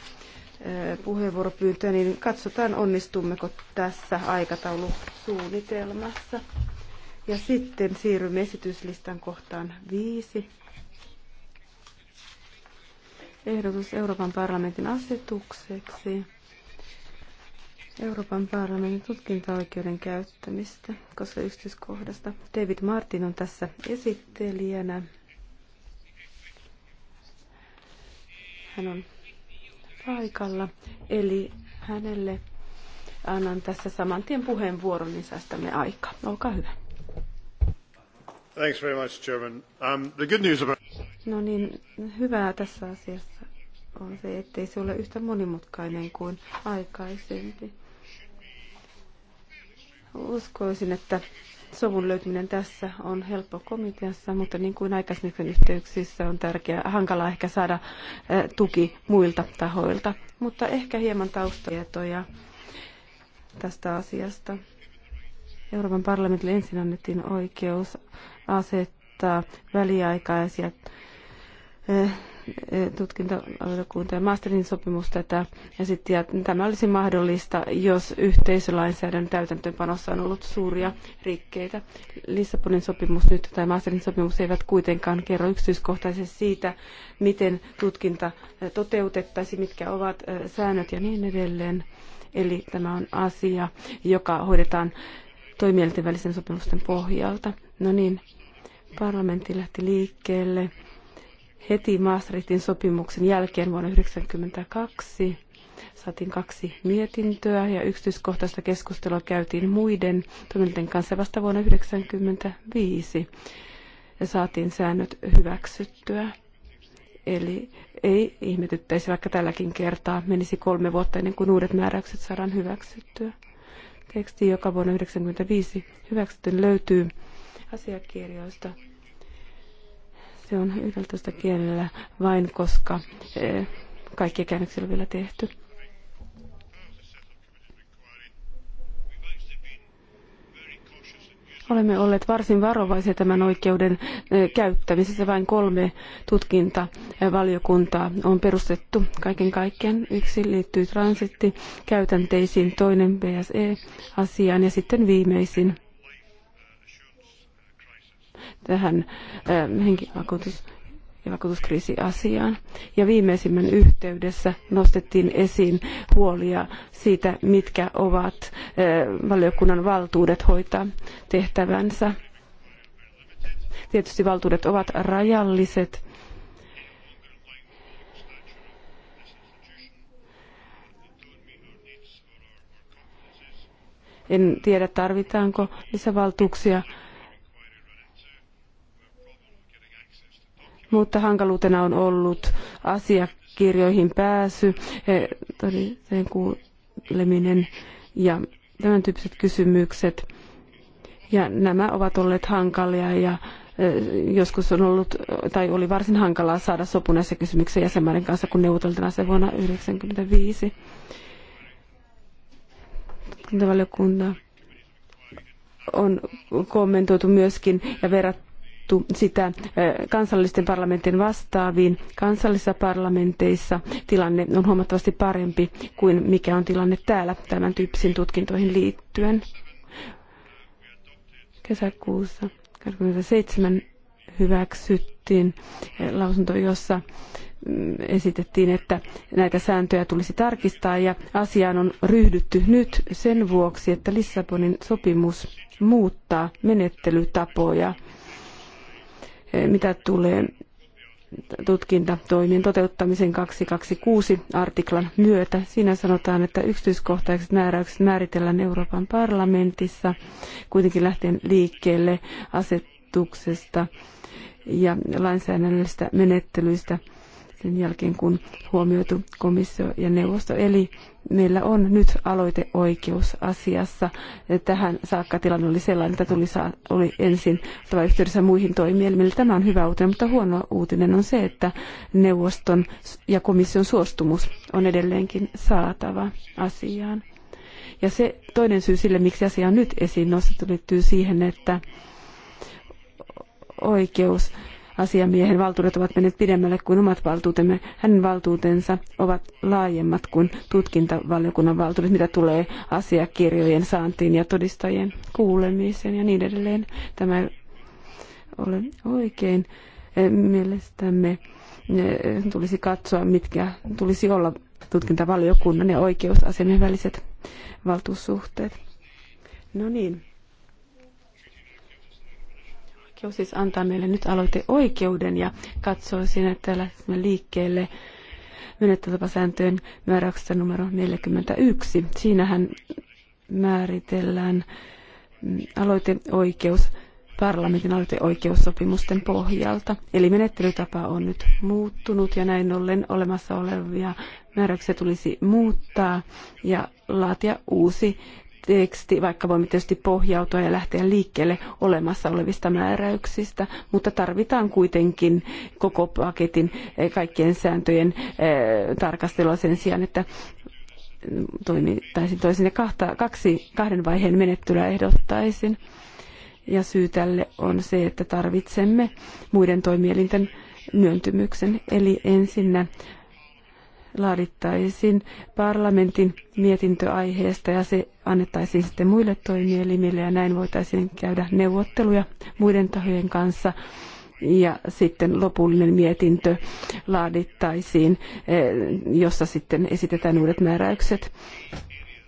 S2: Eh, puheenvuoropyyntöä, niin katsotaan onnistummeko tässä aikataulusuunnitelmassa. Ja sitten siirrymme esityslistan kohtaan viisi. Ehdotus Euroopan parlamentin asetukseksi. Euroopan parlamentin tutkintaoikeuden käyttämistä, koska yksityiskohdasta David Martin on tässä esittelijänä. Hän on paikalla, eli hänelle annan tässä saman tien puheenvuoron, niin säästämme aikaa. Olkaa hyvä. Thanks very much, Chairman. Um, the good news about... No niin, hyvää tässä asiassa on se, ettei se ole yhtä monimutkainen kuin aikaisempi. Uskoisin, että sovun löytyminen tässä on helppo komiteassa, mutta niin kuin aikaisemmin yhteyksissä on tärkeää, hankala ehkä saada eh, tuki muilta tahoilta. Mutta ehkä hieman taustatietoja tästä asiasta. Euroopan parlamentille ensin annettiin oikeus asettaa väliaikaisia eh, tutkintolautakunta ja Maastrichtin sopimus tätä esitti. Ja tämä olisi mahdollista, jos yhteisölainsäädännön täytäntöönpanossa on ollut suuria rikkeitä. Lissabonin sopimus nyt tai Maastrichtin sopimus eivät kuitenkaan kerro yksityiskohtaisesti siitä, miten tutkinta toteutettaisiin, mitkä ovat säännöt ja niin edelleen. Eli tämä on asia, joka hoidetaan toimielinten välisten sopimusten pohjalta. No niin, parlamentti lähti liikkeelle heti Maastrichtin sopimuksen jälkeen vuonna 1992 saatiin kaksi mietintöä ja yksityiskohtaista keskustelua käytiin muiden toimijoiden kanssa vasta vuonna 1995 ja saatiin säännöt hyväksyttyä. Eli ei ihmetyttäisi, vaikka tälläkin kertaa menisi kolme vuotta ennen kuin uudet määräykset saadaan hyväksyttyä. Teksti, joka vuonna 1995 hyväksytty, löytyy asiakirjoista se on 11 kielellä vain, koska e, kaikki käännökset on vielä tehty. Olemme olleet varsin varovaisia tämän oikeuden e, käyttämisessä. Vain kolme tutkintavaliokuntaa e, on perustettu kaiken kaikkiaan. Yksi liittyy transittikäytänteisiin, toinen BSE-asiaan ja sitten viimeisin tähän ähm, henkivakuutus- ja vakuutuskriisiasiaan. Ja viimeisimmän yhteydessä nostettiin esiin huolia siitä, mitkä ovat äh, valiokunnan valtuudet hoitaa tehtävänsä. Tietysti valtuudet ovat rajalliset, En tiedä, tarvitaanko lisävaltuuksia mutta hankaluutena on ollut asiakirjoihin pääsy, e, todisteen kuuleminen ja tämän tyyppiset kysymykset. Ja nämä ovat olleet hankalia ja e, joskus on ollut tai oli varsin hankalaa saada sopu näissä kysymyksissä jäsenmaiden kanssa, kun neuvoteltiin se vuonna 1995. Tutkintavaliokunta on kommentoitu myöskin ja verrattu verrattu sitä kansallisten parlamentin vastaaviin. Kansallisissa parlamenteissa tilanne on huomattavasti parempi kuin mikä on tilanne täällä tämän tyyppisiin tutkintoihin liittyen. Kesäkuussa seitsemän hyväksyttiin lausunto, jossa mm, esitettiin, että näitä sääntöjä tulisi tarkistaa ja asiaan on ryhdytty nyt sen vuoksi, että Lissabonin sopimus muuttaa menettelytapoja – Eh, mitä tulee tutkintatoimien toteuttamisen 226 artiklan myötä. Siinä sanotaan, että yksityiskohtaiset määräykset määritellään Euroopan parlamentissa, kuitenkin lähtien liikkeelle asetuksesta ja lainsäädännöllisistä menettelyistä – sen jälkeen, kun huomioitu komissio ja neuvosto. Eli meillä on nyt aloiteoikeus asiassa. Tähän saakka tilanne oli sellainen, että tuli saa, oli ensin oltava yhteydessä muihin toimielimille. Tämä on hyvä uutinen, mutta huono uutinen on se, että neuvoston ja komission suostumus on edelleenkin saatava asiaan. Ja se toinen syy sille, miksi asia on nyt esiin nostettu, liittyy siihen, että oikeus asiamiehen valtuudet ovat menneet pidemmälle kuin omat valtuutemme. Hänen valtuutensa ovat laajemmat kuin tutkintavaliokunnan valtuudet, mitä tulee asiakirjojen saantiin ja todistajien kuulemiseen ja niin edelleen. Tämä ei ole oikein. E, mielestämme e, tulisi katsoa, mitkä tulisi olla tutkintavaliokunnan ja oikeusasiamiehen väliset valtuussuhteet. No niin, oikeus siis antaa meille nyt oikeuden ja sinne, että lähdemme liikkeelle menettelytapasääntöjen määräyksestä numero 41. Siinähän määritellään mm, aloiteoikeus parlamentin aloiteoikeussopimusten pohjalta. Eli menettelytapa on nyt muuttunut ja näin ollen olemassa olevia määräyksiä tulisi muuttaa ja laatia uusi teksti, vaikka voimme tietysti pohjautua ja lähteä liikkeelle olemassa olevista määräyksistä, mutta tarvitaan kuitenkin koko paketin eh, kaikkien sääntöjen eh, tarkastelua sen sijaan, että toimittaisin toisin kahta, kaksi, kahden vaiheen menettelyä ehdottaisin. Ja syy tälle on se, että tarvitsemme muiden toimielinten myöntymyksen. Eli ensinnä laadittaisiin parlamentin mietintö aiheesta ja se annettaisiin sitten muille toimielimille ja näin voitaisiin käydä neuvotteluja muiden tahojen kanssa ja sitten lopullinen mietintö laadittaisiin, eh, jossa sitten esitetään uudet määräykset.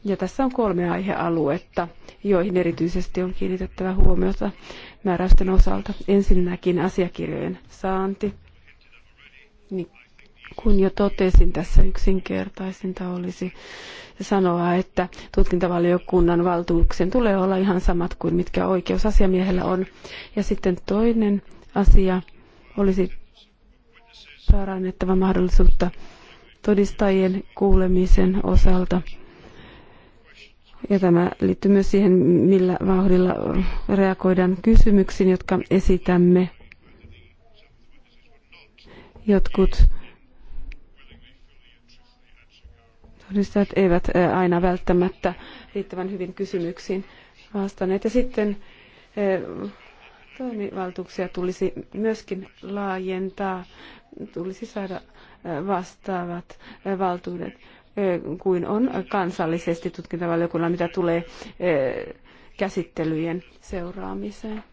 S2: Ja tässä on kolme aihealuetta, joihin erityisesti on kiinnitettävä huomiota määräysten osalta. Ensinnäkin asiakirjojen saanti. Niin kun jo totesin tässä yksinkertaisinta olisi sanoa, että tutkintavaliokunnan valtuuksien tulee olla ihan samat kuin mitkä oikeusasiamiehellä on. Ja sitten toinen asia olisi parannettava mahdollisuutta todistajien kuulemisen osalta. Ja tämä liittyy myös siihen, millä vauhdilla reagoidaan kysymyksiin, jotka esitämme. Jotkut yhdistävät eivät aina välttämättä riittävän hyvin kysymyksiin vastanneet. Ja sitten toimivaltuuksia tulisi myöskin laajentaa, tulisi saada vastaavat valtuudet kuin on kansallisesti tutkintavaliokunnalla, mitä tulee käsittelyjen seuraamiseen.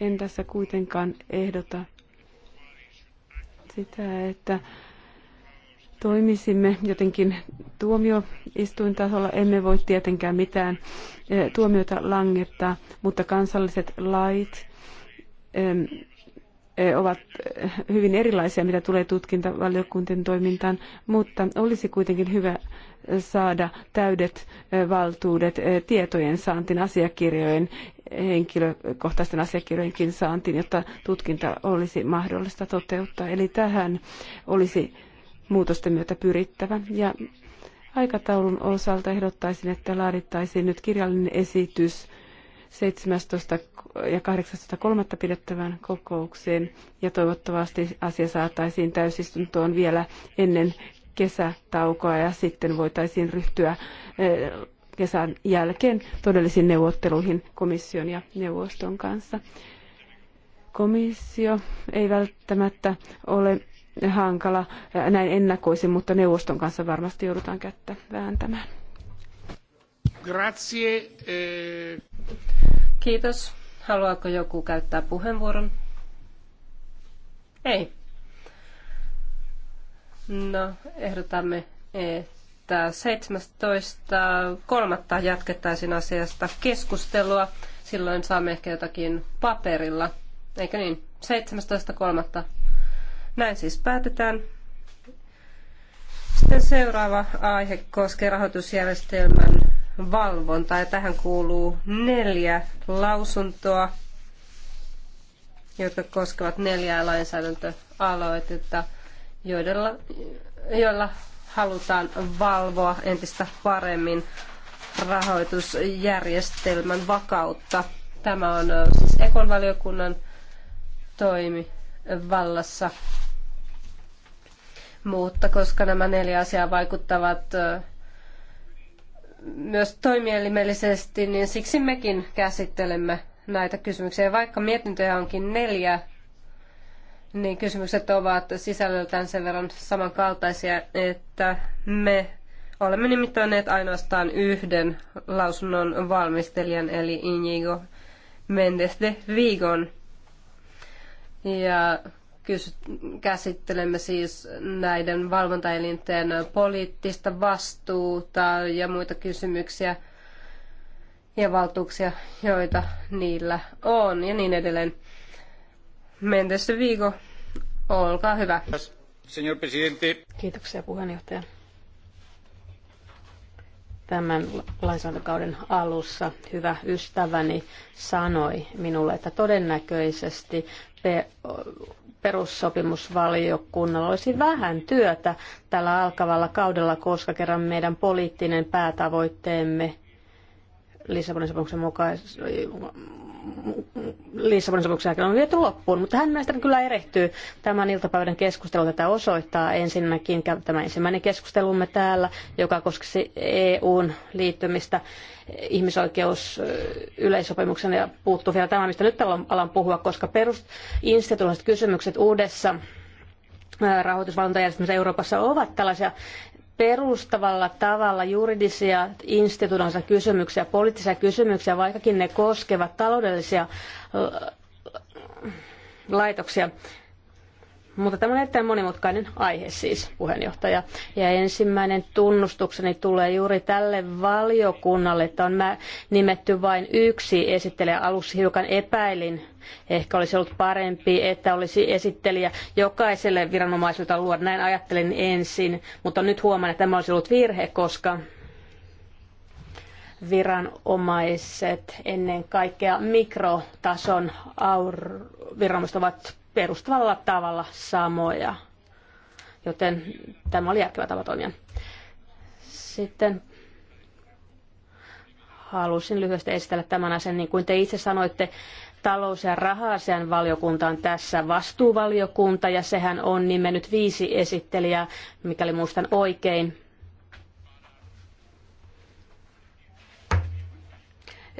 S2: En tässä kuitenkaan ehdota sitä, että toimisimme jotenkin tuomioistuintasolla, emme voi tietenkään mitään eh, tuomiota langettaa, mutta kansalliset lait eh, ovat eh, hyvin erilaisia, mitä tulee tutkintavaliokuntien toimintaan, mutta olisi kuitenkin hyvä saada täydet valtuudet tietojen saantiin, asiakirjojen, henkilökohtaisten asiakirjojenkin saantiin, jotta tutkinta olisi mahdollista toteuttaa. Eli tähän olisi muutosten myötä pyrittävä. Ja aikataulun osalta ehdottaisin, että laadittaisiin nyt kirjallinen esitys 17. ja 18.3. pidettävään kokoukseen ja toivottavasti asia saataisiin täysistuntoon vielä ennen kesätaukoa ja sitten voitaisiin ryhtyä eh, kesän jälkeen todellisiin neuvotteluihin komission ja neuvoston kanssa. Komissio ei välttämättä ole hankala. Näin ennakoisin, mutta neuvoston kanssa varmasti joudutaan kättä vääntämään.
S1: Grazie. Eh. Kiitos. Haluaako joku käyttää puheenvuoron? Ei. No, ehdotamme, että 17.3. jatkettaisiin asiasta keskustelua. Silloin saamme ehkä jotakin paperilla. Eikö niin? 17.3. Näin siis päätetään. Sitten seuraava aihe koskee rahoitusjärjestelmän valvontaa ja tähän kuuluu neljä lausuntoa, jotka koskevat neljää lainsäädäntöaloitetta, joilla, joilla halutaan valvoa entistä paremmin rahoitusjärjestelmän vakautta. Tämä on siis ekonvaliokunnan toimivallassa mutta koska nämä neljä asiaa vaikuttavat myös toimielimellisesti, niin siksi mekin käsittelemme näitä kysymyksiä. Vaikka mietintöjä onkin neljä, niin kysymykset ovat sisällöltään sen verran samankaltaisia, että me olemme nimittäneet ainoastaan yhden lausunnon valmistelijan, eli Inigo Mendes de Vigon. Ja käsittelemme siis näiden valvontaelinten poliittista vastuuta ja muita kysymyksiä ja valtuuksia, joita niillä on ja niin edelleen. Mendes viikko, olkaa hyvä. Señor presidente. Kiitoksia puheenjohtaja. Tämän
S3: lainsäädäntökauden alussa hyvä ystäväni sanoi minulle, että todennäköisesti perussopimusvaliokunnalla olisi vähän työtä tällä alkavalla kaudella, koska kerran meidän poliittinen päätavoitteemme Lissabonin sopimuksen mukaan Lissabonin sopimuksen jälkeen on viety loppuun, mutta hän näistä kyllä erehtyy. Tämän iltapäivän keskustelu tätä osoittaa ensinnäkin tämä ensimmäinen keskustelumme täällä, joka koskisi EUn liittymistä ihmisoikeusyleissopimuksen ja puuttuu vielä tämä, mistä nyt alan puhua, koska perustinstituutiolliset kysymykset uudessa rahoitusvalvontajärjestelmässä Euroopassa ovat tällaisia perustavalla tavalla juridisia instituutioita kysymyksiä, poliittisia kysymyksiä, vaikkakin ne koskevat taloudellisia äh, laitoksia. Mutta tämä on erittäin monimutkainen aihe siis, puheenjohtaja. Ja ensimmäinen tunnustukseni tulee juuri tälle valiokunnalle, että on mä nimetty vain yksi esittelijä. Aluksi hiukan epäilin, ehkä olisi ollut parempi, että olisi esittelijä jokaiselle viranomaiselta luoda. Näin ajattelin ensin, mutta nyt huomaan, että tämä olisi ollut virhe, koska viranomaiset, ennen kaikkea mikrotason viranomaiset ovat perustavalla tavalla samoja. Joten tämä oli järkevä tapa toimia. Sitten halusin lyhyesti esitellä tämän asian, niin kuin te itse sanoitte, talous- ja rahaasian valiokunta on tässä vastuuvaliokunta ja sehän on nimennyt viisi esittelijää, mikäli muistan oikein.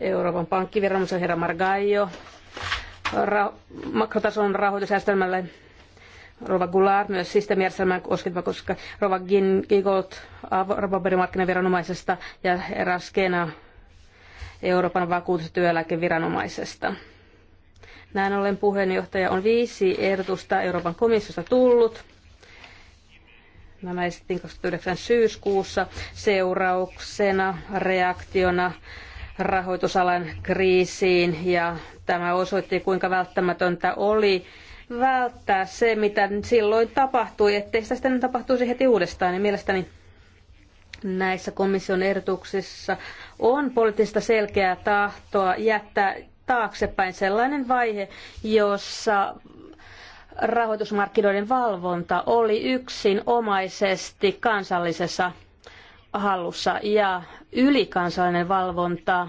S3: Euroopan pankkiviranomaisen herra Margaio, ra- makrotason rahoitusjärjestelmälle Rova Goulart, myös systeemijärjestelmää koskettava, koska Rova Gigolt arvopaperimarkkinaviranomaisesta ja Raskena Euroopan vakuutustyöeläkeviranomaisesta. Näin ollen puheenjohtaja on viisi ehdotusta Euroopan komissiosta tullut. Nämä esittiin 29. syyskuussa seurauksena, reaktiona rahoitusalan kriisiin ja tämä osoitti, kuinka välttämätöntä oli välttää se, mitä silloin tapahtui, ettei sitä sitten tapahtuisi heti uudestaan. Ja mielestäni näissä komission ehdotuksissa on poliittista selkeää tahtoa jättää taaksepäin sellainen vaihe, jossa rahoitusmarkkinoiden valvonta oli yksin omaisesti kansallisessa hallussa ja ylikansallinen valvonta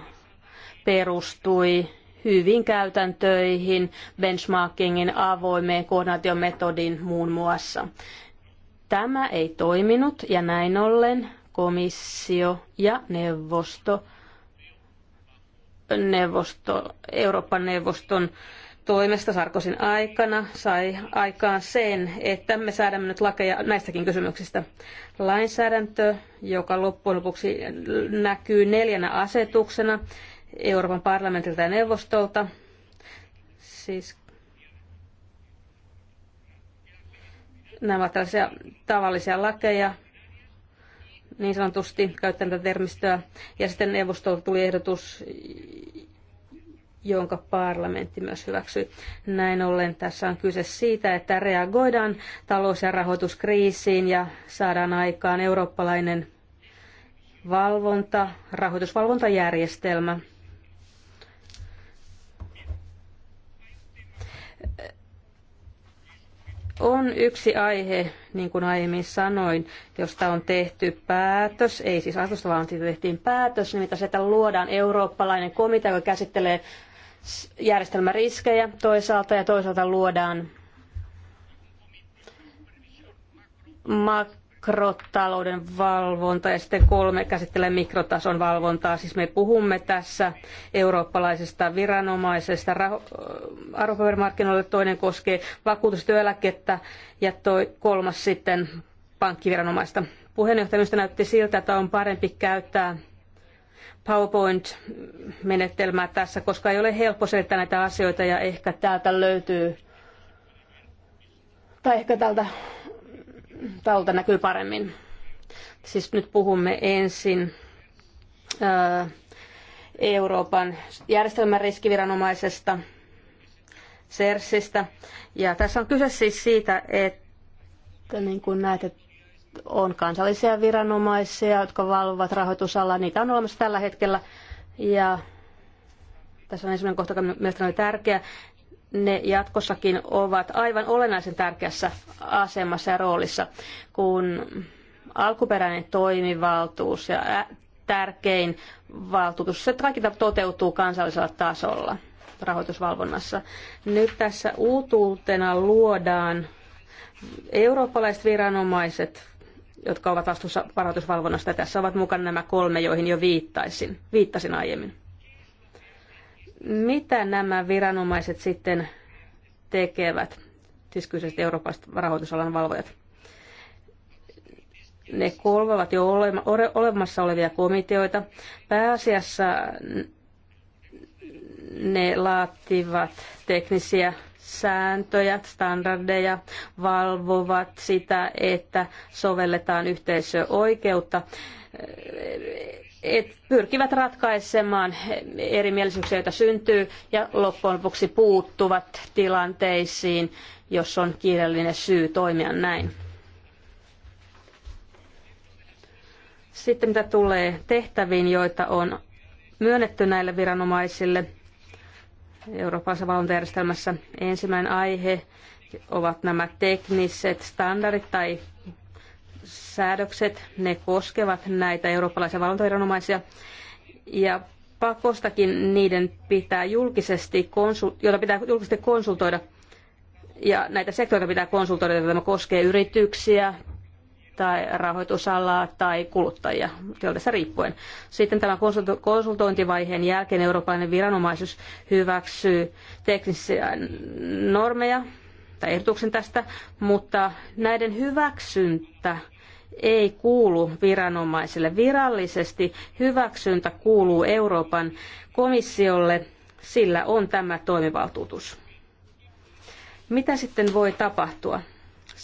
S3: perustui hyvin käytäntöihin, benchmarkingin avoimeen koordinaatiometodin muun muassa. Tämä ei toiminut ja näin ollen komissio ja neuvosto, neuvosto Euroopan neuvoston toimesta Sarkosin aikana sai aikaan sen, että me säädämme nyt lakeja näistäkin kysymyksistä. Lainsäädäntö, joka loppujen lopuksi näkyy neljänä asetuksena Euroopan parlamentilta ja neuvostolta, siis nämä ovat tällaisia tavallisia lakeja, niin sanotusti käyttäen tätä termistöä. Ja sitten neuvostolta tuli ehdotus, jonka parlamentti myös hyväksyi. Näin ollen tässä on kyse siitä, että reagoidaan talous- ja rahoituskriisiin ja saadaan aikaan eurooppalainen valvonta, rahoitusvalvontajärjestelmä. On yksi aihe, niin kuin aiemmin sanoin, josta on tehty päätös, ei siis asusta, vaan siitä tehtiin päätös, nimittäin se, että luodaan eurooppalainen komitea, joka käsittelee järjestelmäriskejä toisaalta ja toisaalta luodaan makrotalouden valvonta ja sitten kolme käsittelee mikrotason valvontaa. Siis me puhumme tässä eurooppalaisesta viranomaisesta arvopaperimarkkinoille, toinen koskee vakuutustyöeläkettä ja toi kolmas sitten pankkiviranomaista. Puheenjohtajuudesta näytti siltä, että on parempi käyttää PowerPoint-menetelmää tässä, koska ei ole helppo selittää näitä asioita ja ehkä täältä löytyy, tai ehkä tältä taulta näkyy paremmin. Siis nyt puhumme ensin Euroopan järjestelmän riskiviranomaisesta, CERSistä. Ja tässä on kyse siis siitä, että niin kuin että on kansallisia viranomaisia, jotka valvovat rahoitusalaa. Niitä on olemassa tällä hetkellä. Ja tässä on ensimmäinen kohta, joka mielestäni oli tärkeä. Ne jatkossakin ovat aivan olennaisen tärkeässä asemassa ja roolissa, kun alkuperäinen toimivaltuus ja tärkein valtuutus, se kaikki toteutuu kansallisella tasolla rahoitusvalvonnassa. Nyt tässä uutuutena luodaan eurooppalaiset viranomaiset jotka ovat vastuussa varoitusvalvonnasta. Tässä ovat mukana nämä kolme, joihin jo viittaisin, viittasin aiemmin. Mitä nämä viranomaiset sitten tekevät, siis kyseisesti Euroopan rahoitusalan valvojat? Ne kolvavat jo olemassa olevia komiteoita. Pääasiassa ne laativat teknisiä sääntöjä, standardeja, valvovat sitä, että sovelletaan yhteisöoikeutta. Et pyrkivät ratkaisemaan erimielisyyksiä, joita syntyy, ja loppujen lopuksi puuttuvat tilanteisiin, jos on kiireellinen syy toimia näin. Sitten mitä tulee tehtäviin, joita on myönnetty näille viranomaisille – Euroopassa valvontajärjestelmässä. Ensimmäinen aihe ovat nämä tekniset standardit tai säädökset. Ne koskevat näitä eurooppalaisia valvontaviranomaisia. Ja pakostakin niiden pitää julkisesti, konsul- joita pitää julkisesti konsultoida ja näitä sektoreita pitää konsultoida, joita tämä koskee yrityksiä, tai rahoitusalaa tai kuluttajia, teollista riippuen. Sitten tämän konsultointivaiheen jälkeen eurooppalainen viranomaisuus hyväksyy teknisiä normeja tai ehdotuksen tästä, mutta näiden hyväksyntä ei kuulu viranomaisille. Virallisesti hyväksyntä kuuluu Euroopan komissiolle, sillä on tämä toimivaltuutus. Mitä sitten voi tapahtua?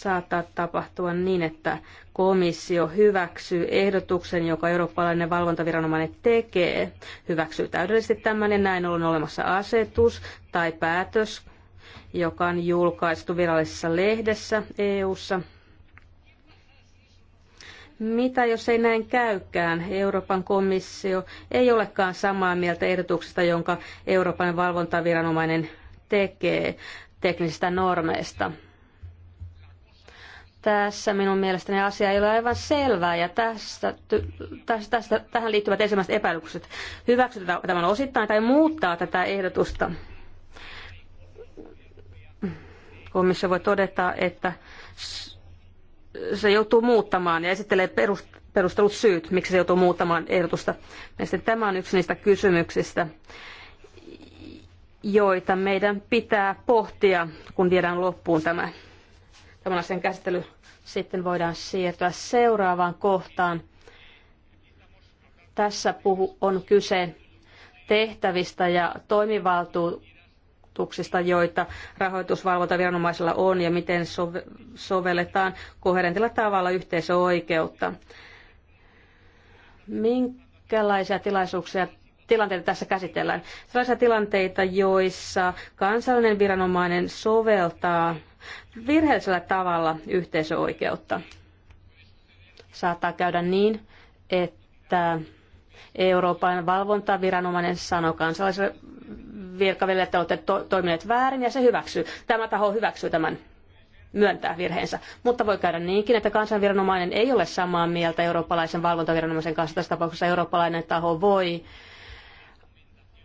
S3: saattaa tapahtua niin, että komissio hyväksyy ehdotuksen, joka eurooppalainen valvontaviranomainen tekee, hyväksyy täydellisesti tämän ja näin ollen olemassa asetus tai päätös, joka on julkaistu virallisessa lehdessä EU:ssa. Mitä jos ei näin käykään? Euroopan komissio ei olekaan samaa mieltä ehdotuksesta, jonka Euroopan valvontaviranomainen tekee teknisistä normeista. Tässä minun mielestäni asia ei ole aivan selvää ja tästä, tästä, tästä, tähän liittyvät ensimmäiset epäilykset. Hyväksytään tämän osittain tai muuttaa tätä ehdotusta. Komissio voi todeta, että se joutuu muuttamaan ja esittelee perustelut syyt, miksi se joutuu muuttamaan ehdotusta. Mielestäni tämä on yksi niistä kysymyksistä, joita meidän pitää pohtia, kun viedään loppuun tämä, tämän asian käsittely. Sitten voidaan siirtyä seuraavaan kohtaan. Tässä puhu, on kyse tehtävistä ja toimivaltuuksista, joita rahoitusvalvontaviranomaisilla on ja miten sovelletaan koherentilla tavalla yhteisöoikeutta. Minkälaisia tilaisuuksia tilanteita tässä käsitellään. Sellaisia tilanteita, joissa kansallinen viranomainen soveltaa virheellisellä tavalla yhteisöoikeutta. Saattaa käydä niin, että Euroopan valvontaviranomainen sanoo kansalaiselle virkaville, että olette to- toimineet väärin ja se hyväksyy. Tämä taho hyväksyy tämän myöntää virheensä. Mutta voi käydä niinkin, että kansanviranomainen ei ole samaa mieltä eurooppalaisen valvontaviranomaisen kanssa. Tässä tapauksessa eurooppalainen taho voi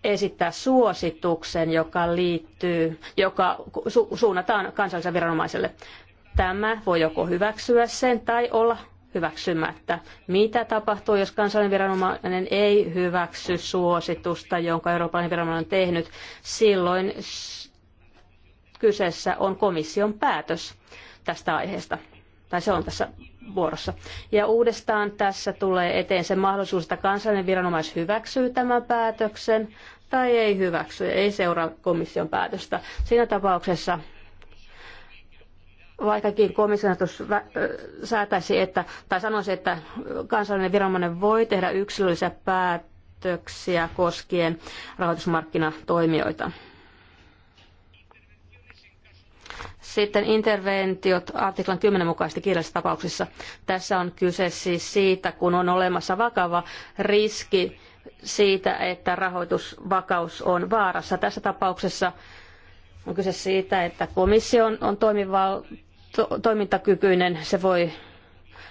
S3: esittää suosituksen, joka liittyy, joka su- suunnataan kansalliselle viranomaiselle. Tämä voi joko hyväksyä sen tai olla hyväksymättä. Mitä tapahtuu, jos kansallinen viranomainen ei hyväksy suositusta, jonka eurooppalainen viranomainen on tehnyt? Silloin kyseessä on komission päätös tästä aiheesta. Tai se on tässä vuorossa. Ja uudestaan tässä tulee eteen se mahdollisuus, että kansallinen viranomais hyväksyy tämän päätöksen, tai ei hyväksy, ei seuraa komission päätöstä. Siinä tapauksessa vaikkakin komissionatus säätäisi, että, tai sanoisi, että kansallinen viranomainen voi tehdä yksilöllisiä päätöksiä koskien rahoitusmarkkinatoimijoita. Sitten interventiot artiklan 10 mukaisesti kirjallisissa tapauksissa Tässä on kyse siis siitä, kun on olemassa vakava riski siitä, että rahoitusvakaus on vaarassa. Tässä tapauksessa on kyse siitä, että komissio on toimival, to, toimintakykyinen, se voi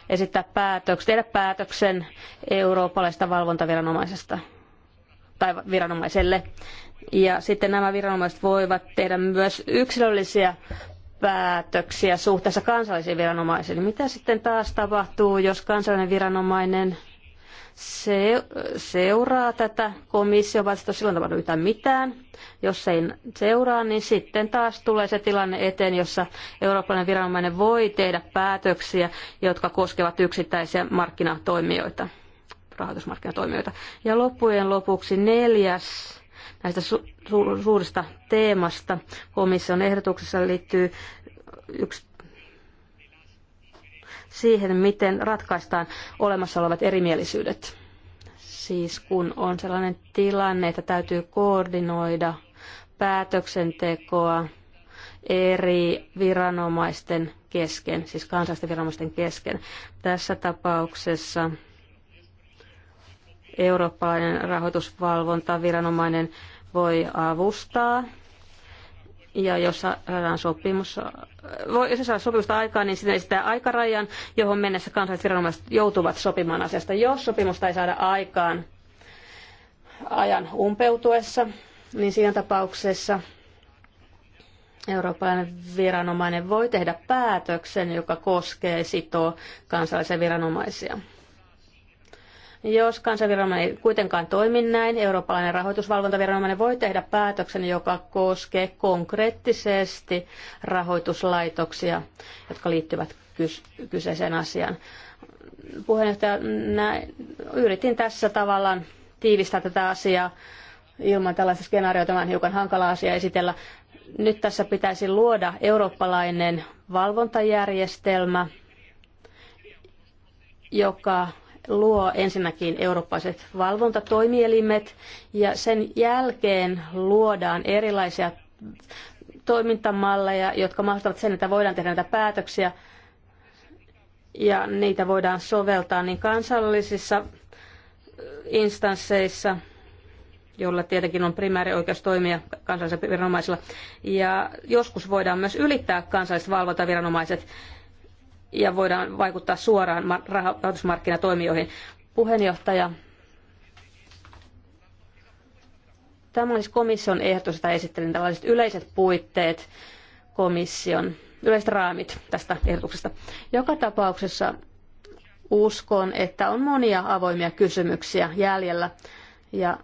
S3: esittää päätöksen, tehdä päätöksen eurooppalaisesta valvontaviranomaisesta tai viranomaiselle. Ja sitten nämä viranomaiset voivat tehdä myös yksilöllisiä päätöksiä suhteessa kansallisiin viranomaisiin. Mitä sitten taas tapahtuu, jos kansallinen viranomainen se, seuraa tätä komission vastausta, silloin tapahdu yhtään mitään. Jos ei seuraa, niin sitten taas tulee se tilanne eteen, jossa eurooppalainen viranomainen voi tehdä päätöksiä, jotka koskevat yksittäisiä markkinatoimijoita, rahoitusmarkkinatoimijoita. Ja loppujen lopuksi neljäs näistä su- su- suurista teemasta komission ehdotuksessa liittyy yksi siihen, miten ratkaistaan olemassa olevat erimielisyydet. Siis kun on sellainen tilanne, että täytyy koordinoida päätöksentekoa eri viranomaisten kesken, siis kansallisten viranomaisten kesken. Tässä tapauksessa eurooppalainen rahoitusvalvontaviranomainen voi avustaa ja jos saadaan sopimus, voi, jos saadaan sopimusta aikaa, niin sitten esittää aikarajan, johon mennessä kansalliset viranomaiset joutuvat sopimaan asiasta. Jos sopimusta ei saada aikaan ajan umpeutuessa, niin siinä tapauksessa Eurooppalainen viranomainen voi tehdä päätöksen, joka koskee sitoo kansallisia viranomaisia. Jos kansanviranomainen ei kuitenkaan toimi näin, eurooppalainen rahoitusvalvontaviranomainen voi tehdä päätöksen, joka koskee konkreettisesti rahoituslaitoksia, jotka liittyvät kyseiseen asiaan. Puheenjohtaja, näin, yritin tässä tavallaan tiivistää tätä asiaa ilman tällaista skenaariota. Tämä on hiukan hankala asia esitellä. Nyt tässä pitäisi luoda eurooppalainen valvontajärjestelmä, joka luo ensinnäkin eurooppalaiset valvontatoimielimet ja sen jälkeen luodaan erilaisia toimintamalleja, jotka mahdollistavat sen, että voidaan tehdä näitä päätöksiä ja niitä voidaan soveltaa niin kansallisissa instansseissa, jolla tietenkin on primäärioikeus toimia kansallisilla viranomaisilla. Ja joskus voidaan myös ylittää kansalliset valvontaviranomaiset viranomaiset ja voidaan vaikuttaa suoraan rahoitusmarkkinatoimijoihin. Puheenjohtaja, tämä olisi komission ehdotus, jota esittelin, tällaiset yleiset puitteet komission, yleiset raamit tästä ehdotuksesta. Joka tapauksessa uskon, että on monia avoimia kysymyksiä jäljellä ja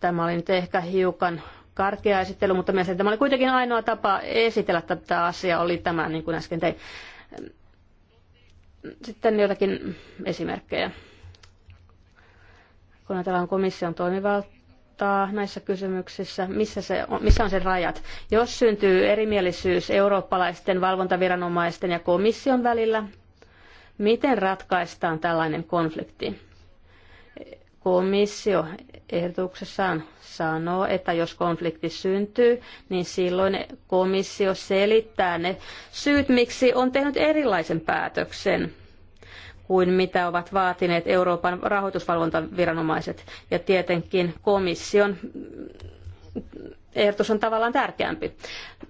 S3: tämä oli nyt ehkä hiukan karkea esittely, mutta mielestäni tämä oli kuitenkin ainoa tapa esitellä tätä asiaa, oli tämä, niin kuin äsken tein. Sitten jotakin esimerkkejä. Kun ajatellaan komission toimivaltaa näissä kysymyksissä, missä, se on, missä on sen rajat? Jos syntyy erimielisyys eurooppalaisten valvontaviranomaisten ja komission välillä, miten ratkaistaan tällainen konflikti? komissio ehdotuksessaan sanoo, että jos konflikti syntyy, niin silloin komissio selittää ne syyt, miksi on tehnyt erilaisen päätöksen kuin mitä ovat vaatineet Euroopan rahoitusvalvontaviranomaiset. Ja tietenkin komission ehdotus on tavallaan tärkeämpi.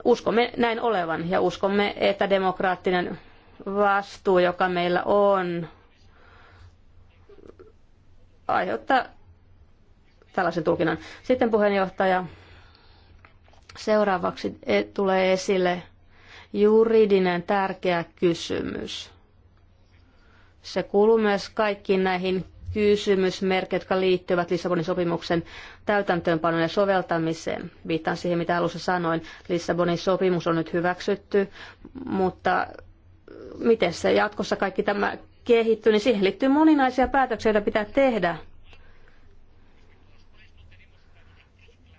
S3: Uskomme näin olevan ja uskomme, että demokraattinen vastuu, joka meillä on, aiheuttaa tällaisen tulkinnan. Sitten puheenjohtaja, seuraavaksi e, tulee esille juridinen tärkeä kysymys. Se kuuluu myös kaikkiin näihin kysymysmerkkejä, jotka liittyvät Lissabonin sopimuksen täytäntöönpanoon ja soveltamiseen. Viittaan siihen, mitä alussa sanoin. Lissabonin sopimus on nyt hyväksytty, mutta miten se jatkossa kaikki tämä kehittyy, niin siihen liittyy moninaisia päätöksiä, joita pitää tehdä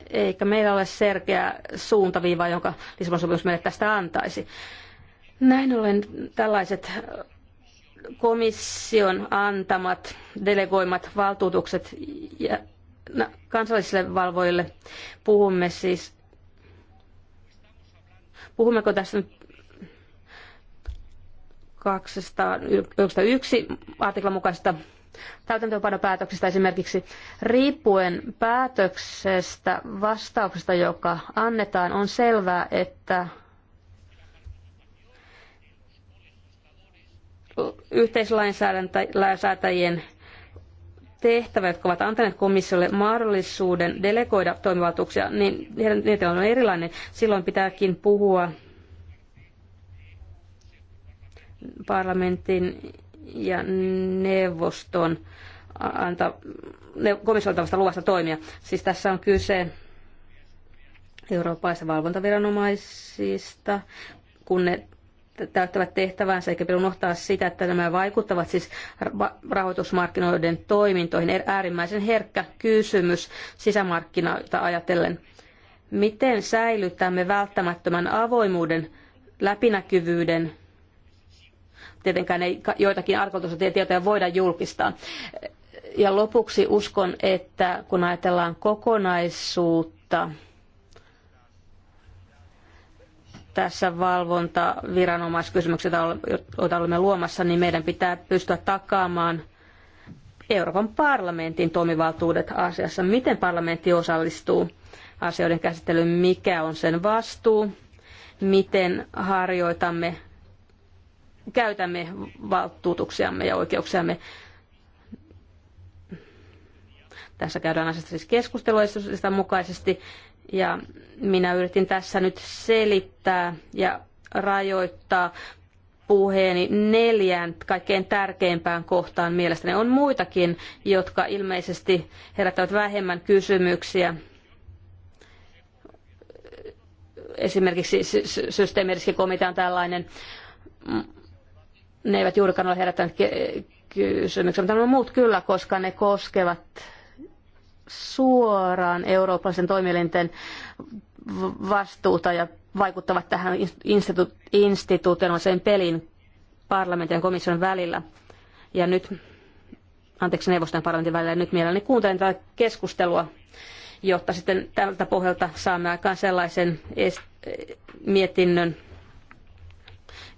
S3: eikä meillä ole selkeä suuntaviiva, jonka Lisbon sopimus meille tästä antaisi. Näin ollen tällaiset komission antamat delegoimat valtuutukset ja kansallisille valvojille puhumme siis, puhummeko tässä nyt 291 artiklan mukaista täytäntöönpanopäätöksistä esimerkiksi riippuen päätöksestä, vastauksesta, joka annetaan, on selvää, että yhteislainsäätäjien tehtävät, jotka ovat antaneet komissiolle mahdollisuuden delegoida toimivaltuuksia, niin niitä on erilainen. Silloin pitääkin puhua parlamentin ja neuvoston anta, komissiolta luvasta toimia. Siis tässä on kyse eurooppalaisista valvontaviranomaisista, kun ne täyttävät tehtävänsä, eikä pidä unohtaa sitä, että nämä vaikuttavat siis rahoitusmarkkinoiden toimintoihin. Er-, äärimmäisen herkkä kysymys sisämarkkinoita ajatellen. Miten säilytämme välttämättömän avoimuuden, läpinäkyvyyden Tietenkään ei joitakin arkoituksia tietoja voida julkistaa. Ja lopuksi uskon, että kun ajatellaan kokonaisuutta, tässä valvontaviranomaiskysymyksessä, joita olemme luomassa, niin meidän pitää pystyä takaamaan Euroopan parlamentin toimivaltuudet asiassa. Miten parlamentti osallistuu asioiden käsittelyyn, mikä on sen vastuu, miten harjoitamme käytämme valtuutuksiamme ja oikeuksiamme. Tässä käydään asiasta siis keskustelua mukaisesti ja minä yritin tässä nyt selittää ja rajoittaa puheeni neljään kaikkein tärkeimpään kohtaan mielestäni. On muitakin, jotka ilmeisesti herättävät vähemmän kysymyksiä. Esimerkiksi on tällainen ne eivät juurikaan ole herättäneet kysymyksiä, mutta nämä muut kyllä, koska ne koskevat suoraan eurooppalaisen toimielinten vastuuta ja vaikuttavat tähän institu- institutionaaliseen pelin parlamentin ja komission välillä. Ja nyt, anteeksi neuvoston parlamentin välillä, ja nyt mielelläni kuuntelen tätä keskustelua, jotta sitten tältä pohjalta saamme aikaan sellaisen mietinnön,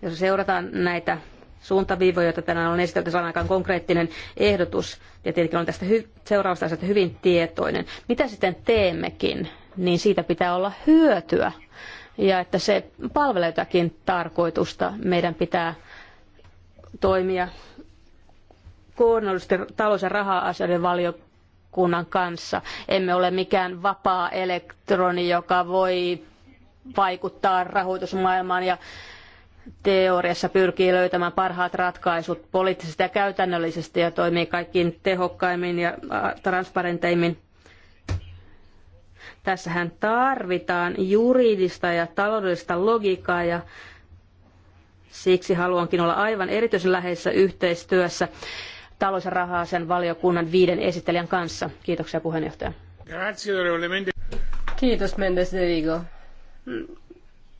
S3: jos seurataan näitä suuntaviivoja, joita tänään on esitelty, on aika konkreettinen ehdotus. Ja tietenkin olen tästä hy- seuraavasta asiasta hyvin tietoinen. Mitä sitten teemmekin, niin siitä pitää olla hyötyä. Ja että se palvelee jotakin tarkoitusta. Meidän pitää toimia koordinoidusti talous- ja raha-asioiden valiokunnan kanssa. Emme ole mikään vapaa elektroni, joka voi vaikuttaa rahoitusmaailmaan ja teoriassa pyrkii löytämään parhaat ratkaisut poliittisesti ja käytännöllisesti ja toimii kaikkiin tehokkaimmin ja transparenteimmin. Tässähän tarvitaan juridista ja taloudellista logiikkaa ja siksi haluankin olla aivan erityisen läheisessä yhteistyössä talous- ja rahaa sen valiokunnan viiden esittelijän kanssa. Kiitoksia puheenjohtaja. Kiitos Mendes de
S1: Vigo.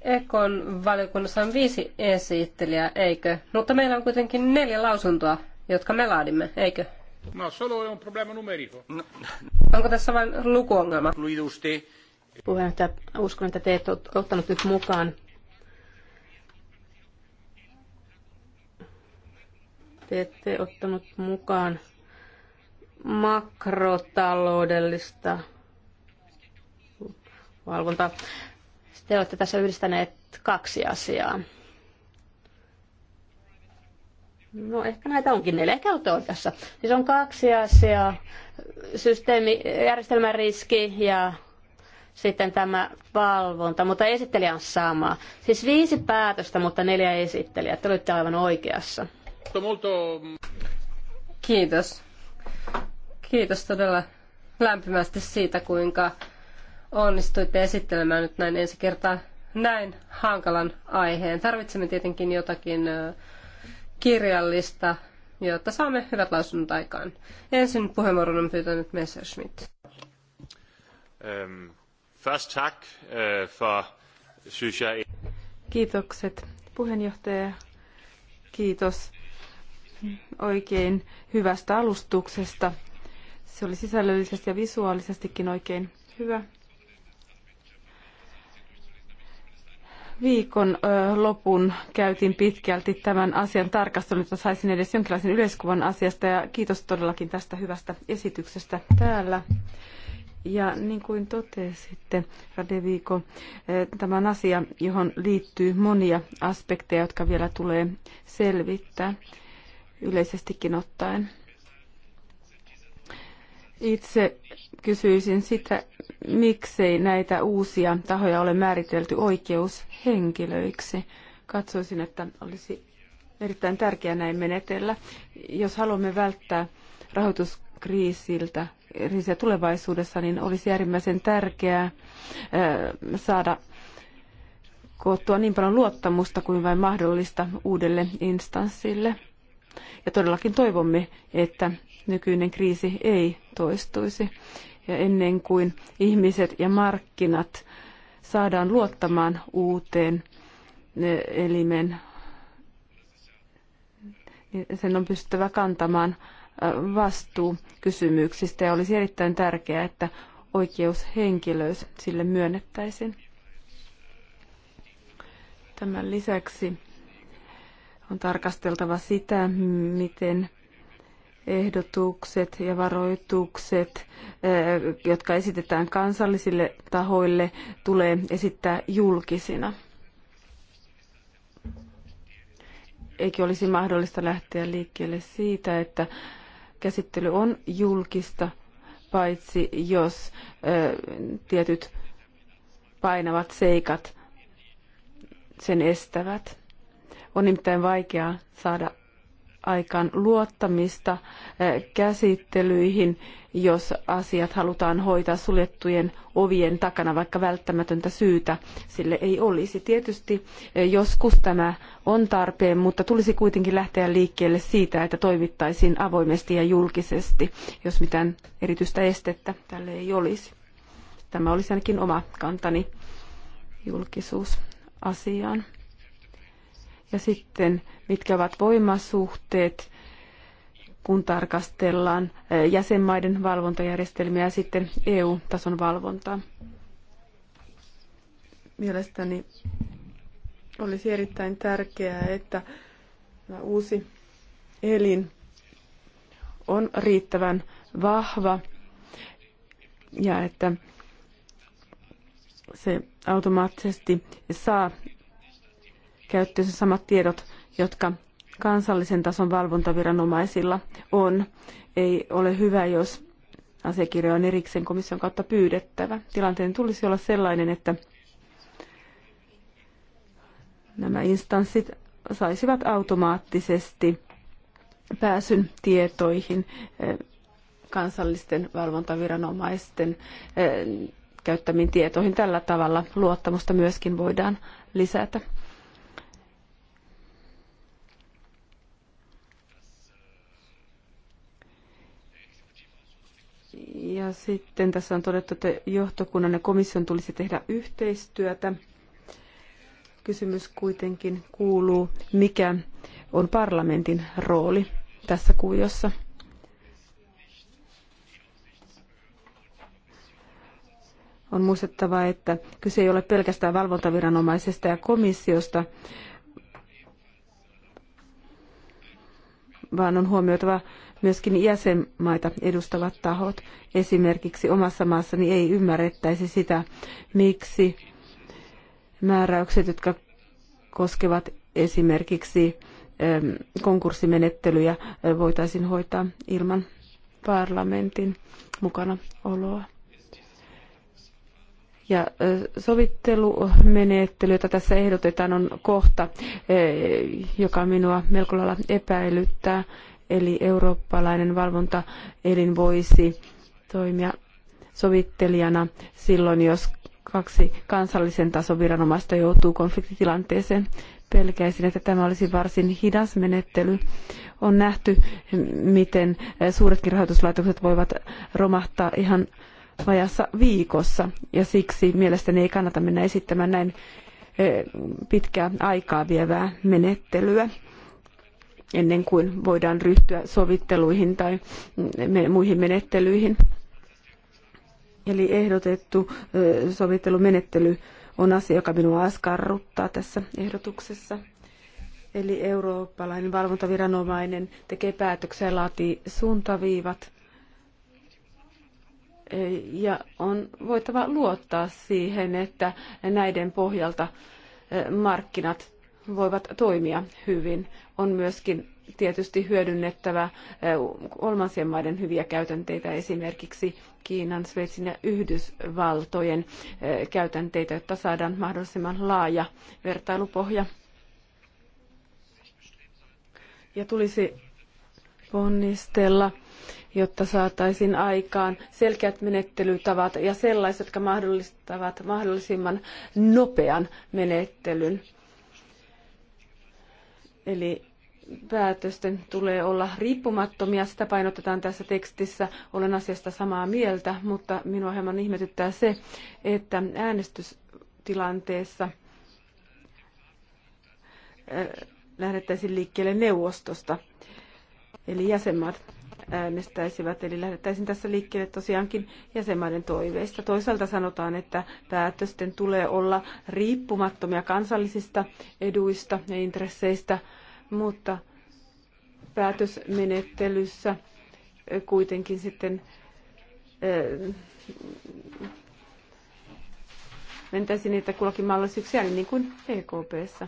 S1: Ekon valiokunnassa on viisi esittelijää, eikö? Mutta meillä on kuitenkin neljä lausuntoa, jotka me laadimme, eikö? No, solo on problema numerico. No. Onko tässä vain lukuongelma? Luidusti. Puheenjohtaja,
S3: uskon, että te ette ottanut nyt mukaan te ette ottanut mukaan makrotaloudellista valvontaa. Te olette tässä yhdistäneet kaksi asiaa. No ehkä näitä onkin neljä, ehkä olette oikeassa. Siis on kaksi asiaa, systeemi, järjestelmän riski ja sitten tämä valvonta, mutta esittelijä on sama. Siis viisi päätöstä, mutta neljä esittelijää. Te olitte
S1: aivan oikeassa. Kiitos. Kiitos todella lämpimästi siitä, kuinka onnistuitte esittelemään nyt näin ensi kertaa näin hankalan aiheen. Tarvitsemme tietenkin jotakin kirjallista, jotta saamme hyvät lausunnot aikaan. Ensin puheenvuoron on pyytänyt Messerschmidt.
S3: Ähm, first tack, äh, för, synes jag...
S2: Kiitokset puheenjohtaja. Kiitos oikein hyvästä alustuksesta. Se oli sisällöllisesti ja visuaalisestikin oikein hyvä viikon lopun käytin pitkälti tämän asian tarkastelun, että saisin edes jonkinlaisen yleiskuvan asiasta ja kiitos todellakin tästä hyvästä esityksestä täällä. Ja niin kuin totesitte, Radeviiko, tämä on asia, johon liittyy monia aspekteja, jotka vielä tulee selvittää yleisestikin ottaen. Itse kysyisin sitä, miksei näitä uusia tahoja ole määritelty oikeushenkilöiksi. Katsoisin, että olisi erittäin tärkeää näin menetellä. Jos haluamme välttää rahoituskriisiltä kriisiä tulevaisuudessa, niin olisi äärimmäisen tärkeää saada koottua niin paljon luottamusta kuin vain mahdollista uudelle instanssille. Ja todellakin toivomme, että nykyinen kriisi ei toistuisi. Ja ennen kuin ihmiset ja markkinat saadaan luottamaan uuteen eh, elimen, niin sen on pystyttävä kantamaan eh, vastuu kysymyksistä ja olisi erittäin tärkeää, että oikeushenkilöys sille myönnettäisiin. Tämän lisäksi on tarkasteltava sitä, miten ehdotukset ja varoitukset, eh, jotka esitetään kansallisille tahoille, tulee esittää julkisina. Eikö olisi mahdollista lähteä liikkeelle siitä, että käsittely on julkista, paitsi jos eh, tietyt painavat seikat sen estävät. On nimittäin vaikeaa saada aikaan luottamista eh, käsittelyihin, jos asiat halutaan hoitaa suljettujen ovien takana, vaikka välttämätöntä syytä sille ei olisi. Tietysti eh, joskus tämä on tarpeen, mutta tulisi kuitenkin lähteä liikkeelle siitä, että toimittaisiin avoimesti ja julkisesti, jos mitään erityistä estettä tälle ei olisi. Tämä olisi ainakin oma kantani julkisuusasiaan. Ja sitten mitkä ovat voimasuhteet, kun tarkastellaan jäsenmaiden valvontajärjestelmiä ja sitten EU-tason valvontaa. Mielestäni olisi erittäin tärkeää, että uusi elin on riittävän vahva ja että se automaattisesti saa käyttöönsä samat tiedot, jotka kansallisen tason valvontaviranomaisilla on. Ei ole hyvä, jos asiakirja on erikseen komission kautta pyydettävä. Tilanteen tulisi olla sellainen, että nämä instanssit saisivat automaattisesti pääsyn tietoihin eh, kansallisten valvontaviranomaisten eh, käyttämiin tietoihin. Tällä tavalla luottamusta myöskin voidaan lisätä. Ja sitten tässä on todettu, että johtokunnan ja komission tulisi tehdä yhteistyötä. Kysymys kuitenkin kuuluu, mikä on parlamentin rooli tässä kuviossa. On muistettava, että kyse ei ole pelkästään valvontaviranomaisesta ja komissiosta, vaan on huomioitava myöskin jäsenmaita edustavat tahot. Esimerkiksi omassa maassani ei ymmärrettäisi sitä, miksi määräykset, jotka koskevat esimerkiksi ähm, konkurssimenettelyjä, äh, voitaisiin hoitaa ilman parlamentin mukana oloa. Ja äh, sovittelumenettely, jota tässä ehdotetaan, on kohta, äh, joka minua melko lailla epäilyttää eli eurooppalainen valvontaelin voisi toimia sovittelijana silloin, jos kaksi kansallisen tason viranomaista joutuu konfliktitilanteeseen. Pelkäisin, että tämä olisi varsin hidas menettely. On nähty, miten suuretkin rahoituslaitokset voivat romahtaa ihan vajassa viikossa, ja siksi mielestäni ei kannata mennä esittämään näin eh, pitkää aikaa vievää menettelyä ennen kuin voidaan ryhtyä sovitteluihin tai muihin menettelyihin. Eli ehdotettu sovittelumenettely on asia, joka minua askarruttaa tässä ehdotuksessa. Eli eurooppalainen valvontaviranomainen tekee päätöksiä ja laatii suuntaviivat. Ja on voitava luottaa siihen, että näiden pohjalta markkinat voivat toimia hyvin. On myöskin tietysti hyödynnettävä kolmansien maiden hyviä käytänteitä, esimerkiksi Kiinan, Sveitsin ja Yhdysvaltojen käytänteitä, jotta saadaan mahdollisimman laaja vertailupohja. Ja tulisi ponnistella jotta saataisiin aikaan selkeät menettelytavat ja sellaiset, jotka mahdollistavat mahdollisimman nopean menettelyn Eli päätösten tulee olla riippumattomia, sitä painotetaan tässä tekstissä, olen asiasta samaa mieltä, mutta minua hieman ihmetyttää se, että äänestystilanteessa äh, lähdettäisiin liikkeelle neuvostosta, eli jäsenmaat äänestäisivät, eli lähdettäisiin tässä liikkeelle tosiaankin jäsenmaiden toiveista. Toisaalta sanotaan, että päätösten tulee olla riippumattomia kansallisista eduista ja intresseistä, mutta päätösmenettelyssä kuitenkin sitten eh, mentäisiin niitä kullakin maalla niin kuin EKPssä.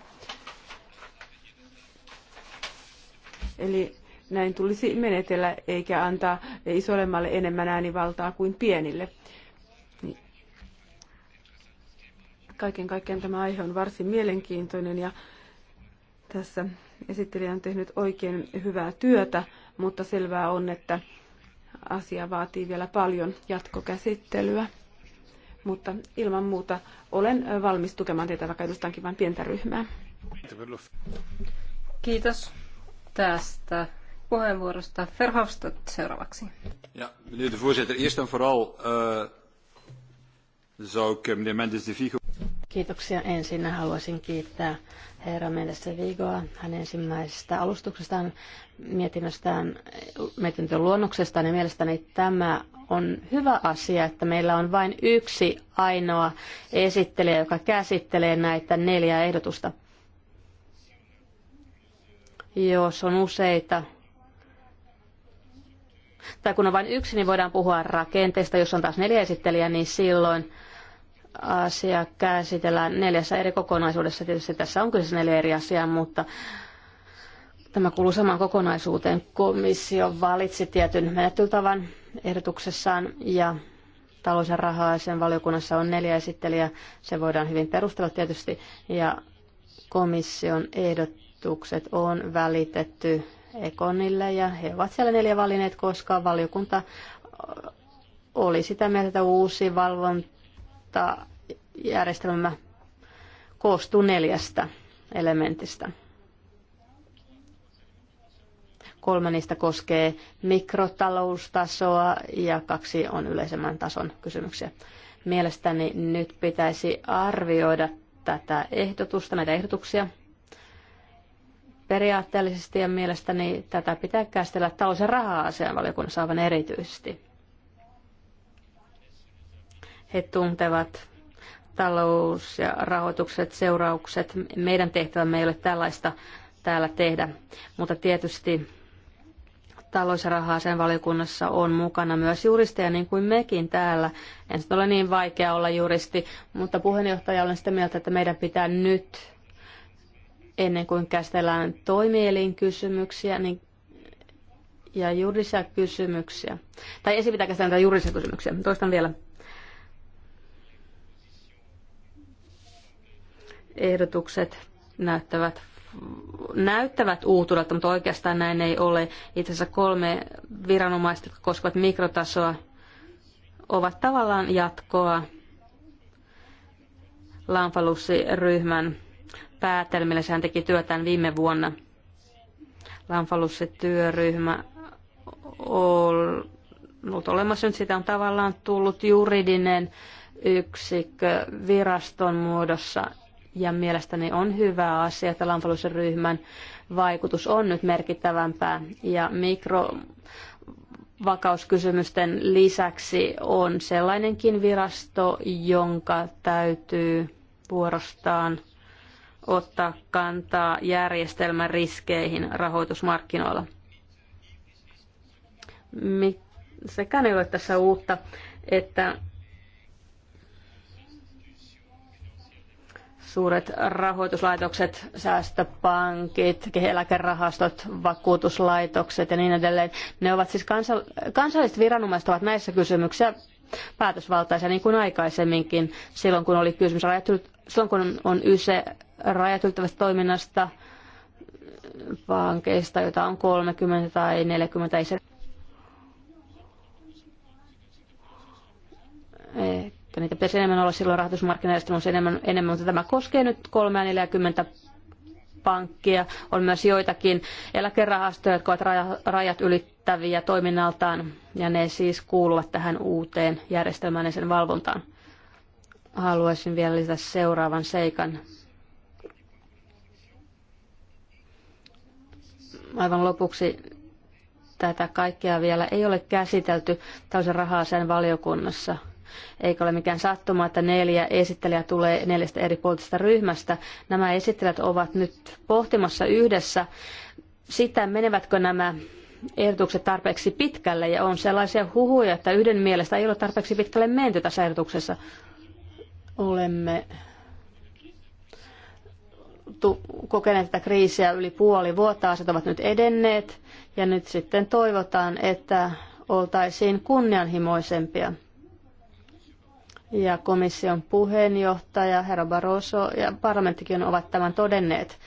S2: Eli näin tulisi menetellä, eikä antaa isolemmalle enemmän äänivaltaa kuin pienille. Kaiken kaikkiaan tämä aihe on varsin mielenkiintoinen ja tässä Esittelijä on tehnyt oikein hyvää työtä, mutta selvää on, että asia vaatii vielä paljon jatkokäsittelyä. Mutta ilman muuta olen valmis tukemaan teitä, vaikka edustankin vain pientä ryhmää. Kiitos tästä puheenvuorosta. Verhofstadt seuraavaksi. Ja,
S3: meneer de voorzitter, eerst en vooral uh, zou ik eh, meneer Mendes de Vigo Kiitoksia. Ensin haluaisin kiittää herra Mendes Vigoa hänen ensimmäisestä alustuksestaan, mietinnöstään, mietintön luonnoksestaan. Ja mielestäni tämä on hyvä asia, että meillä on vain yksi ainoa esittelijä, joka käsittelee näitä neljää ehdotusta. Jos on useita tai kun on vain yksi, niin voidaan puhua rakenteesta. Jos on taas neljä esittelijää, niin silloin asia käsitellään neljässä eri kokonaisuudessa. Tietysti tässä on kyseessä neljä eri asiaa, mutta tämä kuuluu samaan kokonaisuuteen. Komissio valitsi tietyn menettelytavan ehdotuksessaan ja talous- ja rahaa sen valiokunnassa on neljä esittelijää. Se voidaan hyvin perustella tietysti ja komission ehdotukset on välitetty Ekonille ja he ovat siellä neljä valineet, koska valiokunta oli sitä mieltä, että uusi valvonta järjestelmä koostuu neljästä elementistä. Kolme niistä koskee mikrotaloustasoa ja kaksi on yleisemmän tason kysymyksiä. Mielestäni nyt pitäisi arvioida tätä ehdotusta, näitä ehdotuksia periaatteellisesti ja mielestäni tätä pitää käsitellä talous- ja raha-asian valiokunnassa aivan erityisesti. He tuntevat talous ja rahoitukset, seuraukset. Meidän tehtävämme ei ole tällaista täällä tehdä, mutta tietysti talous- ja sen valiokunnassa on mukana myös juristeja, niin kuin mekin täällä. En ole niin vaikea olla juristi, mutta puheenjohtaja olen sitä mieltä, että meidän pitää nyt, ennen kuin käsitellään toimielin kysymyksiä, niin ja juridisia kysymyksiä. Tai ensin pitää käsitellä juridisia kysymyksiä. Toistan vielä ehdotukset näyttävät näyttävät uutuudelta, mutta oikeastaan näin ei ole. Itse asiassa kolme viranomaista, jotka koskevat mikrotasoa, ovat tavallaan jatkoa Lanfalussi-ryhmän päätelmille. Sehän teki työtään viime vuonna. Lanfalussi-työryhmä on ollut olemassa nyt. Siitä on tavallaan tullut juridinen yksikkö viraston muodossa ja mielestäni on hyvä asia, että lampaluisen ryhmän vaikutus on nyt merkittävämpää. Ja mikrovakauskysymysten lisäksi on sellainenkin virasto, jonka täytyy vuorostaan ottaa kantaa järjestelmän riskeihin rahoitusmarkkinoilla. Sekään ei ole tässä uutta, että Suuret rahoituslaitokset, säästöpankit, eläkerahastot, vakuutuslaitokset ja niin edelleen. Ne ovat siis kansa- kansalliset viranomaiset ovat näissä kysymyksissä päätösvaltaisia niin kuin aikaisemminkin silloin kun oli kysymys silloin kun on yse rajat ylittävästä toiminnasta pankeista, joita on 30 tai 40 ei se että niitä pitäisi enemmän olla silloin rahoitusmarkkinajärjestelmässä enemmän, enemmän, mutta tämä koskee nyt 340 pankkia. On myös joitakin eläkerahastoja, jotka ovat rajat ylittäviä toiminnaltaan, ja ne siis kuuluvat tähän uuteen järjestelmään ja sen valvontaan. Haluaisin vielä lisätä seuraavan seikan. Aivan lopuksi tätä kaikkea vielä ei ole käsitelty täysin rahaa sen valiokunnassa – eikä ole mikään sattuma, että neljä esittelijää tulee neljästä eri poliittisesta ryhmästä. Nämä esittelijät ovat nyt pohtimassa yhdessä sitä, menevätkö nämä ehdotukset tarpeeksi pitkälle, ja on sellaisia huhuja, että yhden mielestä ei ole tarpeeksi pitkälle menty tässä ehdotuksessa. Olemme kokeneet tätä kriisiä yli puoli vuotta, asiat ovat nyt edenneet, ja nyt sitten toivotaan, että oltaisiin kunnianhimoisempia ja komission puheenjohtaja herra Barroso ja parlamenttikin ovat tämän todenneet.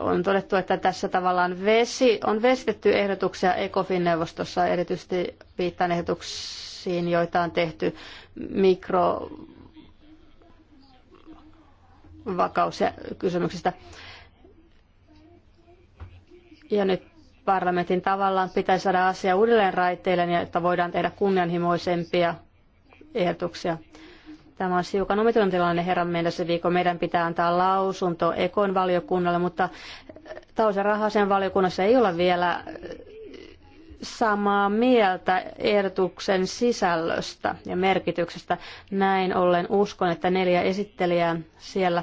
S3: On todettu, että tässä tavallaan vesi, on vesitetty ehdotuksia ECOFIN-neuvostossa, erityisesti viittaan ehdotuksiin, joita on tehty mikro vakaus- ja kysymyksistä. Ja nyt parlamentin tavallaan pitäisi saada asia uudelleen raiteille, niin että voidaan tehdä kunnianhimoisempia ehdotuksia. Tämä on hiukan omituinen tilanne herran mennessä viikon. Meidän pitää antaa lausunto Ekon valiokunnalle, mutta eh, talous- ja rahaisen valiokunnassa ei olla vielä eh, samaa mieltä ehdotuksen sisällöstä ja merkityksestä. Näin ollen uskon, että neljä esittelijää siellä,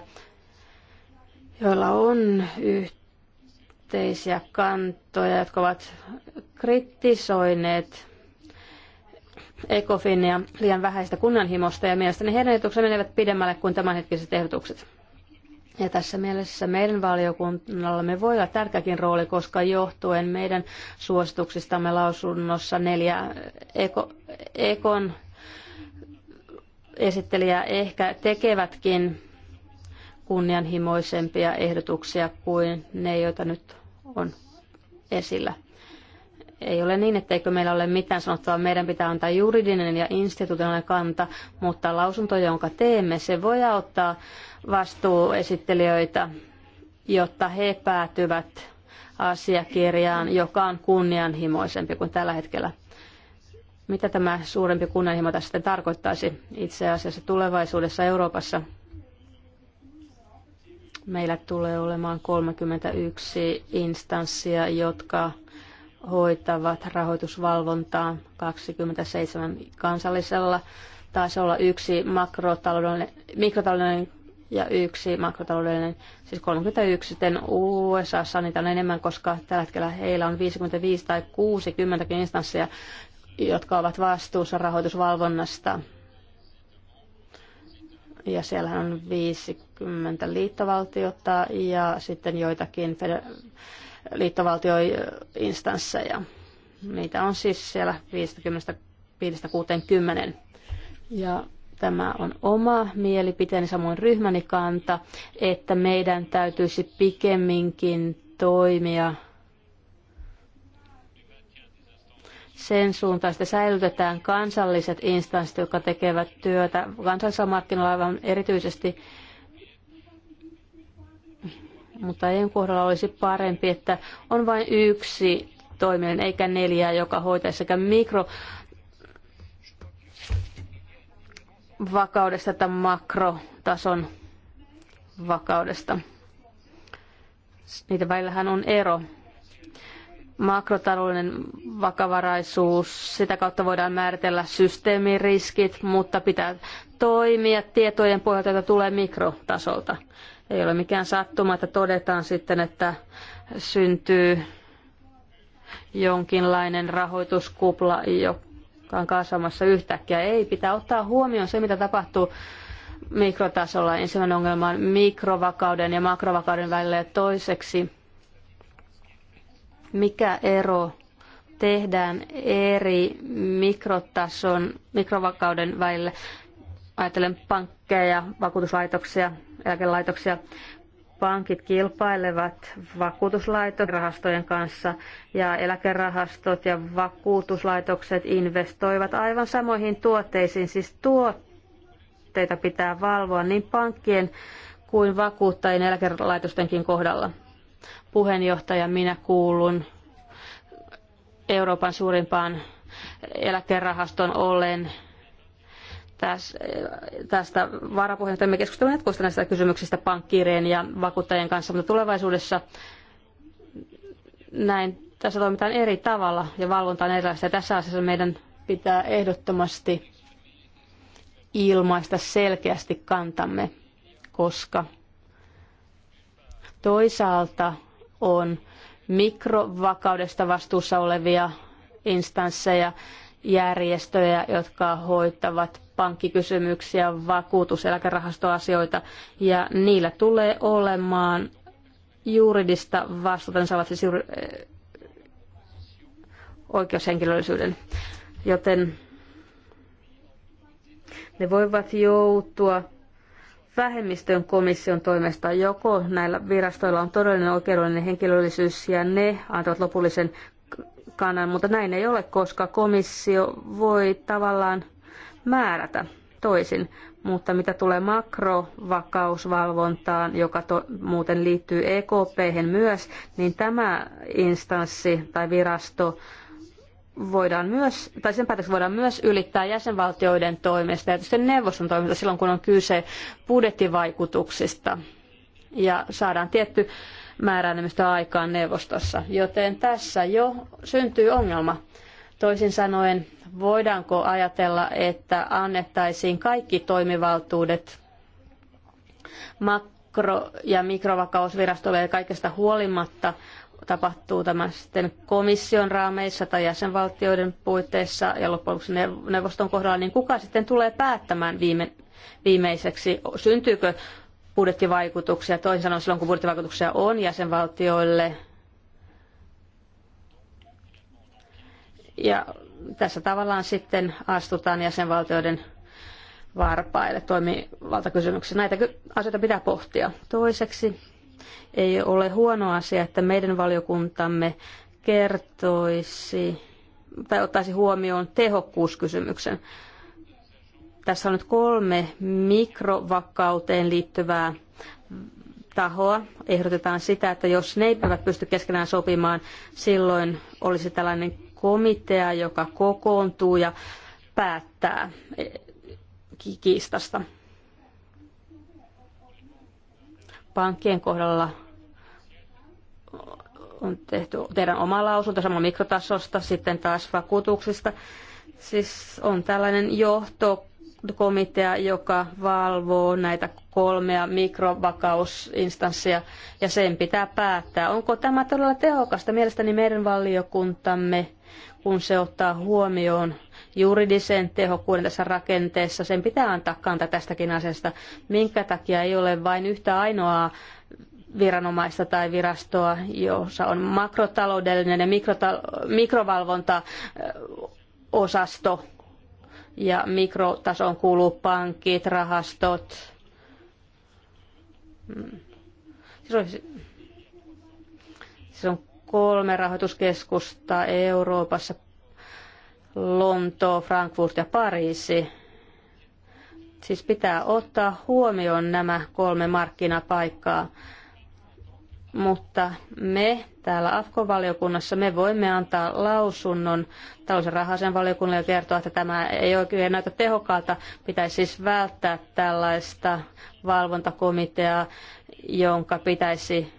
S3: joilla on yhteyttä yhteisiä kantoja, jotka ovat kritisoineet ECOFINia liian vähäistä kunnanhimosta ja mielestäni heidän ehdotuksensa menevät pidemmälle kuin tämänhetkiset ehdotukset. Ja tässä mielessä meidän valiokunnallamme voi olla tärkeäkin rooli, koska johtuen meidän suosituksistamme lausunnossa neljä Eko, Ekon esittelijää ehkä tekevätkin kunnianhimoisempia ehdotuksia kuin ne, joita nyt on esillä. Ei ole niin, etteikö meillä ole mitään sanottavaa. Meidän pitää antaa juridinen ja institutionaalinen kanta, mutta lausunto, jonka teemme, se voi auttaa vastuuesittelijöitä, jotta he päätyvät asiakirjaan, joka on kunnianhimoisempi kuin tällä hetkellä. Mitä tämä suurempi kunnianhimo tässä sitten tarkoittaisi itse asiassa tulevaisuudessa Euroopassa? Meillä tulee olemaan 31 instanssia, jotka hoitavat rahoitusvalvontaa 27 kansallisella tasolla, yksi mikrotaloudellinen ja yksi makrotaloudellinen, siis 31 sitten USA, niitä on enemmän, koska tällä hetkellä heillä on 55 tai 60 instanssia, jotka ovat vastuussa rahoitusvalvonnasta ja siellä on 50 liittovaltiota ja sitten joitakin liittovaltioinstansseja. Niitä on siis siellä 50-60. Ja tämä on oma mielipiteeni, samoin ryhmäni kanta, että meidän täytyisi pikemminkin toimia – sen suuntaista säilytetään kansalliset instanssit, jotka tekevät työtä kansallisella markkinoilla aivan erityisesti. Mutta EUn kohdalla olisi parempi, että on vain yksi toimijan eikä neljä, joka hoitaisi sekä mikro vakaudesta että makrotason vakaudesta. Niitä välillähän on ero makrotaloudellinen vakavaraisuus, sitä kautta voidaan määritellä systeemiriskit, mutta pitää toimia tietojen pohjalta, joita tulee mikrotasolta. Ei ole mikään sattuma, että todetaan sitten, että syntyy jonkinlainen rahoituskupla, joka on kasvamassa yhtäkkiä. Ei, pitää ottaa huomioon se, mitä tapahtuu mikrotasolla. Ensimmäinen ongelma on mikrovakauden ja makrovakauden välillä ja toiseksi mikä ero tehdään eri mikrotason, mikrovakauden välillä. Ajattelen pankkeja, vakuutuslaitoksia, eläkelaitoksia. Pankit kilpailevat vakuutuslaitorahastojen kanssa ja eläkerahastot ja vakuutuslaitokset investoivat aivan samoihin tuotteisiin. Siis tuotteita pitää valvoa niin pankkien kuin vakuuttajien eläkelaitostenkin kohdalla puheenjohtaja. Minä kuulun Euroopan suurimpaan eläkerahaston ollen tästä varapuheenjohtaja. Me keskustelemme jatkuvasti näistä kysymyksistä pankkiirien ja vakuuttajien kanssa, mutta tulevaisuudessa näin tässä toimitaan eri tavalla ja valvonta on erilaista. Ja tässä asiassa meidän pitää ehdottomasti ilmaista selkeästi kantamme, koska toisaalta on mikrovakaudesta vastuussa olevia instansseja, järjestöjä, jotka hoitavat pankkikysymyksiä, vakuutus- ja ja niillä tulee olemaan juridista vastuuta, ne saavat siis juuri, eh, oikeushenkilöllisyyden. Joten ne voivat joutua vähemmistön komission toimesta. Joko näillä virastoilla on todellinen oikeudellinen henkilöllisyys ja ne antavat lopullisen kannan, mutta näin ei ole, koska komissio voi tavallaan määrätä toisin. Mutta mitä tulee makrovakausvalvontaan, joka to, muuten liittyy EKP hen myös, niin tämä instanssi tai virasto voidaan myös, tai sen päätökset voidaan myös ylittää jäsenvaltioiden toimesta ja tietysti neuvoston toimesta silloin, kun on kyse budjettivaikutuksista ja saadaan tietty määräenemmistö aikaan neuvostossa. Joten tässä jo syntyy ongelma. Toisin sanoen, voidaanko ajatella, että annettaisiin kaikki toimivaltuudet makro- ja mikrovakausvirastolle ja kaikesta huolimatta – tapahtuu tämä sitten komission raameissa tai jäsenvaltioiden puitteissa ja loppujen lopuksi neuvoston kohdalla, niin kuka sitten tulee päättämään viime, viimeiseksi? Syntyykö budjettivaikutuksia? Toisin sanoen silloin, kun budjettivaikutuksia on jäsenvaltioille, ja tässä tavallaan sitten astutaan jäsenvaltioiden varpaille toimivaltakysymyksiä. Näitä asioita pitää pohtia. Toiseksi ei ole huono asia, että meidän valiokuntamme kertoisi tai ottaisi huomioon tehokkuuskysymyksen. Tässä on nyt kolme mikrovakauteen liittyvää tahoa. Ehdotetaan sitä, että jos ne eivät pysty keskenään sopimaan, silloin olisi tällainen komitea, joka kokoontuu ja päättää kiistasta. pankkien kohdalla on tehty teidän oma lausunto sama mikrotasosta, sitten taas vakuutuksista. Siis on tällainen johtokomitea, joka valvoo näitä kolmea mikrovakausinstanssia ja sen pitää päättää, onko tämä todella tehokasta. Mielestäni meidän valiokuntamme kun se ottaa huomioon juridisen tehokkuuden tässä rakenteessa. Sen pitää antaa kanta tästäkin asiasta, minkä takia ei ole vain yhtä ainoaa viranomaista tai virastoa, jossa on makrotaloudellinen ja mikrotal- mikrovalvontaosasto ja mikrotason kuuluu pankit, rahastot. Mm. Siis, siis on, on kolme rahoituskeskusta Euroopassa, Lonto, Frankfurt ja Pariisi. Siis pitää ottaa huomioon nämä kolme markkinapaikkaa. Mutta me täällä AFKO-valiokunnassa me voimme antaa lausunnon talousen rahaisen valiokunnalle ja kertoa, että tämä ei oikein näytä tehokkaalta. Pitäisi siis välttää tällaista valvontakomiteaa, jonka pitäisi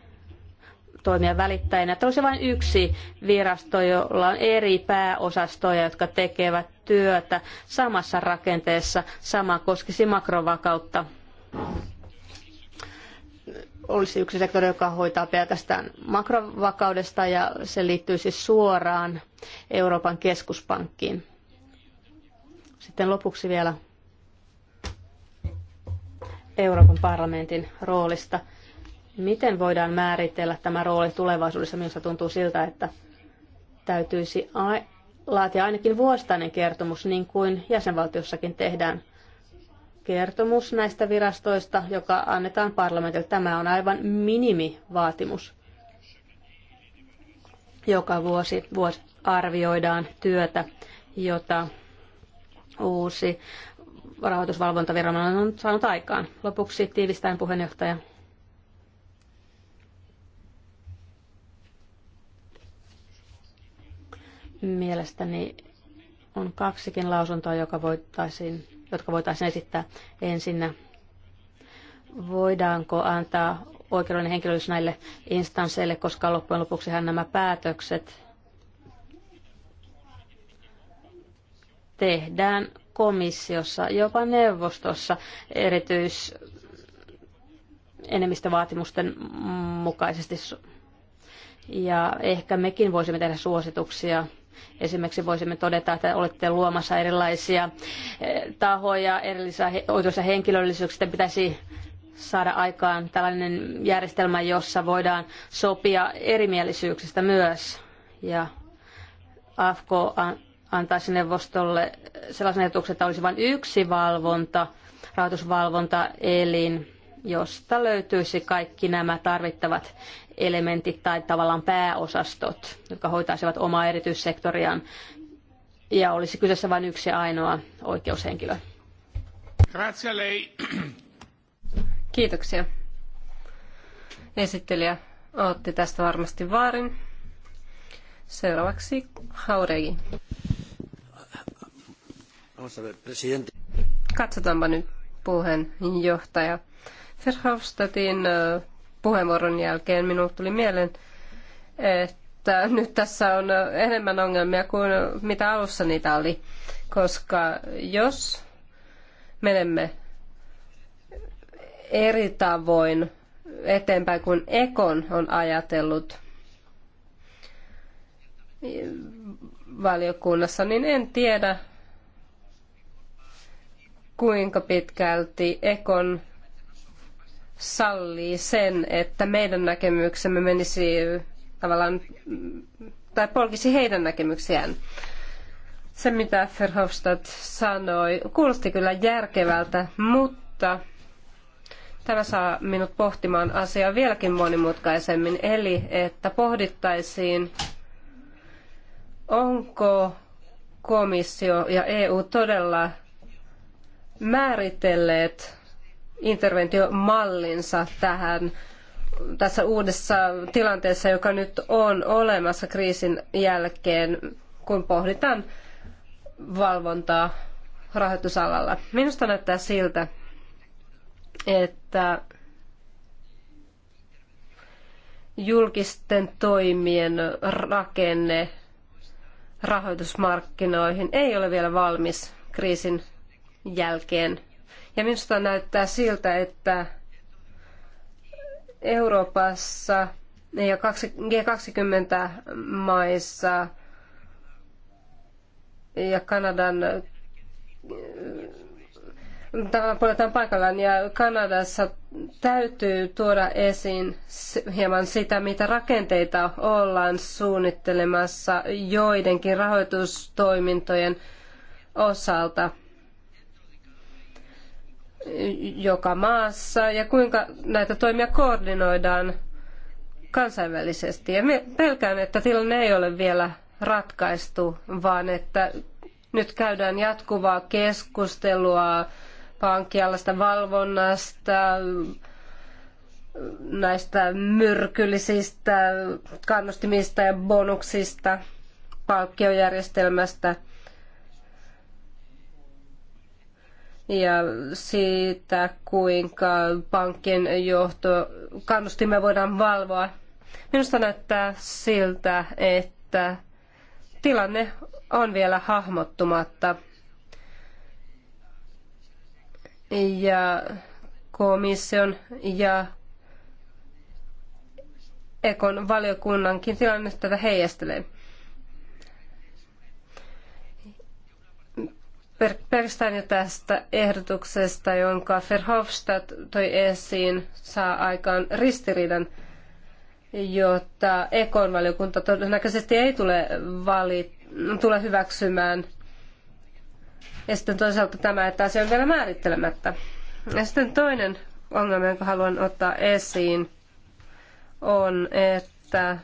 S3: toimia välittäjänä. Että olisi vain yksi virasto, jolla on eri pääosastoja, jotka tekevät työtä samassa rakenteessa. Sama koskisi makrovakautta. Olisi yksi sektori, joka hoitaa pelkästään makrovakaudesta ja se liittyisi suoraan Euroopan keskuspankkiin. Sitten lopuksi vielä Euroopan parlamentin roolista. Miten voidaan määritellä tämä rooli tulevaisuudessa? Minusta tuntuu siltä, että täytyisi laatia ainakin vuosittainen kertomus, niin kuin jäsenvaltiossakin tehdään kertomus näistä virastoista, joka annetaan parlamentille. Tämä on aivan minimivaatimus. Joka vuosi, vuosi arvioidaan työtä, jota uusi rahoitusvalvontaviranomainen on saanut aikaan. Lopuksi tiivistäen puheenjohtaja Mielestäni on kaksikin lausuntoa, joka voitaisiin, jotka voitaisiin esittää ensinnä. Voidaanko antaa oikeudellinen henkilöllisyys näille instansseille, koska loppujen lopuksi nämä päätökset tehdään komissiossa, jopa neuvostossa erityis enemmistövaatimusten mukaisesti. Ja ehkä mekin voisimme tehdä suosituksia Esimerkiksi voisimme todeta, että olette luomassa erilaisia eh, tahoja, erilaisia oikeus- ja henkilöllisyyksiä. Pitäisi saada aikaan tällainen järjestelmä, jossa voidaan sopia erimielisyyksistä myös. Ja AFK antaisi neuvostolle sellaisen etuksen, että olisi vain yksi valvonta, rahoitusvalvontaelin, josta löytyisi kaikki nämä tarvittavat elementit tai tavallaan pääosastot, jotka hoitaisivat omaa erityissektoriaan ja olisi kyseessä vain yksi ainoa oikeushenkilö.
S1: Kiitoksia. Esittelijä otti tästä varmasti vaarin. Seuraavaksi Hauregi. Katsotaanpa nyt puheenjohtaja. Verhofstadtin puheenvuoron jälkeen minun tuli mieleen, että nyt tässä on enemmän ongelmia kuin mitä alussa niitä oli, koska jos menemme eri tavoin eteenpäin kuin Ekon on ajatellut valiokunnassa, niin en tiedä, kuinka pitkälti Ekon sallii sen, että meidän näkemyksemme menisi tavallaan tai polkisi heidän näkemyksiään. Se, mitä Verhofstadt sanoi, kuulosti kyllä järkevältä, mutta tämä saa minut pohtimaan asiaa vieläkin monimutkaisemmin. Eli, että pohdittaisiin, onko komissio ja EU todella määritelleet interventiomallinsa tähän tässä uudessa tilanteessa, joka nyt on olemassa kriisin jälkeen, kun pohditaan valvontaa rahoitusalalla. Minusta näyttää siltä, että julkisten toimien rakenne rahoitusmarkkinoihin ei ole vielä valmis kriisin jälkeen ja minusta näyttää siltä, että Euroopassa ja G20-maissa ja Kanadan tavallaan poljetaan paikallaan ja Kanadassa täytyy tuoda esiin hieman sitä, mitä rakenteita ollaan suunnittelemassa joidenkin rahoitustoimintojen osalta – joka maassa ja kuinka näitä toimia koordinoidaan kansainvälisesti. Ja pelkään, että tilanne ei ole vielä ratkaistu, vaan että nyt käydään jatkuvaa keskustelua pankkialasta valvonnasta, näistä myrkyllisistä kannustimista ja bonuksista, palkkiojärjestelmästä – ja siitä, kuinka pankkien johto kannustimme voidaan valvoa. Minusta näyttää siltä, että tilanne on vielä hahmottumatta. Ja komission ja Ekon valiokunnankin tilanne tätä heijastelee. pelkästään jo tästä ehdotuksesta, jonka Verhofstadt toi esiin, saa aikaan ristiriidan, jotta Ekon valiokunta todennäköisesti ei tule, valit, tule hyväksymään. Ja sitten toisaalta tämä, että asia on vielä määrittelemättä. Ja sitten toinen ongelma, jonka haluan ottaa esiin, on, että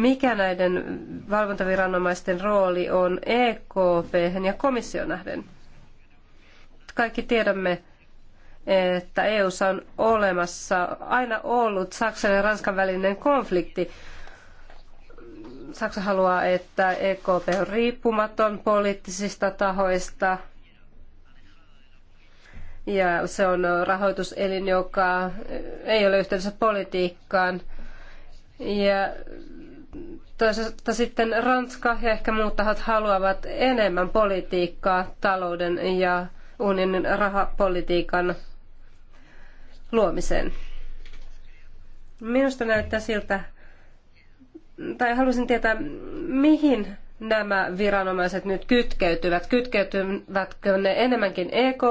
S1: mikä näiden valvontaviranomaisten rooli on EKP ja komission nähden. Kaikki tiedämme, että EU on olemassa aina ollut Saksan ja Ranskan välinen konflikti. Saksa haluaa, että EKP on riippumaton poliittisista tahoista ja se on rahoituselin, joka ei ole yhteydessä politiikkaan. Ja Toisaalta sitten Ranska ja ehkä muut tahot haluavat enemmän politiikkaa talouden ja unionin rahapolitiikan luomiseen. Minusta näyttää siltä, tai haluaisin tietää, mihin nämä viranomaiset nyt kytkeytyvät? Kytkeytyvätkö ne enemmänkin ekp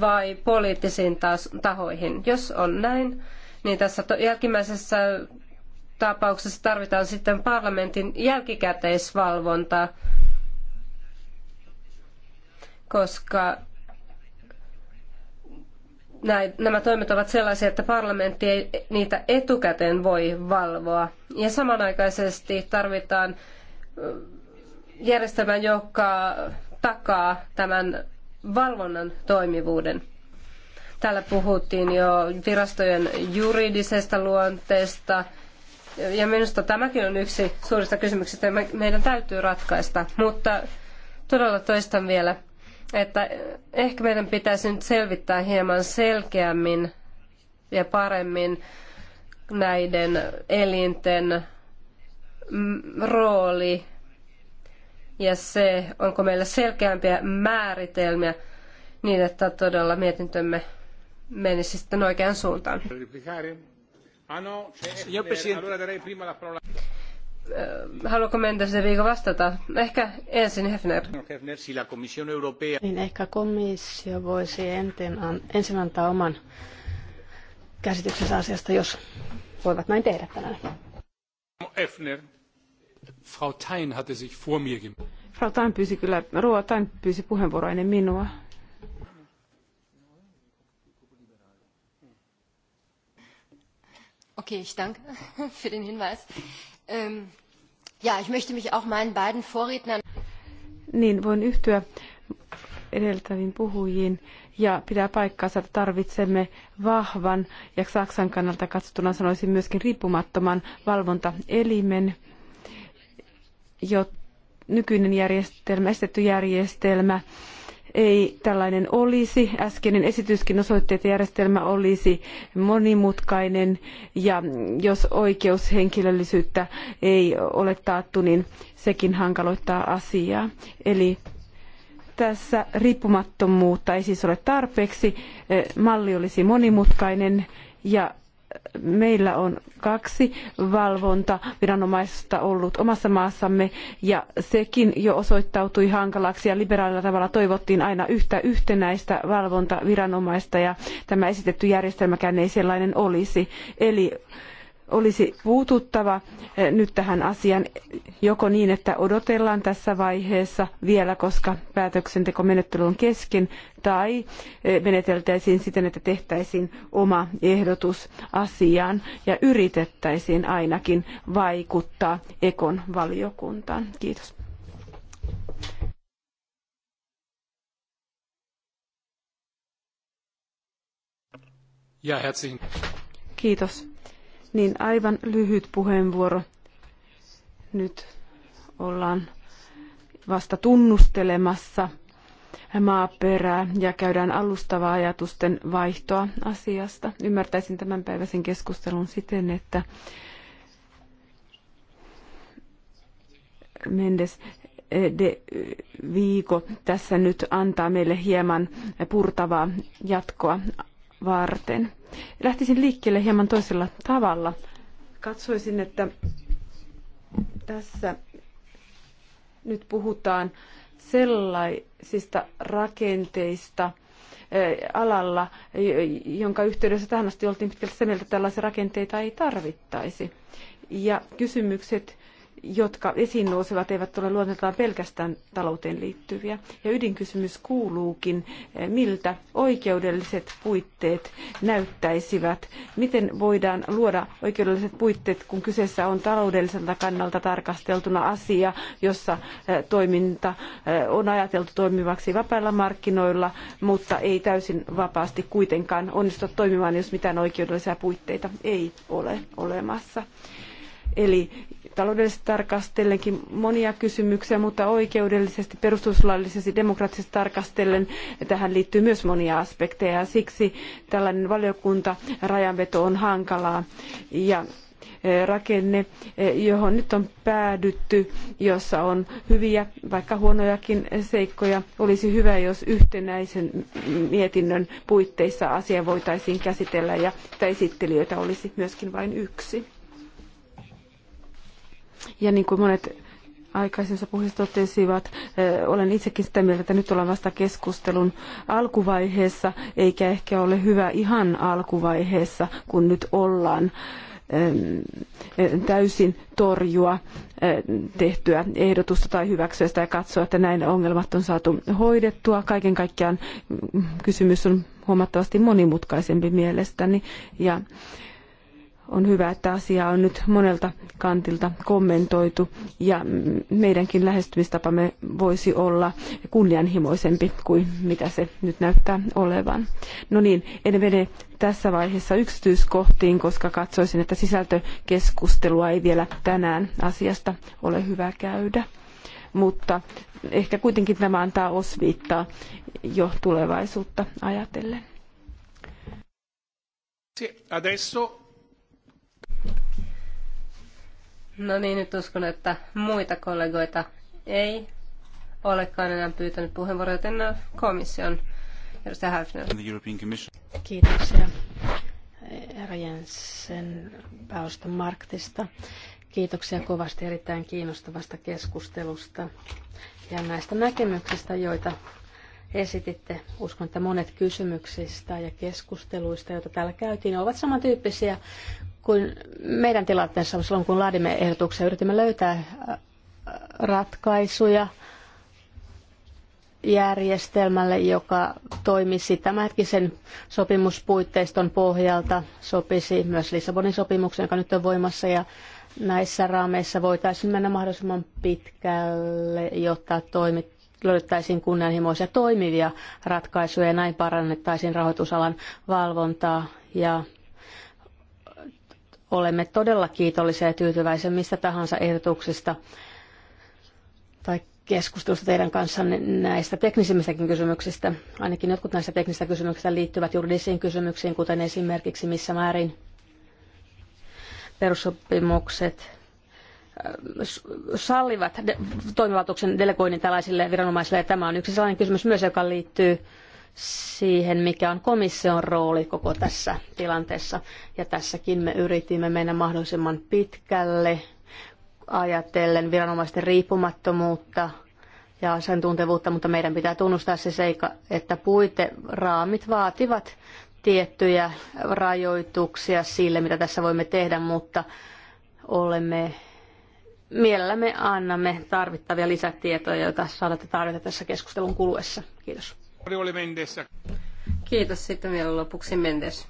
S1: vai poliittisiin taas, tahoihin? Jos on näin, niin tässä jälkimmäisessä tapauksessa tarvitaan sitten parlamentin jälkikäteisvalvontaa, koska nämä toimet ovat sellaisia, että parlamentti ei niitä etukäteen voi valvoa. Ja samanaikaisesti tarvitaan järjestelmä, joka takaa tämän valvonnan toimivuuden. Täällä puhuttiin jo virastojen juridisesta luonteesta, ja minusta tämäkin on yksi suurista kysymyksistä, ja meidän täytyy ratkaista. Mutta todella toistan vielä, että ehkä meidän pitäisi nyt selvittää hieman selkeämmin ja paremmin näiden elinten mm, rooli ja se, onko meillä selkeämpiä määritelmiä niin, että todella mietintömme menisi sitten oikeaan suuntaan. Ah, no, Signor Presidente, eh, Haluaako viikon vastata? Ehkä ensin Hefner. Niin ehkä komissio voisi
S3: ensin antaa oman käsityksensä asiasta, jos voivat näin tehdä tänään.
S2: Hefner. Frau Thein hatte sich vor mir Frau pyysi kyllä, Ruotain pyysi puheenvuoroa ennen minua.
S1: Okay, ich danke für den Hinweis. Ähm, ja, ich möchte mich auch meinen beiden Vorrednern...
S2: Niin, voin yhtyä edeltäviin puhujiin ja pitää paikkaansa, että tarvitsemme vahvan ja Saksan kannalta katsottuna sanoisin myöskin riippumattoman valvontaelimen, jo nykyinen järjestelmä, estetty järjestelmä ei tällainen olisi. Äskeinen esityskin osoitti, että järjestelmä olisi monimutkainen ja jos oikeushenkilöllisyyttä ei ole taattu, niin sekin hankaloittaa asiaa. Eli tässä riippumattomuutta ei siis ole tarpeeksi. Malli olisi monimutkainen ja meillä on kaksi valvontaviranomaista ollut omassa maassamme ja sekin jo osoittautui hankalaksi ja liberaalilla tavalla toivottiin aina yhtä yhtenäistä valvontaviranomaista ja tämä esitetty järjestelmäkään ei sellainen olisi. Eli olisi puututtava eh, nyt tähän asiaan joko niin, että odotellaan tässä vaiheessa vielä, koska päätöksentekomenettely on kesken, tai eh, meneteltäisiin siten, että tehtäisiin oma ehdotus asiaan ja yritettäisiin ainakin vaikuttaa Ekon valiokuntaan. Kiitos. Ja, Kiitos niin aivan lyhyt puheenvuoro. Nyt ollaan vasta tunnustelemassa maaperää ja käydään alustavaa ajatusten vaihtoa asiasta. Ymmärtäisin tämän päiväisen keskustelun siten, että Mendes eh, de Viiko tässä nyt antaa meille hieman purtavaa jatkoa varten. Lähtisin liikkeelle hieman toisella tavalla. Katsoisin, että tässä nyt puhutaan sellaisista rakenteista eh, alalla, jonka yhteydessä tähän asti oltiin pitkälti sen mieltä, että tällaisia rakenteita ei tarvittaisi. Ja kysymykset, jotka esiin nousevat, eivät ole luonteeltaan pelkästään talouteen liittyviä. Ja ydinkysymys kuuluukin, eh, miltä oikeudelliset puitteet näyttäisivät? Miten voidaan luoda oikeudelliset puitteet, kun kyseessä on taloudelliselta kannalta tarkasteltuna asia, jossa eh, toiminta eh, on ajateltu toimivaksi vapailla markkinoilla, mutta ei täysin vapaasti kuitenkaan onnistu toimimaan, jos mitään oikeudellisia puitteita ei ole olemassa. Eli taloudellisesti tarkastellenkin monia kysymyksiä, mutta oikeudellisesti, perustuslaillisesti, demokraattisesti tarkastellen tähän liittyy myös monia aspekteja. Ja siksi tällainen valiokunta rajanveto on hankalaa. Ja e, rakenne, e, johon nyt on päädytty, jossa on hyviä, vaikka huonojakin seikkoja. Olisi hyvä, jos yhtenäisen mietinnön puitteissa asia voitaisiin käsitellä ja esittelijöitä olisi myöskin vain yksi. Ja niin kuin monet aikaisemmissa puheissa totesivat, eh, olen itsekin sitä mieltä, että nyt ollaan vasta keskustelun alkuvaiheessa, eikä ehkä ole hyvä ihan alkuvaiheessa, kun nyt ollaan eh, täysin torjua eh, tehtyä ehdotusta tai hyväksyä sitä ja katsoa, että näin ongelmat on saatu hoidettua. Kaiken kaikkiaan mm, kysymys on huomattavasti monimutkaisempi mielestäni ja on hyvä, että asia on nyt monelta kantilta kommentoitu ja meidänkin lähestymistapamme voisi olla kunnianhimoisempi kuin mitä se nyt näyttää olevan. No niin, en mene tässä vaiheessa yksityiskohtiin, koska katsoisin, että sisältökeskustelua ei vielä tänään asiasta ole hyvä käydä. Mutta ehkä kuitenkin tämä antaa osviittaa jo tulevaisuutta ajatellen.
S1: Adesso No niin, nyt uskon, että muita kollegoita ei olekaan enää pyytänyt puheenvuoroja, joten äh, komission edustaja Häfner. Kiitoksia herra Jensen pääosta Marktista.
S3: Kiitoksia kovasti erittäin kiinnostavasta keskustelusta ja näistä näkemyksistä, joita esititte. Uskon, että monet kysymyksistä ja keskusteluista, joita täällä käytiin, ovat samantyyppisiä kuin meidän tilanteessa silloin, kun laadimme ehdotuksia. Yritimme löytää äh, ratkaisuja järjestelmälle, joka toimisi tämänhetkisen sopimuspuitteiston pohjalta, sopisi myös Lissabonin sopimuksen, joka nyt on voimassa, ja näissä raameissa voitaisiin mennä mahdollisimman pitkälle, jotta toimit, löydettäisiin kunnianhimoisia toimivia ratkaisuja ja näin parannettaisiin rahoitusalan valvontaa ja Olemme todella kiitollisia ja tyytyväisiä mistä tahansa ehdotuksista tai keskustelusta teidän kanssanne näistä teknisimmistäkin kysymyksistä. Ainakin jotkut näistä teknisistä kysymyksistä liittyvät juridisiin kysymyksiin, kuten esimerkiksi missä määrin perussopimukset äh, sallivat de- toimivaltuuksen delegoinnin tällaisille viranomaisille. Ja tämä on yksi sellainen kysymys myös, joka liittyy siihen, mikä on komission rooli koko tässä tilanteessa. Ja tässäkin me yritimme mennä mahdollisimman pitkälle ajatellen viranomaisten riippumattomuutta ja asiantuntevuutta, mutta meidän pitää tunnustaa se seikka, että puiteraamit vaativat tiettyjä rajoituksia sille, mitä tässä voimme tehdä, mutta olemme mielellämme annamme tarvittavia lisätietoja, joita
S1: saatatte tarvita tässä keskustelun kuluessa. Kiitos. Kiitos sitten vielä lopuksi Mendes.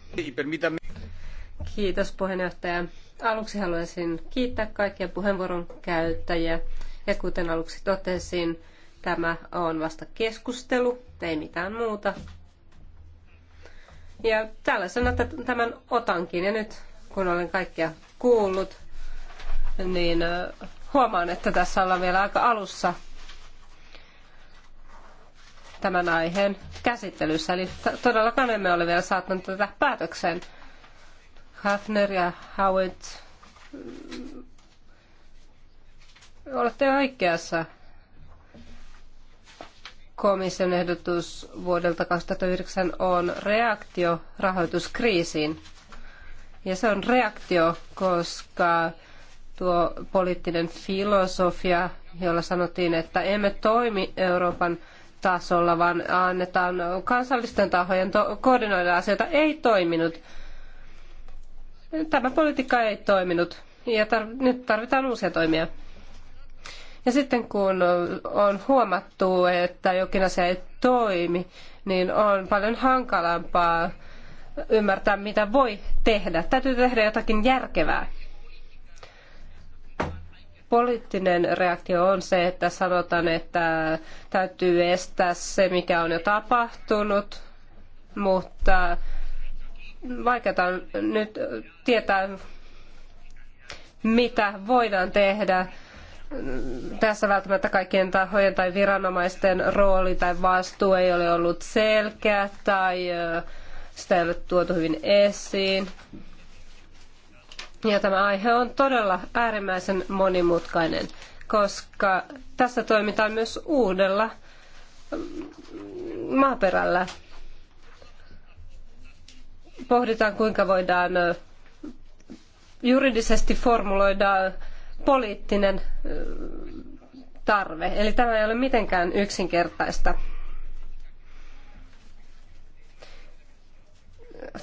S1: Kiitos puheenjohtaja. Aluksi haluaisin kiittää kaikkia puheenvuoron käyttäjiä. Ja kuten aluksi totesin, tämä on vasta keskustelu, ei mitään muuta. Ja tällaisena tämän otankin. Ja nyt kun olen kaikkia kuullut, niin äh, huomaan, että tässä ollaan vielä aika alussa tämän aiheen käsittelyssä. Eli todellakaan emme ole vielä saattaneet tätä päätökseen. Hafner ja Howard, mm, olette oikeassa. Komission ehdotus vuodelta 2009 on reaktio rahoituskriisiin. Ja se on reaktio, koska tuo poliittinen filosofia, jolla sanottiin, että emme toimi Euroopan tasolla, vaan annetaan kansallisten tahojen to- koordinoida asioita, ei toiminut. Tämä politiikka ei toiminut ja tar- nyt tarvitaan uusia toimia. Ja sitten kun on huomattu, että jokin asia ei toimi, niin on paljon hankalampaa ymmärtää, mitä voi tehdä. Täytyy tehdä jotakin järkevää poliittinen reaktio on se, että sanotaan, että täytyy estää se, mikä on jo tapahtunut, mutta vaikeata on nyt tietää, mitä voidaan tehdä. Tässä välttämättä kaikkien tahojen tai viranomaisten rooli tai vastuu ei ole ollut selkeä tai sitä ei ole tuotu hyvin esiin. Ja tämä aihe on todella äärimmäisen monimutkainen, koska tässä toimitaan myös uudella mm, maaperällä. Pohditaan, kuinka voidaan juridisesti formuloida poliittinen tarve. Eli tämä ei ole mitenkään yksinkertaista.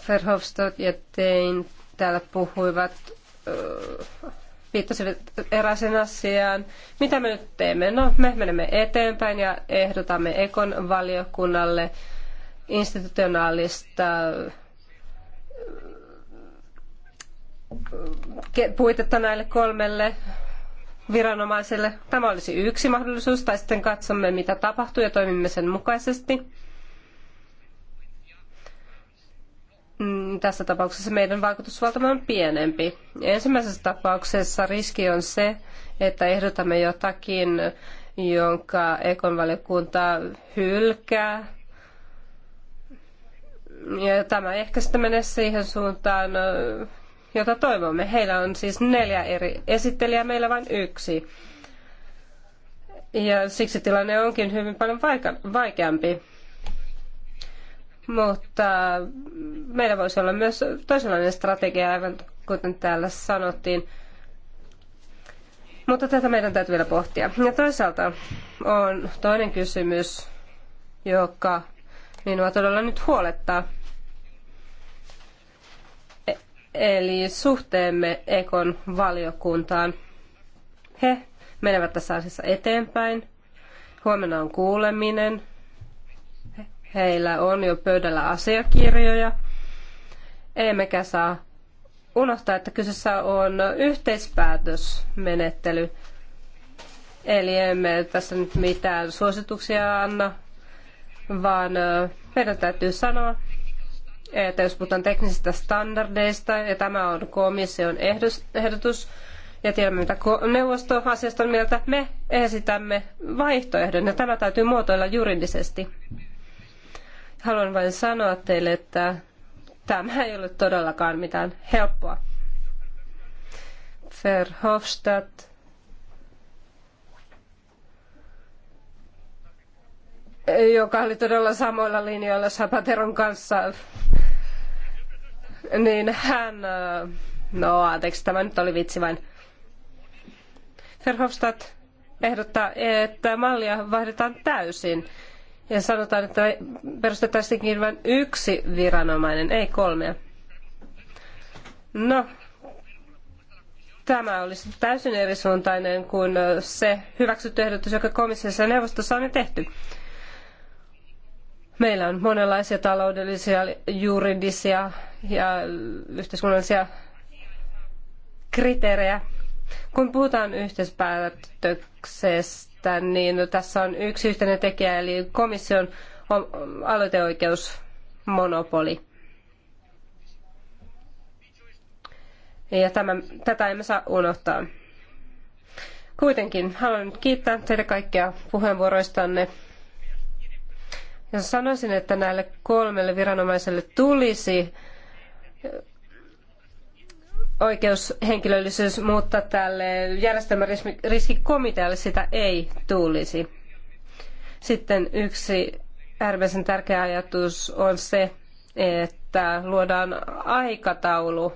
S1: Verhofstadt ja täällä puhuivat, viittasivat eräisen asiaan. Mitä me nyt teemme? No, me menemme eteenpäin ja ehdotamme Ekon valiokunnalle institutionaalista puitetta näille kolmelle viranomaiselle. Tämä olisi yksi mahdollisuus, tai sitten katsomme, mitä tapahtuu ja toimimme sen mukaisesti. tässä tapauksessa meidän vaikutusvaltamme on pienempi. Ensimmäisessä tapauksessa riski on se, että ehdotamme jotakin, jonka ekonvaliokunta hylkää. Ja tämä ehkä sitten menee siihen suuntaan, jota toivomme. Heillä on siis neljä eri esittelijää, meillä vain yksi. Ja siksi tilanne onkin hyvin paljon vaikeampi. Mutta meillä voisi olla myös toisenlainen strategia, aivan kuten täällä sanottiin. Mutta tätä meidän täytyy vielä pohtia. Ja toisaalta on toinen kysymys, joka minua todella nyt huolettaa. E eli suhteemme Ekon valiokuntaan. He menevät tässä asiassa eteenpäin. Huomenna on kuuleminen Heillä on jo pöydällä asiakirjoja. Emmekä saa unohtaa, että kyseessä on yhteispäätösmenettely. Eli emme tässä nyt mitään suosituksia anna, vaan meidän täytyy sanoa, että jos puhutaan teknisistä standardeista, ja tämä on komission ehdotus, ja tiedämme, mitä neuvosto asiasta on mieltä, me esitämme vaihtoehdon, ja tämä täytyy muotoilla juridisesti. Haluan vain sanoa teille, että tämä ei ole todellakaan mitään helppoa. Verhofstadt. joka oli todella samoilla linjoilla Zapateron kanssa, niin hän, no anteeksi, tämä nyt oli vitsi vain. Verhofstadt ehdottaa, että mallia vaihdetaan täysin. Ja sanotaan, että perustettaisiinkin vain yksi viranomainen, ei kolmea. No, tämä olisi täysin erisuuntainen kuin se hyväksytty ehdotus, joka komissiossa ja neuvostossa on jo tehty. Meillä on monenlaisia taloudellisia, juridisia ja yhteiskunnallisia kriteerejä. Kun puhutaan yhteispäätöksestä, tästä, niin tässä on yksi yhteinen tekijä, eli komission aloiteoikeusmonopoli. Ja tämän, tätä emme saa unohtaa. Kuitenkin haluan nyt kiittää teitä kaikkia puheenvuoroistanne. Ja sanoisin, että näille kolmelle viranomaiselle tulisi oikeushenkilöllisyys, mutta tälle järjestelmäriskikomitealle sitä ei tulisi. Sitten yksi äärimmäisen tärkeä ajatus on se, että luodaan aikataulu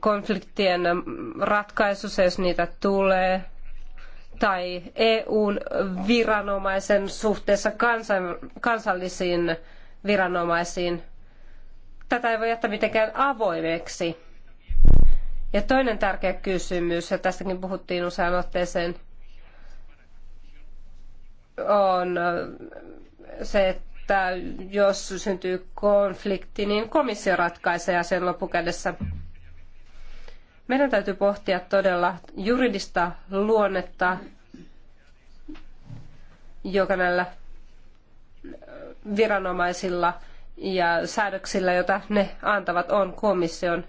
S1: konfliktien ratkaisussa, jos niitä tulee, tai EUn viranomaisen suhteessa kansallisiin viranomaisiin tätä ei voi jättää mitenkään avoimeksi. Ja toinen tärkeä kysymys, ja tästäkin puhuttiin useaan otteeseen, on äh, se, että jos syntyy konflikti, niin komissio ratkaisee sen loppukädessä. Meidän täytyy pohtia todella juridista luonnetta, joka näillä äh, viranomaisilla – ja säädöksillä, joita ne antavat, on komission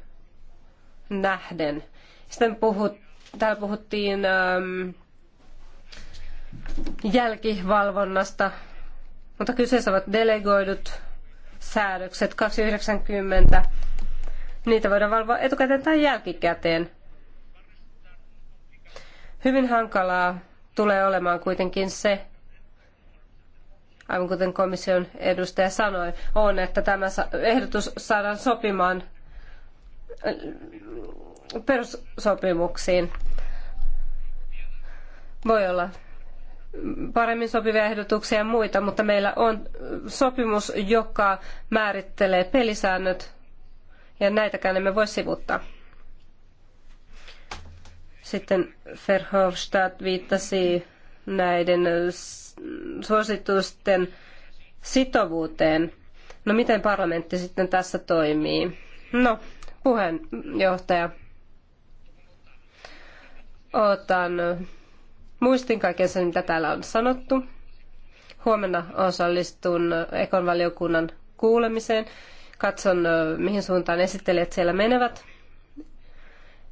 S1: nähden. Sitten puhut, täällä puhuttiin ähm, jälkivalvonnasta, mutta kyseessä ovat delegoidut säädökset 290. Niitä voidaan valvoa etukäteen tai jälkikäteen. Hyvin hankalaa tulee olemaan kuitenkin se, aivan kuten komission edustaja sanoi, on, että tämä ehdotus saadaan sopimaan äh, perussopimuksiin. Voi olla paremmin sopivia ehdotuksia ja muita, mutta meillä on sopimus, joka määrittelee pelisäännöt ja näitäkään emme voi sivuttaa. Sitten Verhofstadt viittasi näiden suositusten sitovuuteen. No miten parlamentti sitten tässä toimii? No, puheenjohtaja, otan muistin kaiken sen, mitä täällä on sanottu. Huomenna osallistun Ekon valiokunnan kuulemiseen. Katson, mihin suuntaan esittelijät siellä menevät.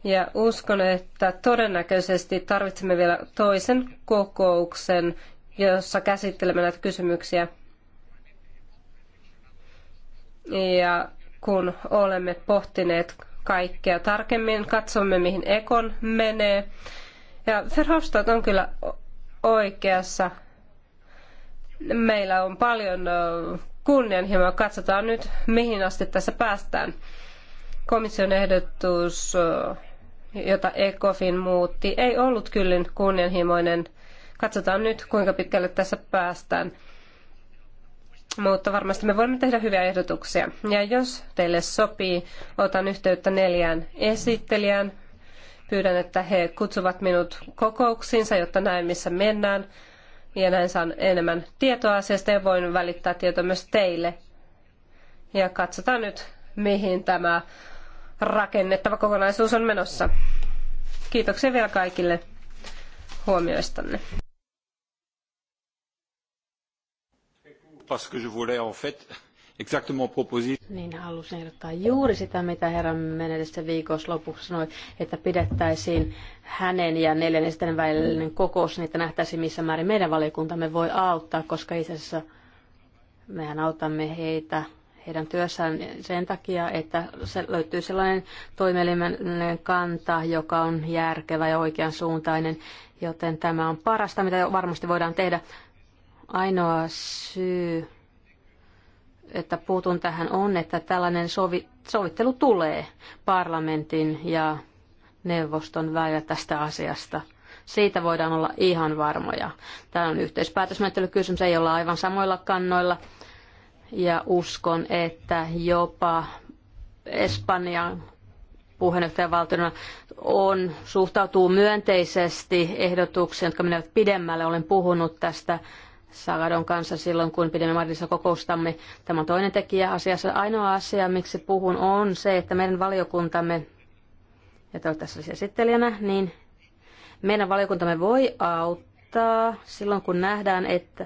S1: Ja uskon, että todennäköisesti tarvitsemme vielä toisen kokouksen, jossa käsittelemme näitä kysymyksiä. Ja kun olemme pohtineet kaikkea tarkemmin, katsomme mihin Ekon menee. Ja Verhofstadt on kyllä oikeassa. Meillä on paljon kunnianhimoa. Katsotaan nyt, mihin asti tässä päästään. Komission ehdotus, jota ECOFIN muutti, ei ollut kyllin kunnianhimoinen – Katsotaan nyt, kuinka pitkälle tässä päästään. Mutta varmasti me voimme tehdä hyviä ehdotuksia. Ja jos teille sopii, otan yhteyttä neljään esittelijään. Pyydän, että he kutsuvat minut kokouksiinsa, jotta näen, missä mennään. Ja näin saan enemmän tietoa asiasta ja voin välittää tietoa myös teille. Ja katsotaan nyt, mihin tämä rakennettava kokonaisuus on menossa. Kiitoksia vielä kaikille huomioistanne.
S3: parce que je voulais en fait exactement proposer. Niin halusin ehdottaa juuri sitä, mitä herran menedessä viikossa lopuksi sanoi, että pidettäisiin hänen ja neljännesten välinen kokous, niin että nähtäisiin missä määrin meidän valiokuntamme voi auttaa, koska itse asiassa mehän autamme heitä heidän työssään sen takia, että se löytyy sellainen toimielimen kanta, joka on järkevä ja oikean suuntainen, joten tämä on parasta, mitä varmasti voidaan tehdä. Ainoa syy, että puutun tähän on, että tällainen sovi, sovittelu tulee parlamentin ja neuvoston välillä tästä asiasta. Siitä voidaan olla ihan varmoja. Tämä on yhteispäätösmenettelykysymys, ei olla aivan samoilla kannoilla. Ja uskon, että jopa Espanjan puheenjohtajavaltiona on, suhtautuu myönteisesti ehdotuksiin, jotka menevät pidemmälle. Olen puhunut tästä Sagadon kanssa silloin, kun pidimme Madridissa kokoustamme. Tämä on toinen tekijä asiassa. Ainoa asia, miksi puhun, on se, että meidän valiokuntamme, ja toivottavasti olisi siis esittelijänä, niin meidän valiokuntamme voi auttaa silloin, kun nähdään, että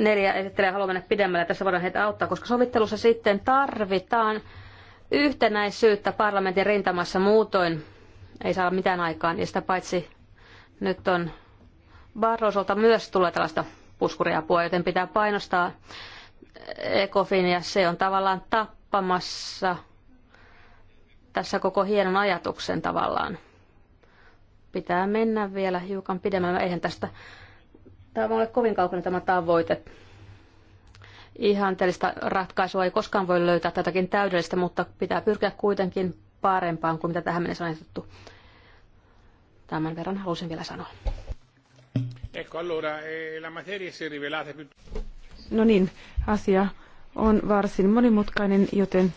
S3: neljä esittelijää haluaa mennä pidemmälle. Tässä voidaan heitä auttaa, koska sovittelussa sitten tarvitaan yhtenäisyyttä parlamentin rintamassa muutoin. Ei saa mitään aikaan, ja sitä paitsi nyt on Barrosolta myös tulee tällaista puskuriapua, joten pitää painostaa ECOFIN ja se on tavallaan tappamassa tässä koko hienon ajatuksen tavallaan. Pitää mennä vielä hiukan pidemmälle. Eihän tästä tämä ole kovin kaukana tämä tavoite. Ihanteellista ratkaisua ei koskaan voi löytää tätäkin täydellistä, mutta pitää pyrkiä kuitenkin parempaan kuin mitä tähän mennessä on ajatettu. Tämän verran halusin vielä sanoa.
S1: Ecco, allora, eh, la materia si è rivelata
S2: No niin, asia on varsin monimutkainen, joten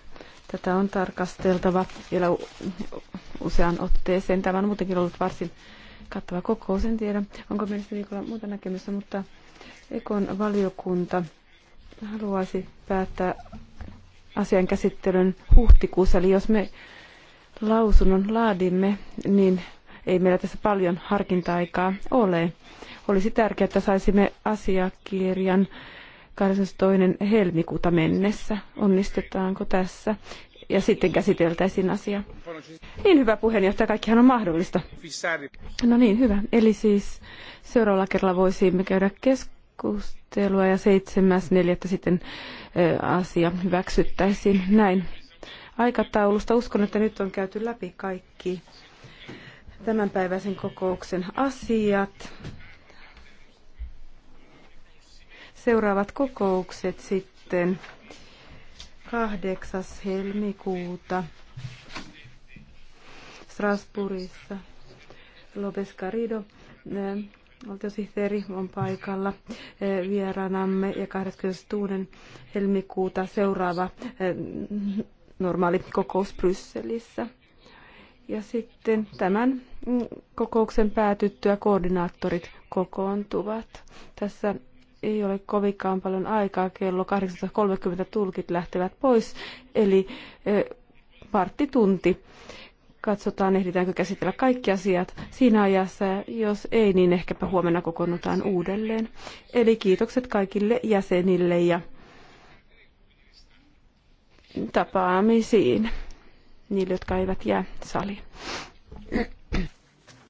S2: tätä on tarkasteltava vielä usean otteeseen. Tämä on muutenkin ollut varsin kattava kokous, en tiedä, onko ministeri Nikola muuta näkemystä, mutta Ekon valiokunta haluaisi päättää asian käsittelyn huhtikuussa, eli jos me lausunnon laadimme, niin ei meillä tässä paljon harkinta-aikaa ole. Olisi tärkeää, että saisimme asiakirjan 22. helmikuuta mennessä. Onnistetaanko tässä? Ja sitten käsiteltäisiin asia. Niin hyvä puheenjohtaja, kaikkihan on mahdollista. No niin, hyvä. Eli siis seuraavalla kerralla voisimme käydä keskustelua ja 7.4. sitten asia hyväksyttäisiin näin aikataulusta. Uskon, että nyt on käyty läpi kaikki tämänpäiväisen kokouksen asiat. Seuraavat kokoukset sitten 8. helmikuuta Strasbourgissa. Lopes Carido, eh, valtiosihteeri, on paikalla eh, vieraanamme ja 26. helmikuuta seuraava eh, normaali kokous Brysselissä. Ja sitten tämän kokouksen päätyttyä koordinaattorit kokoontuvat. Tässä ei ole kovinkaan paljon aikaa, kello 18.30 tulkit lähtevät pois, eli e, tunti. Katsotaan, ehditäänkö käsitellä kaikki asiat siinä ajassa, jos ei, niin ehkäpä huomenna kokoonnutaan uudelleen. Eli kiitokset kaikille jäsenille ja tapaamisiin niille, jotka eivät jää saliin.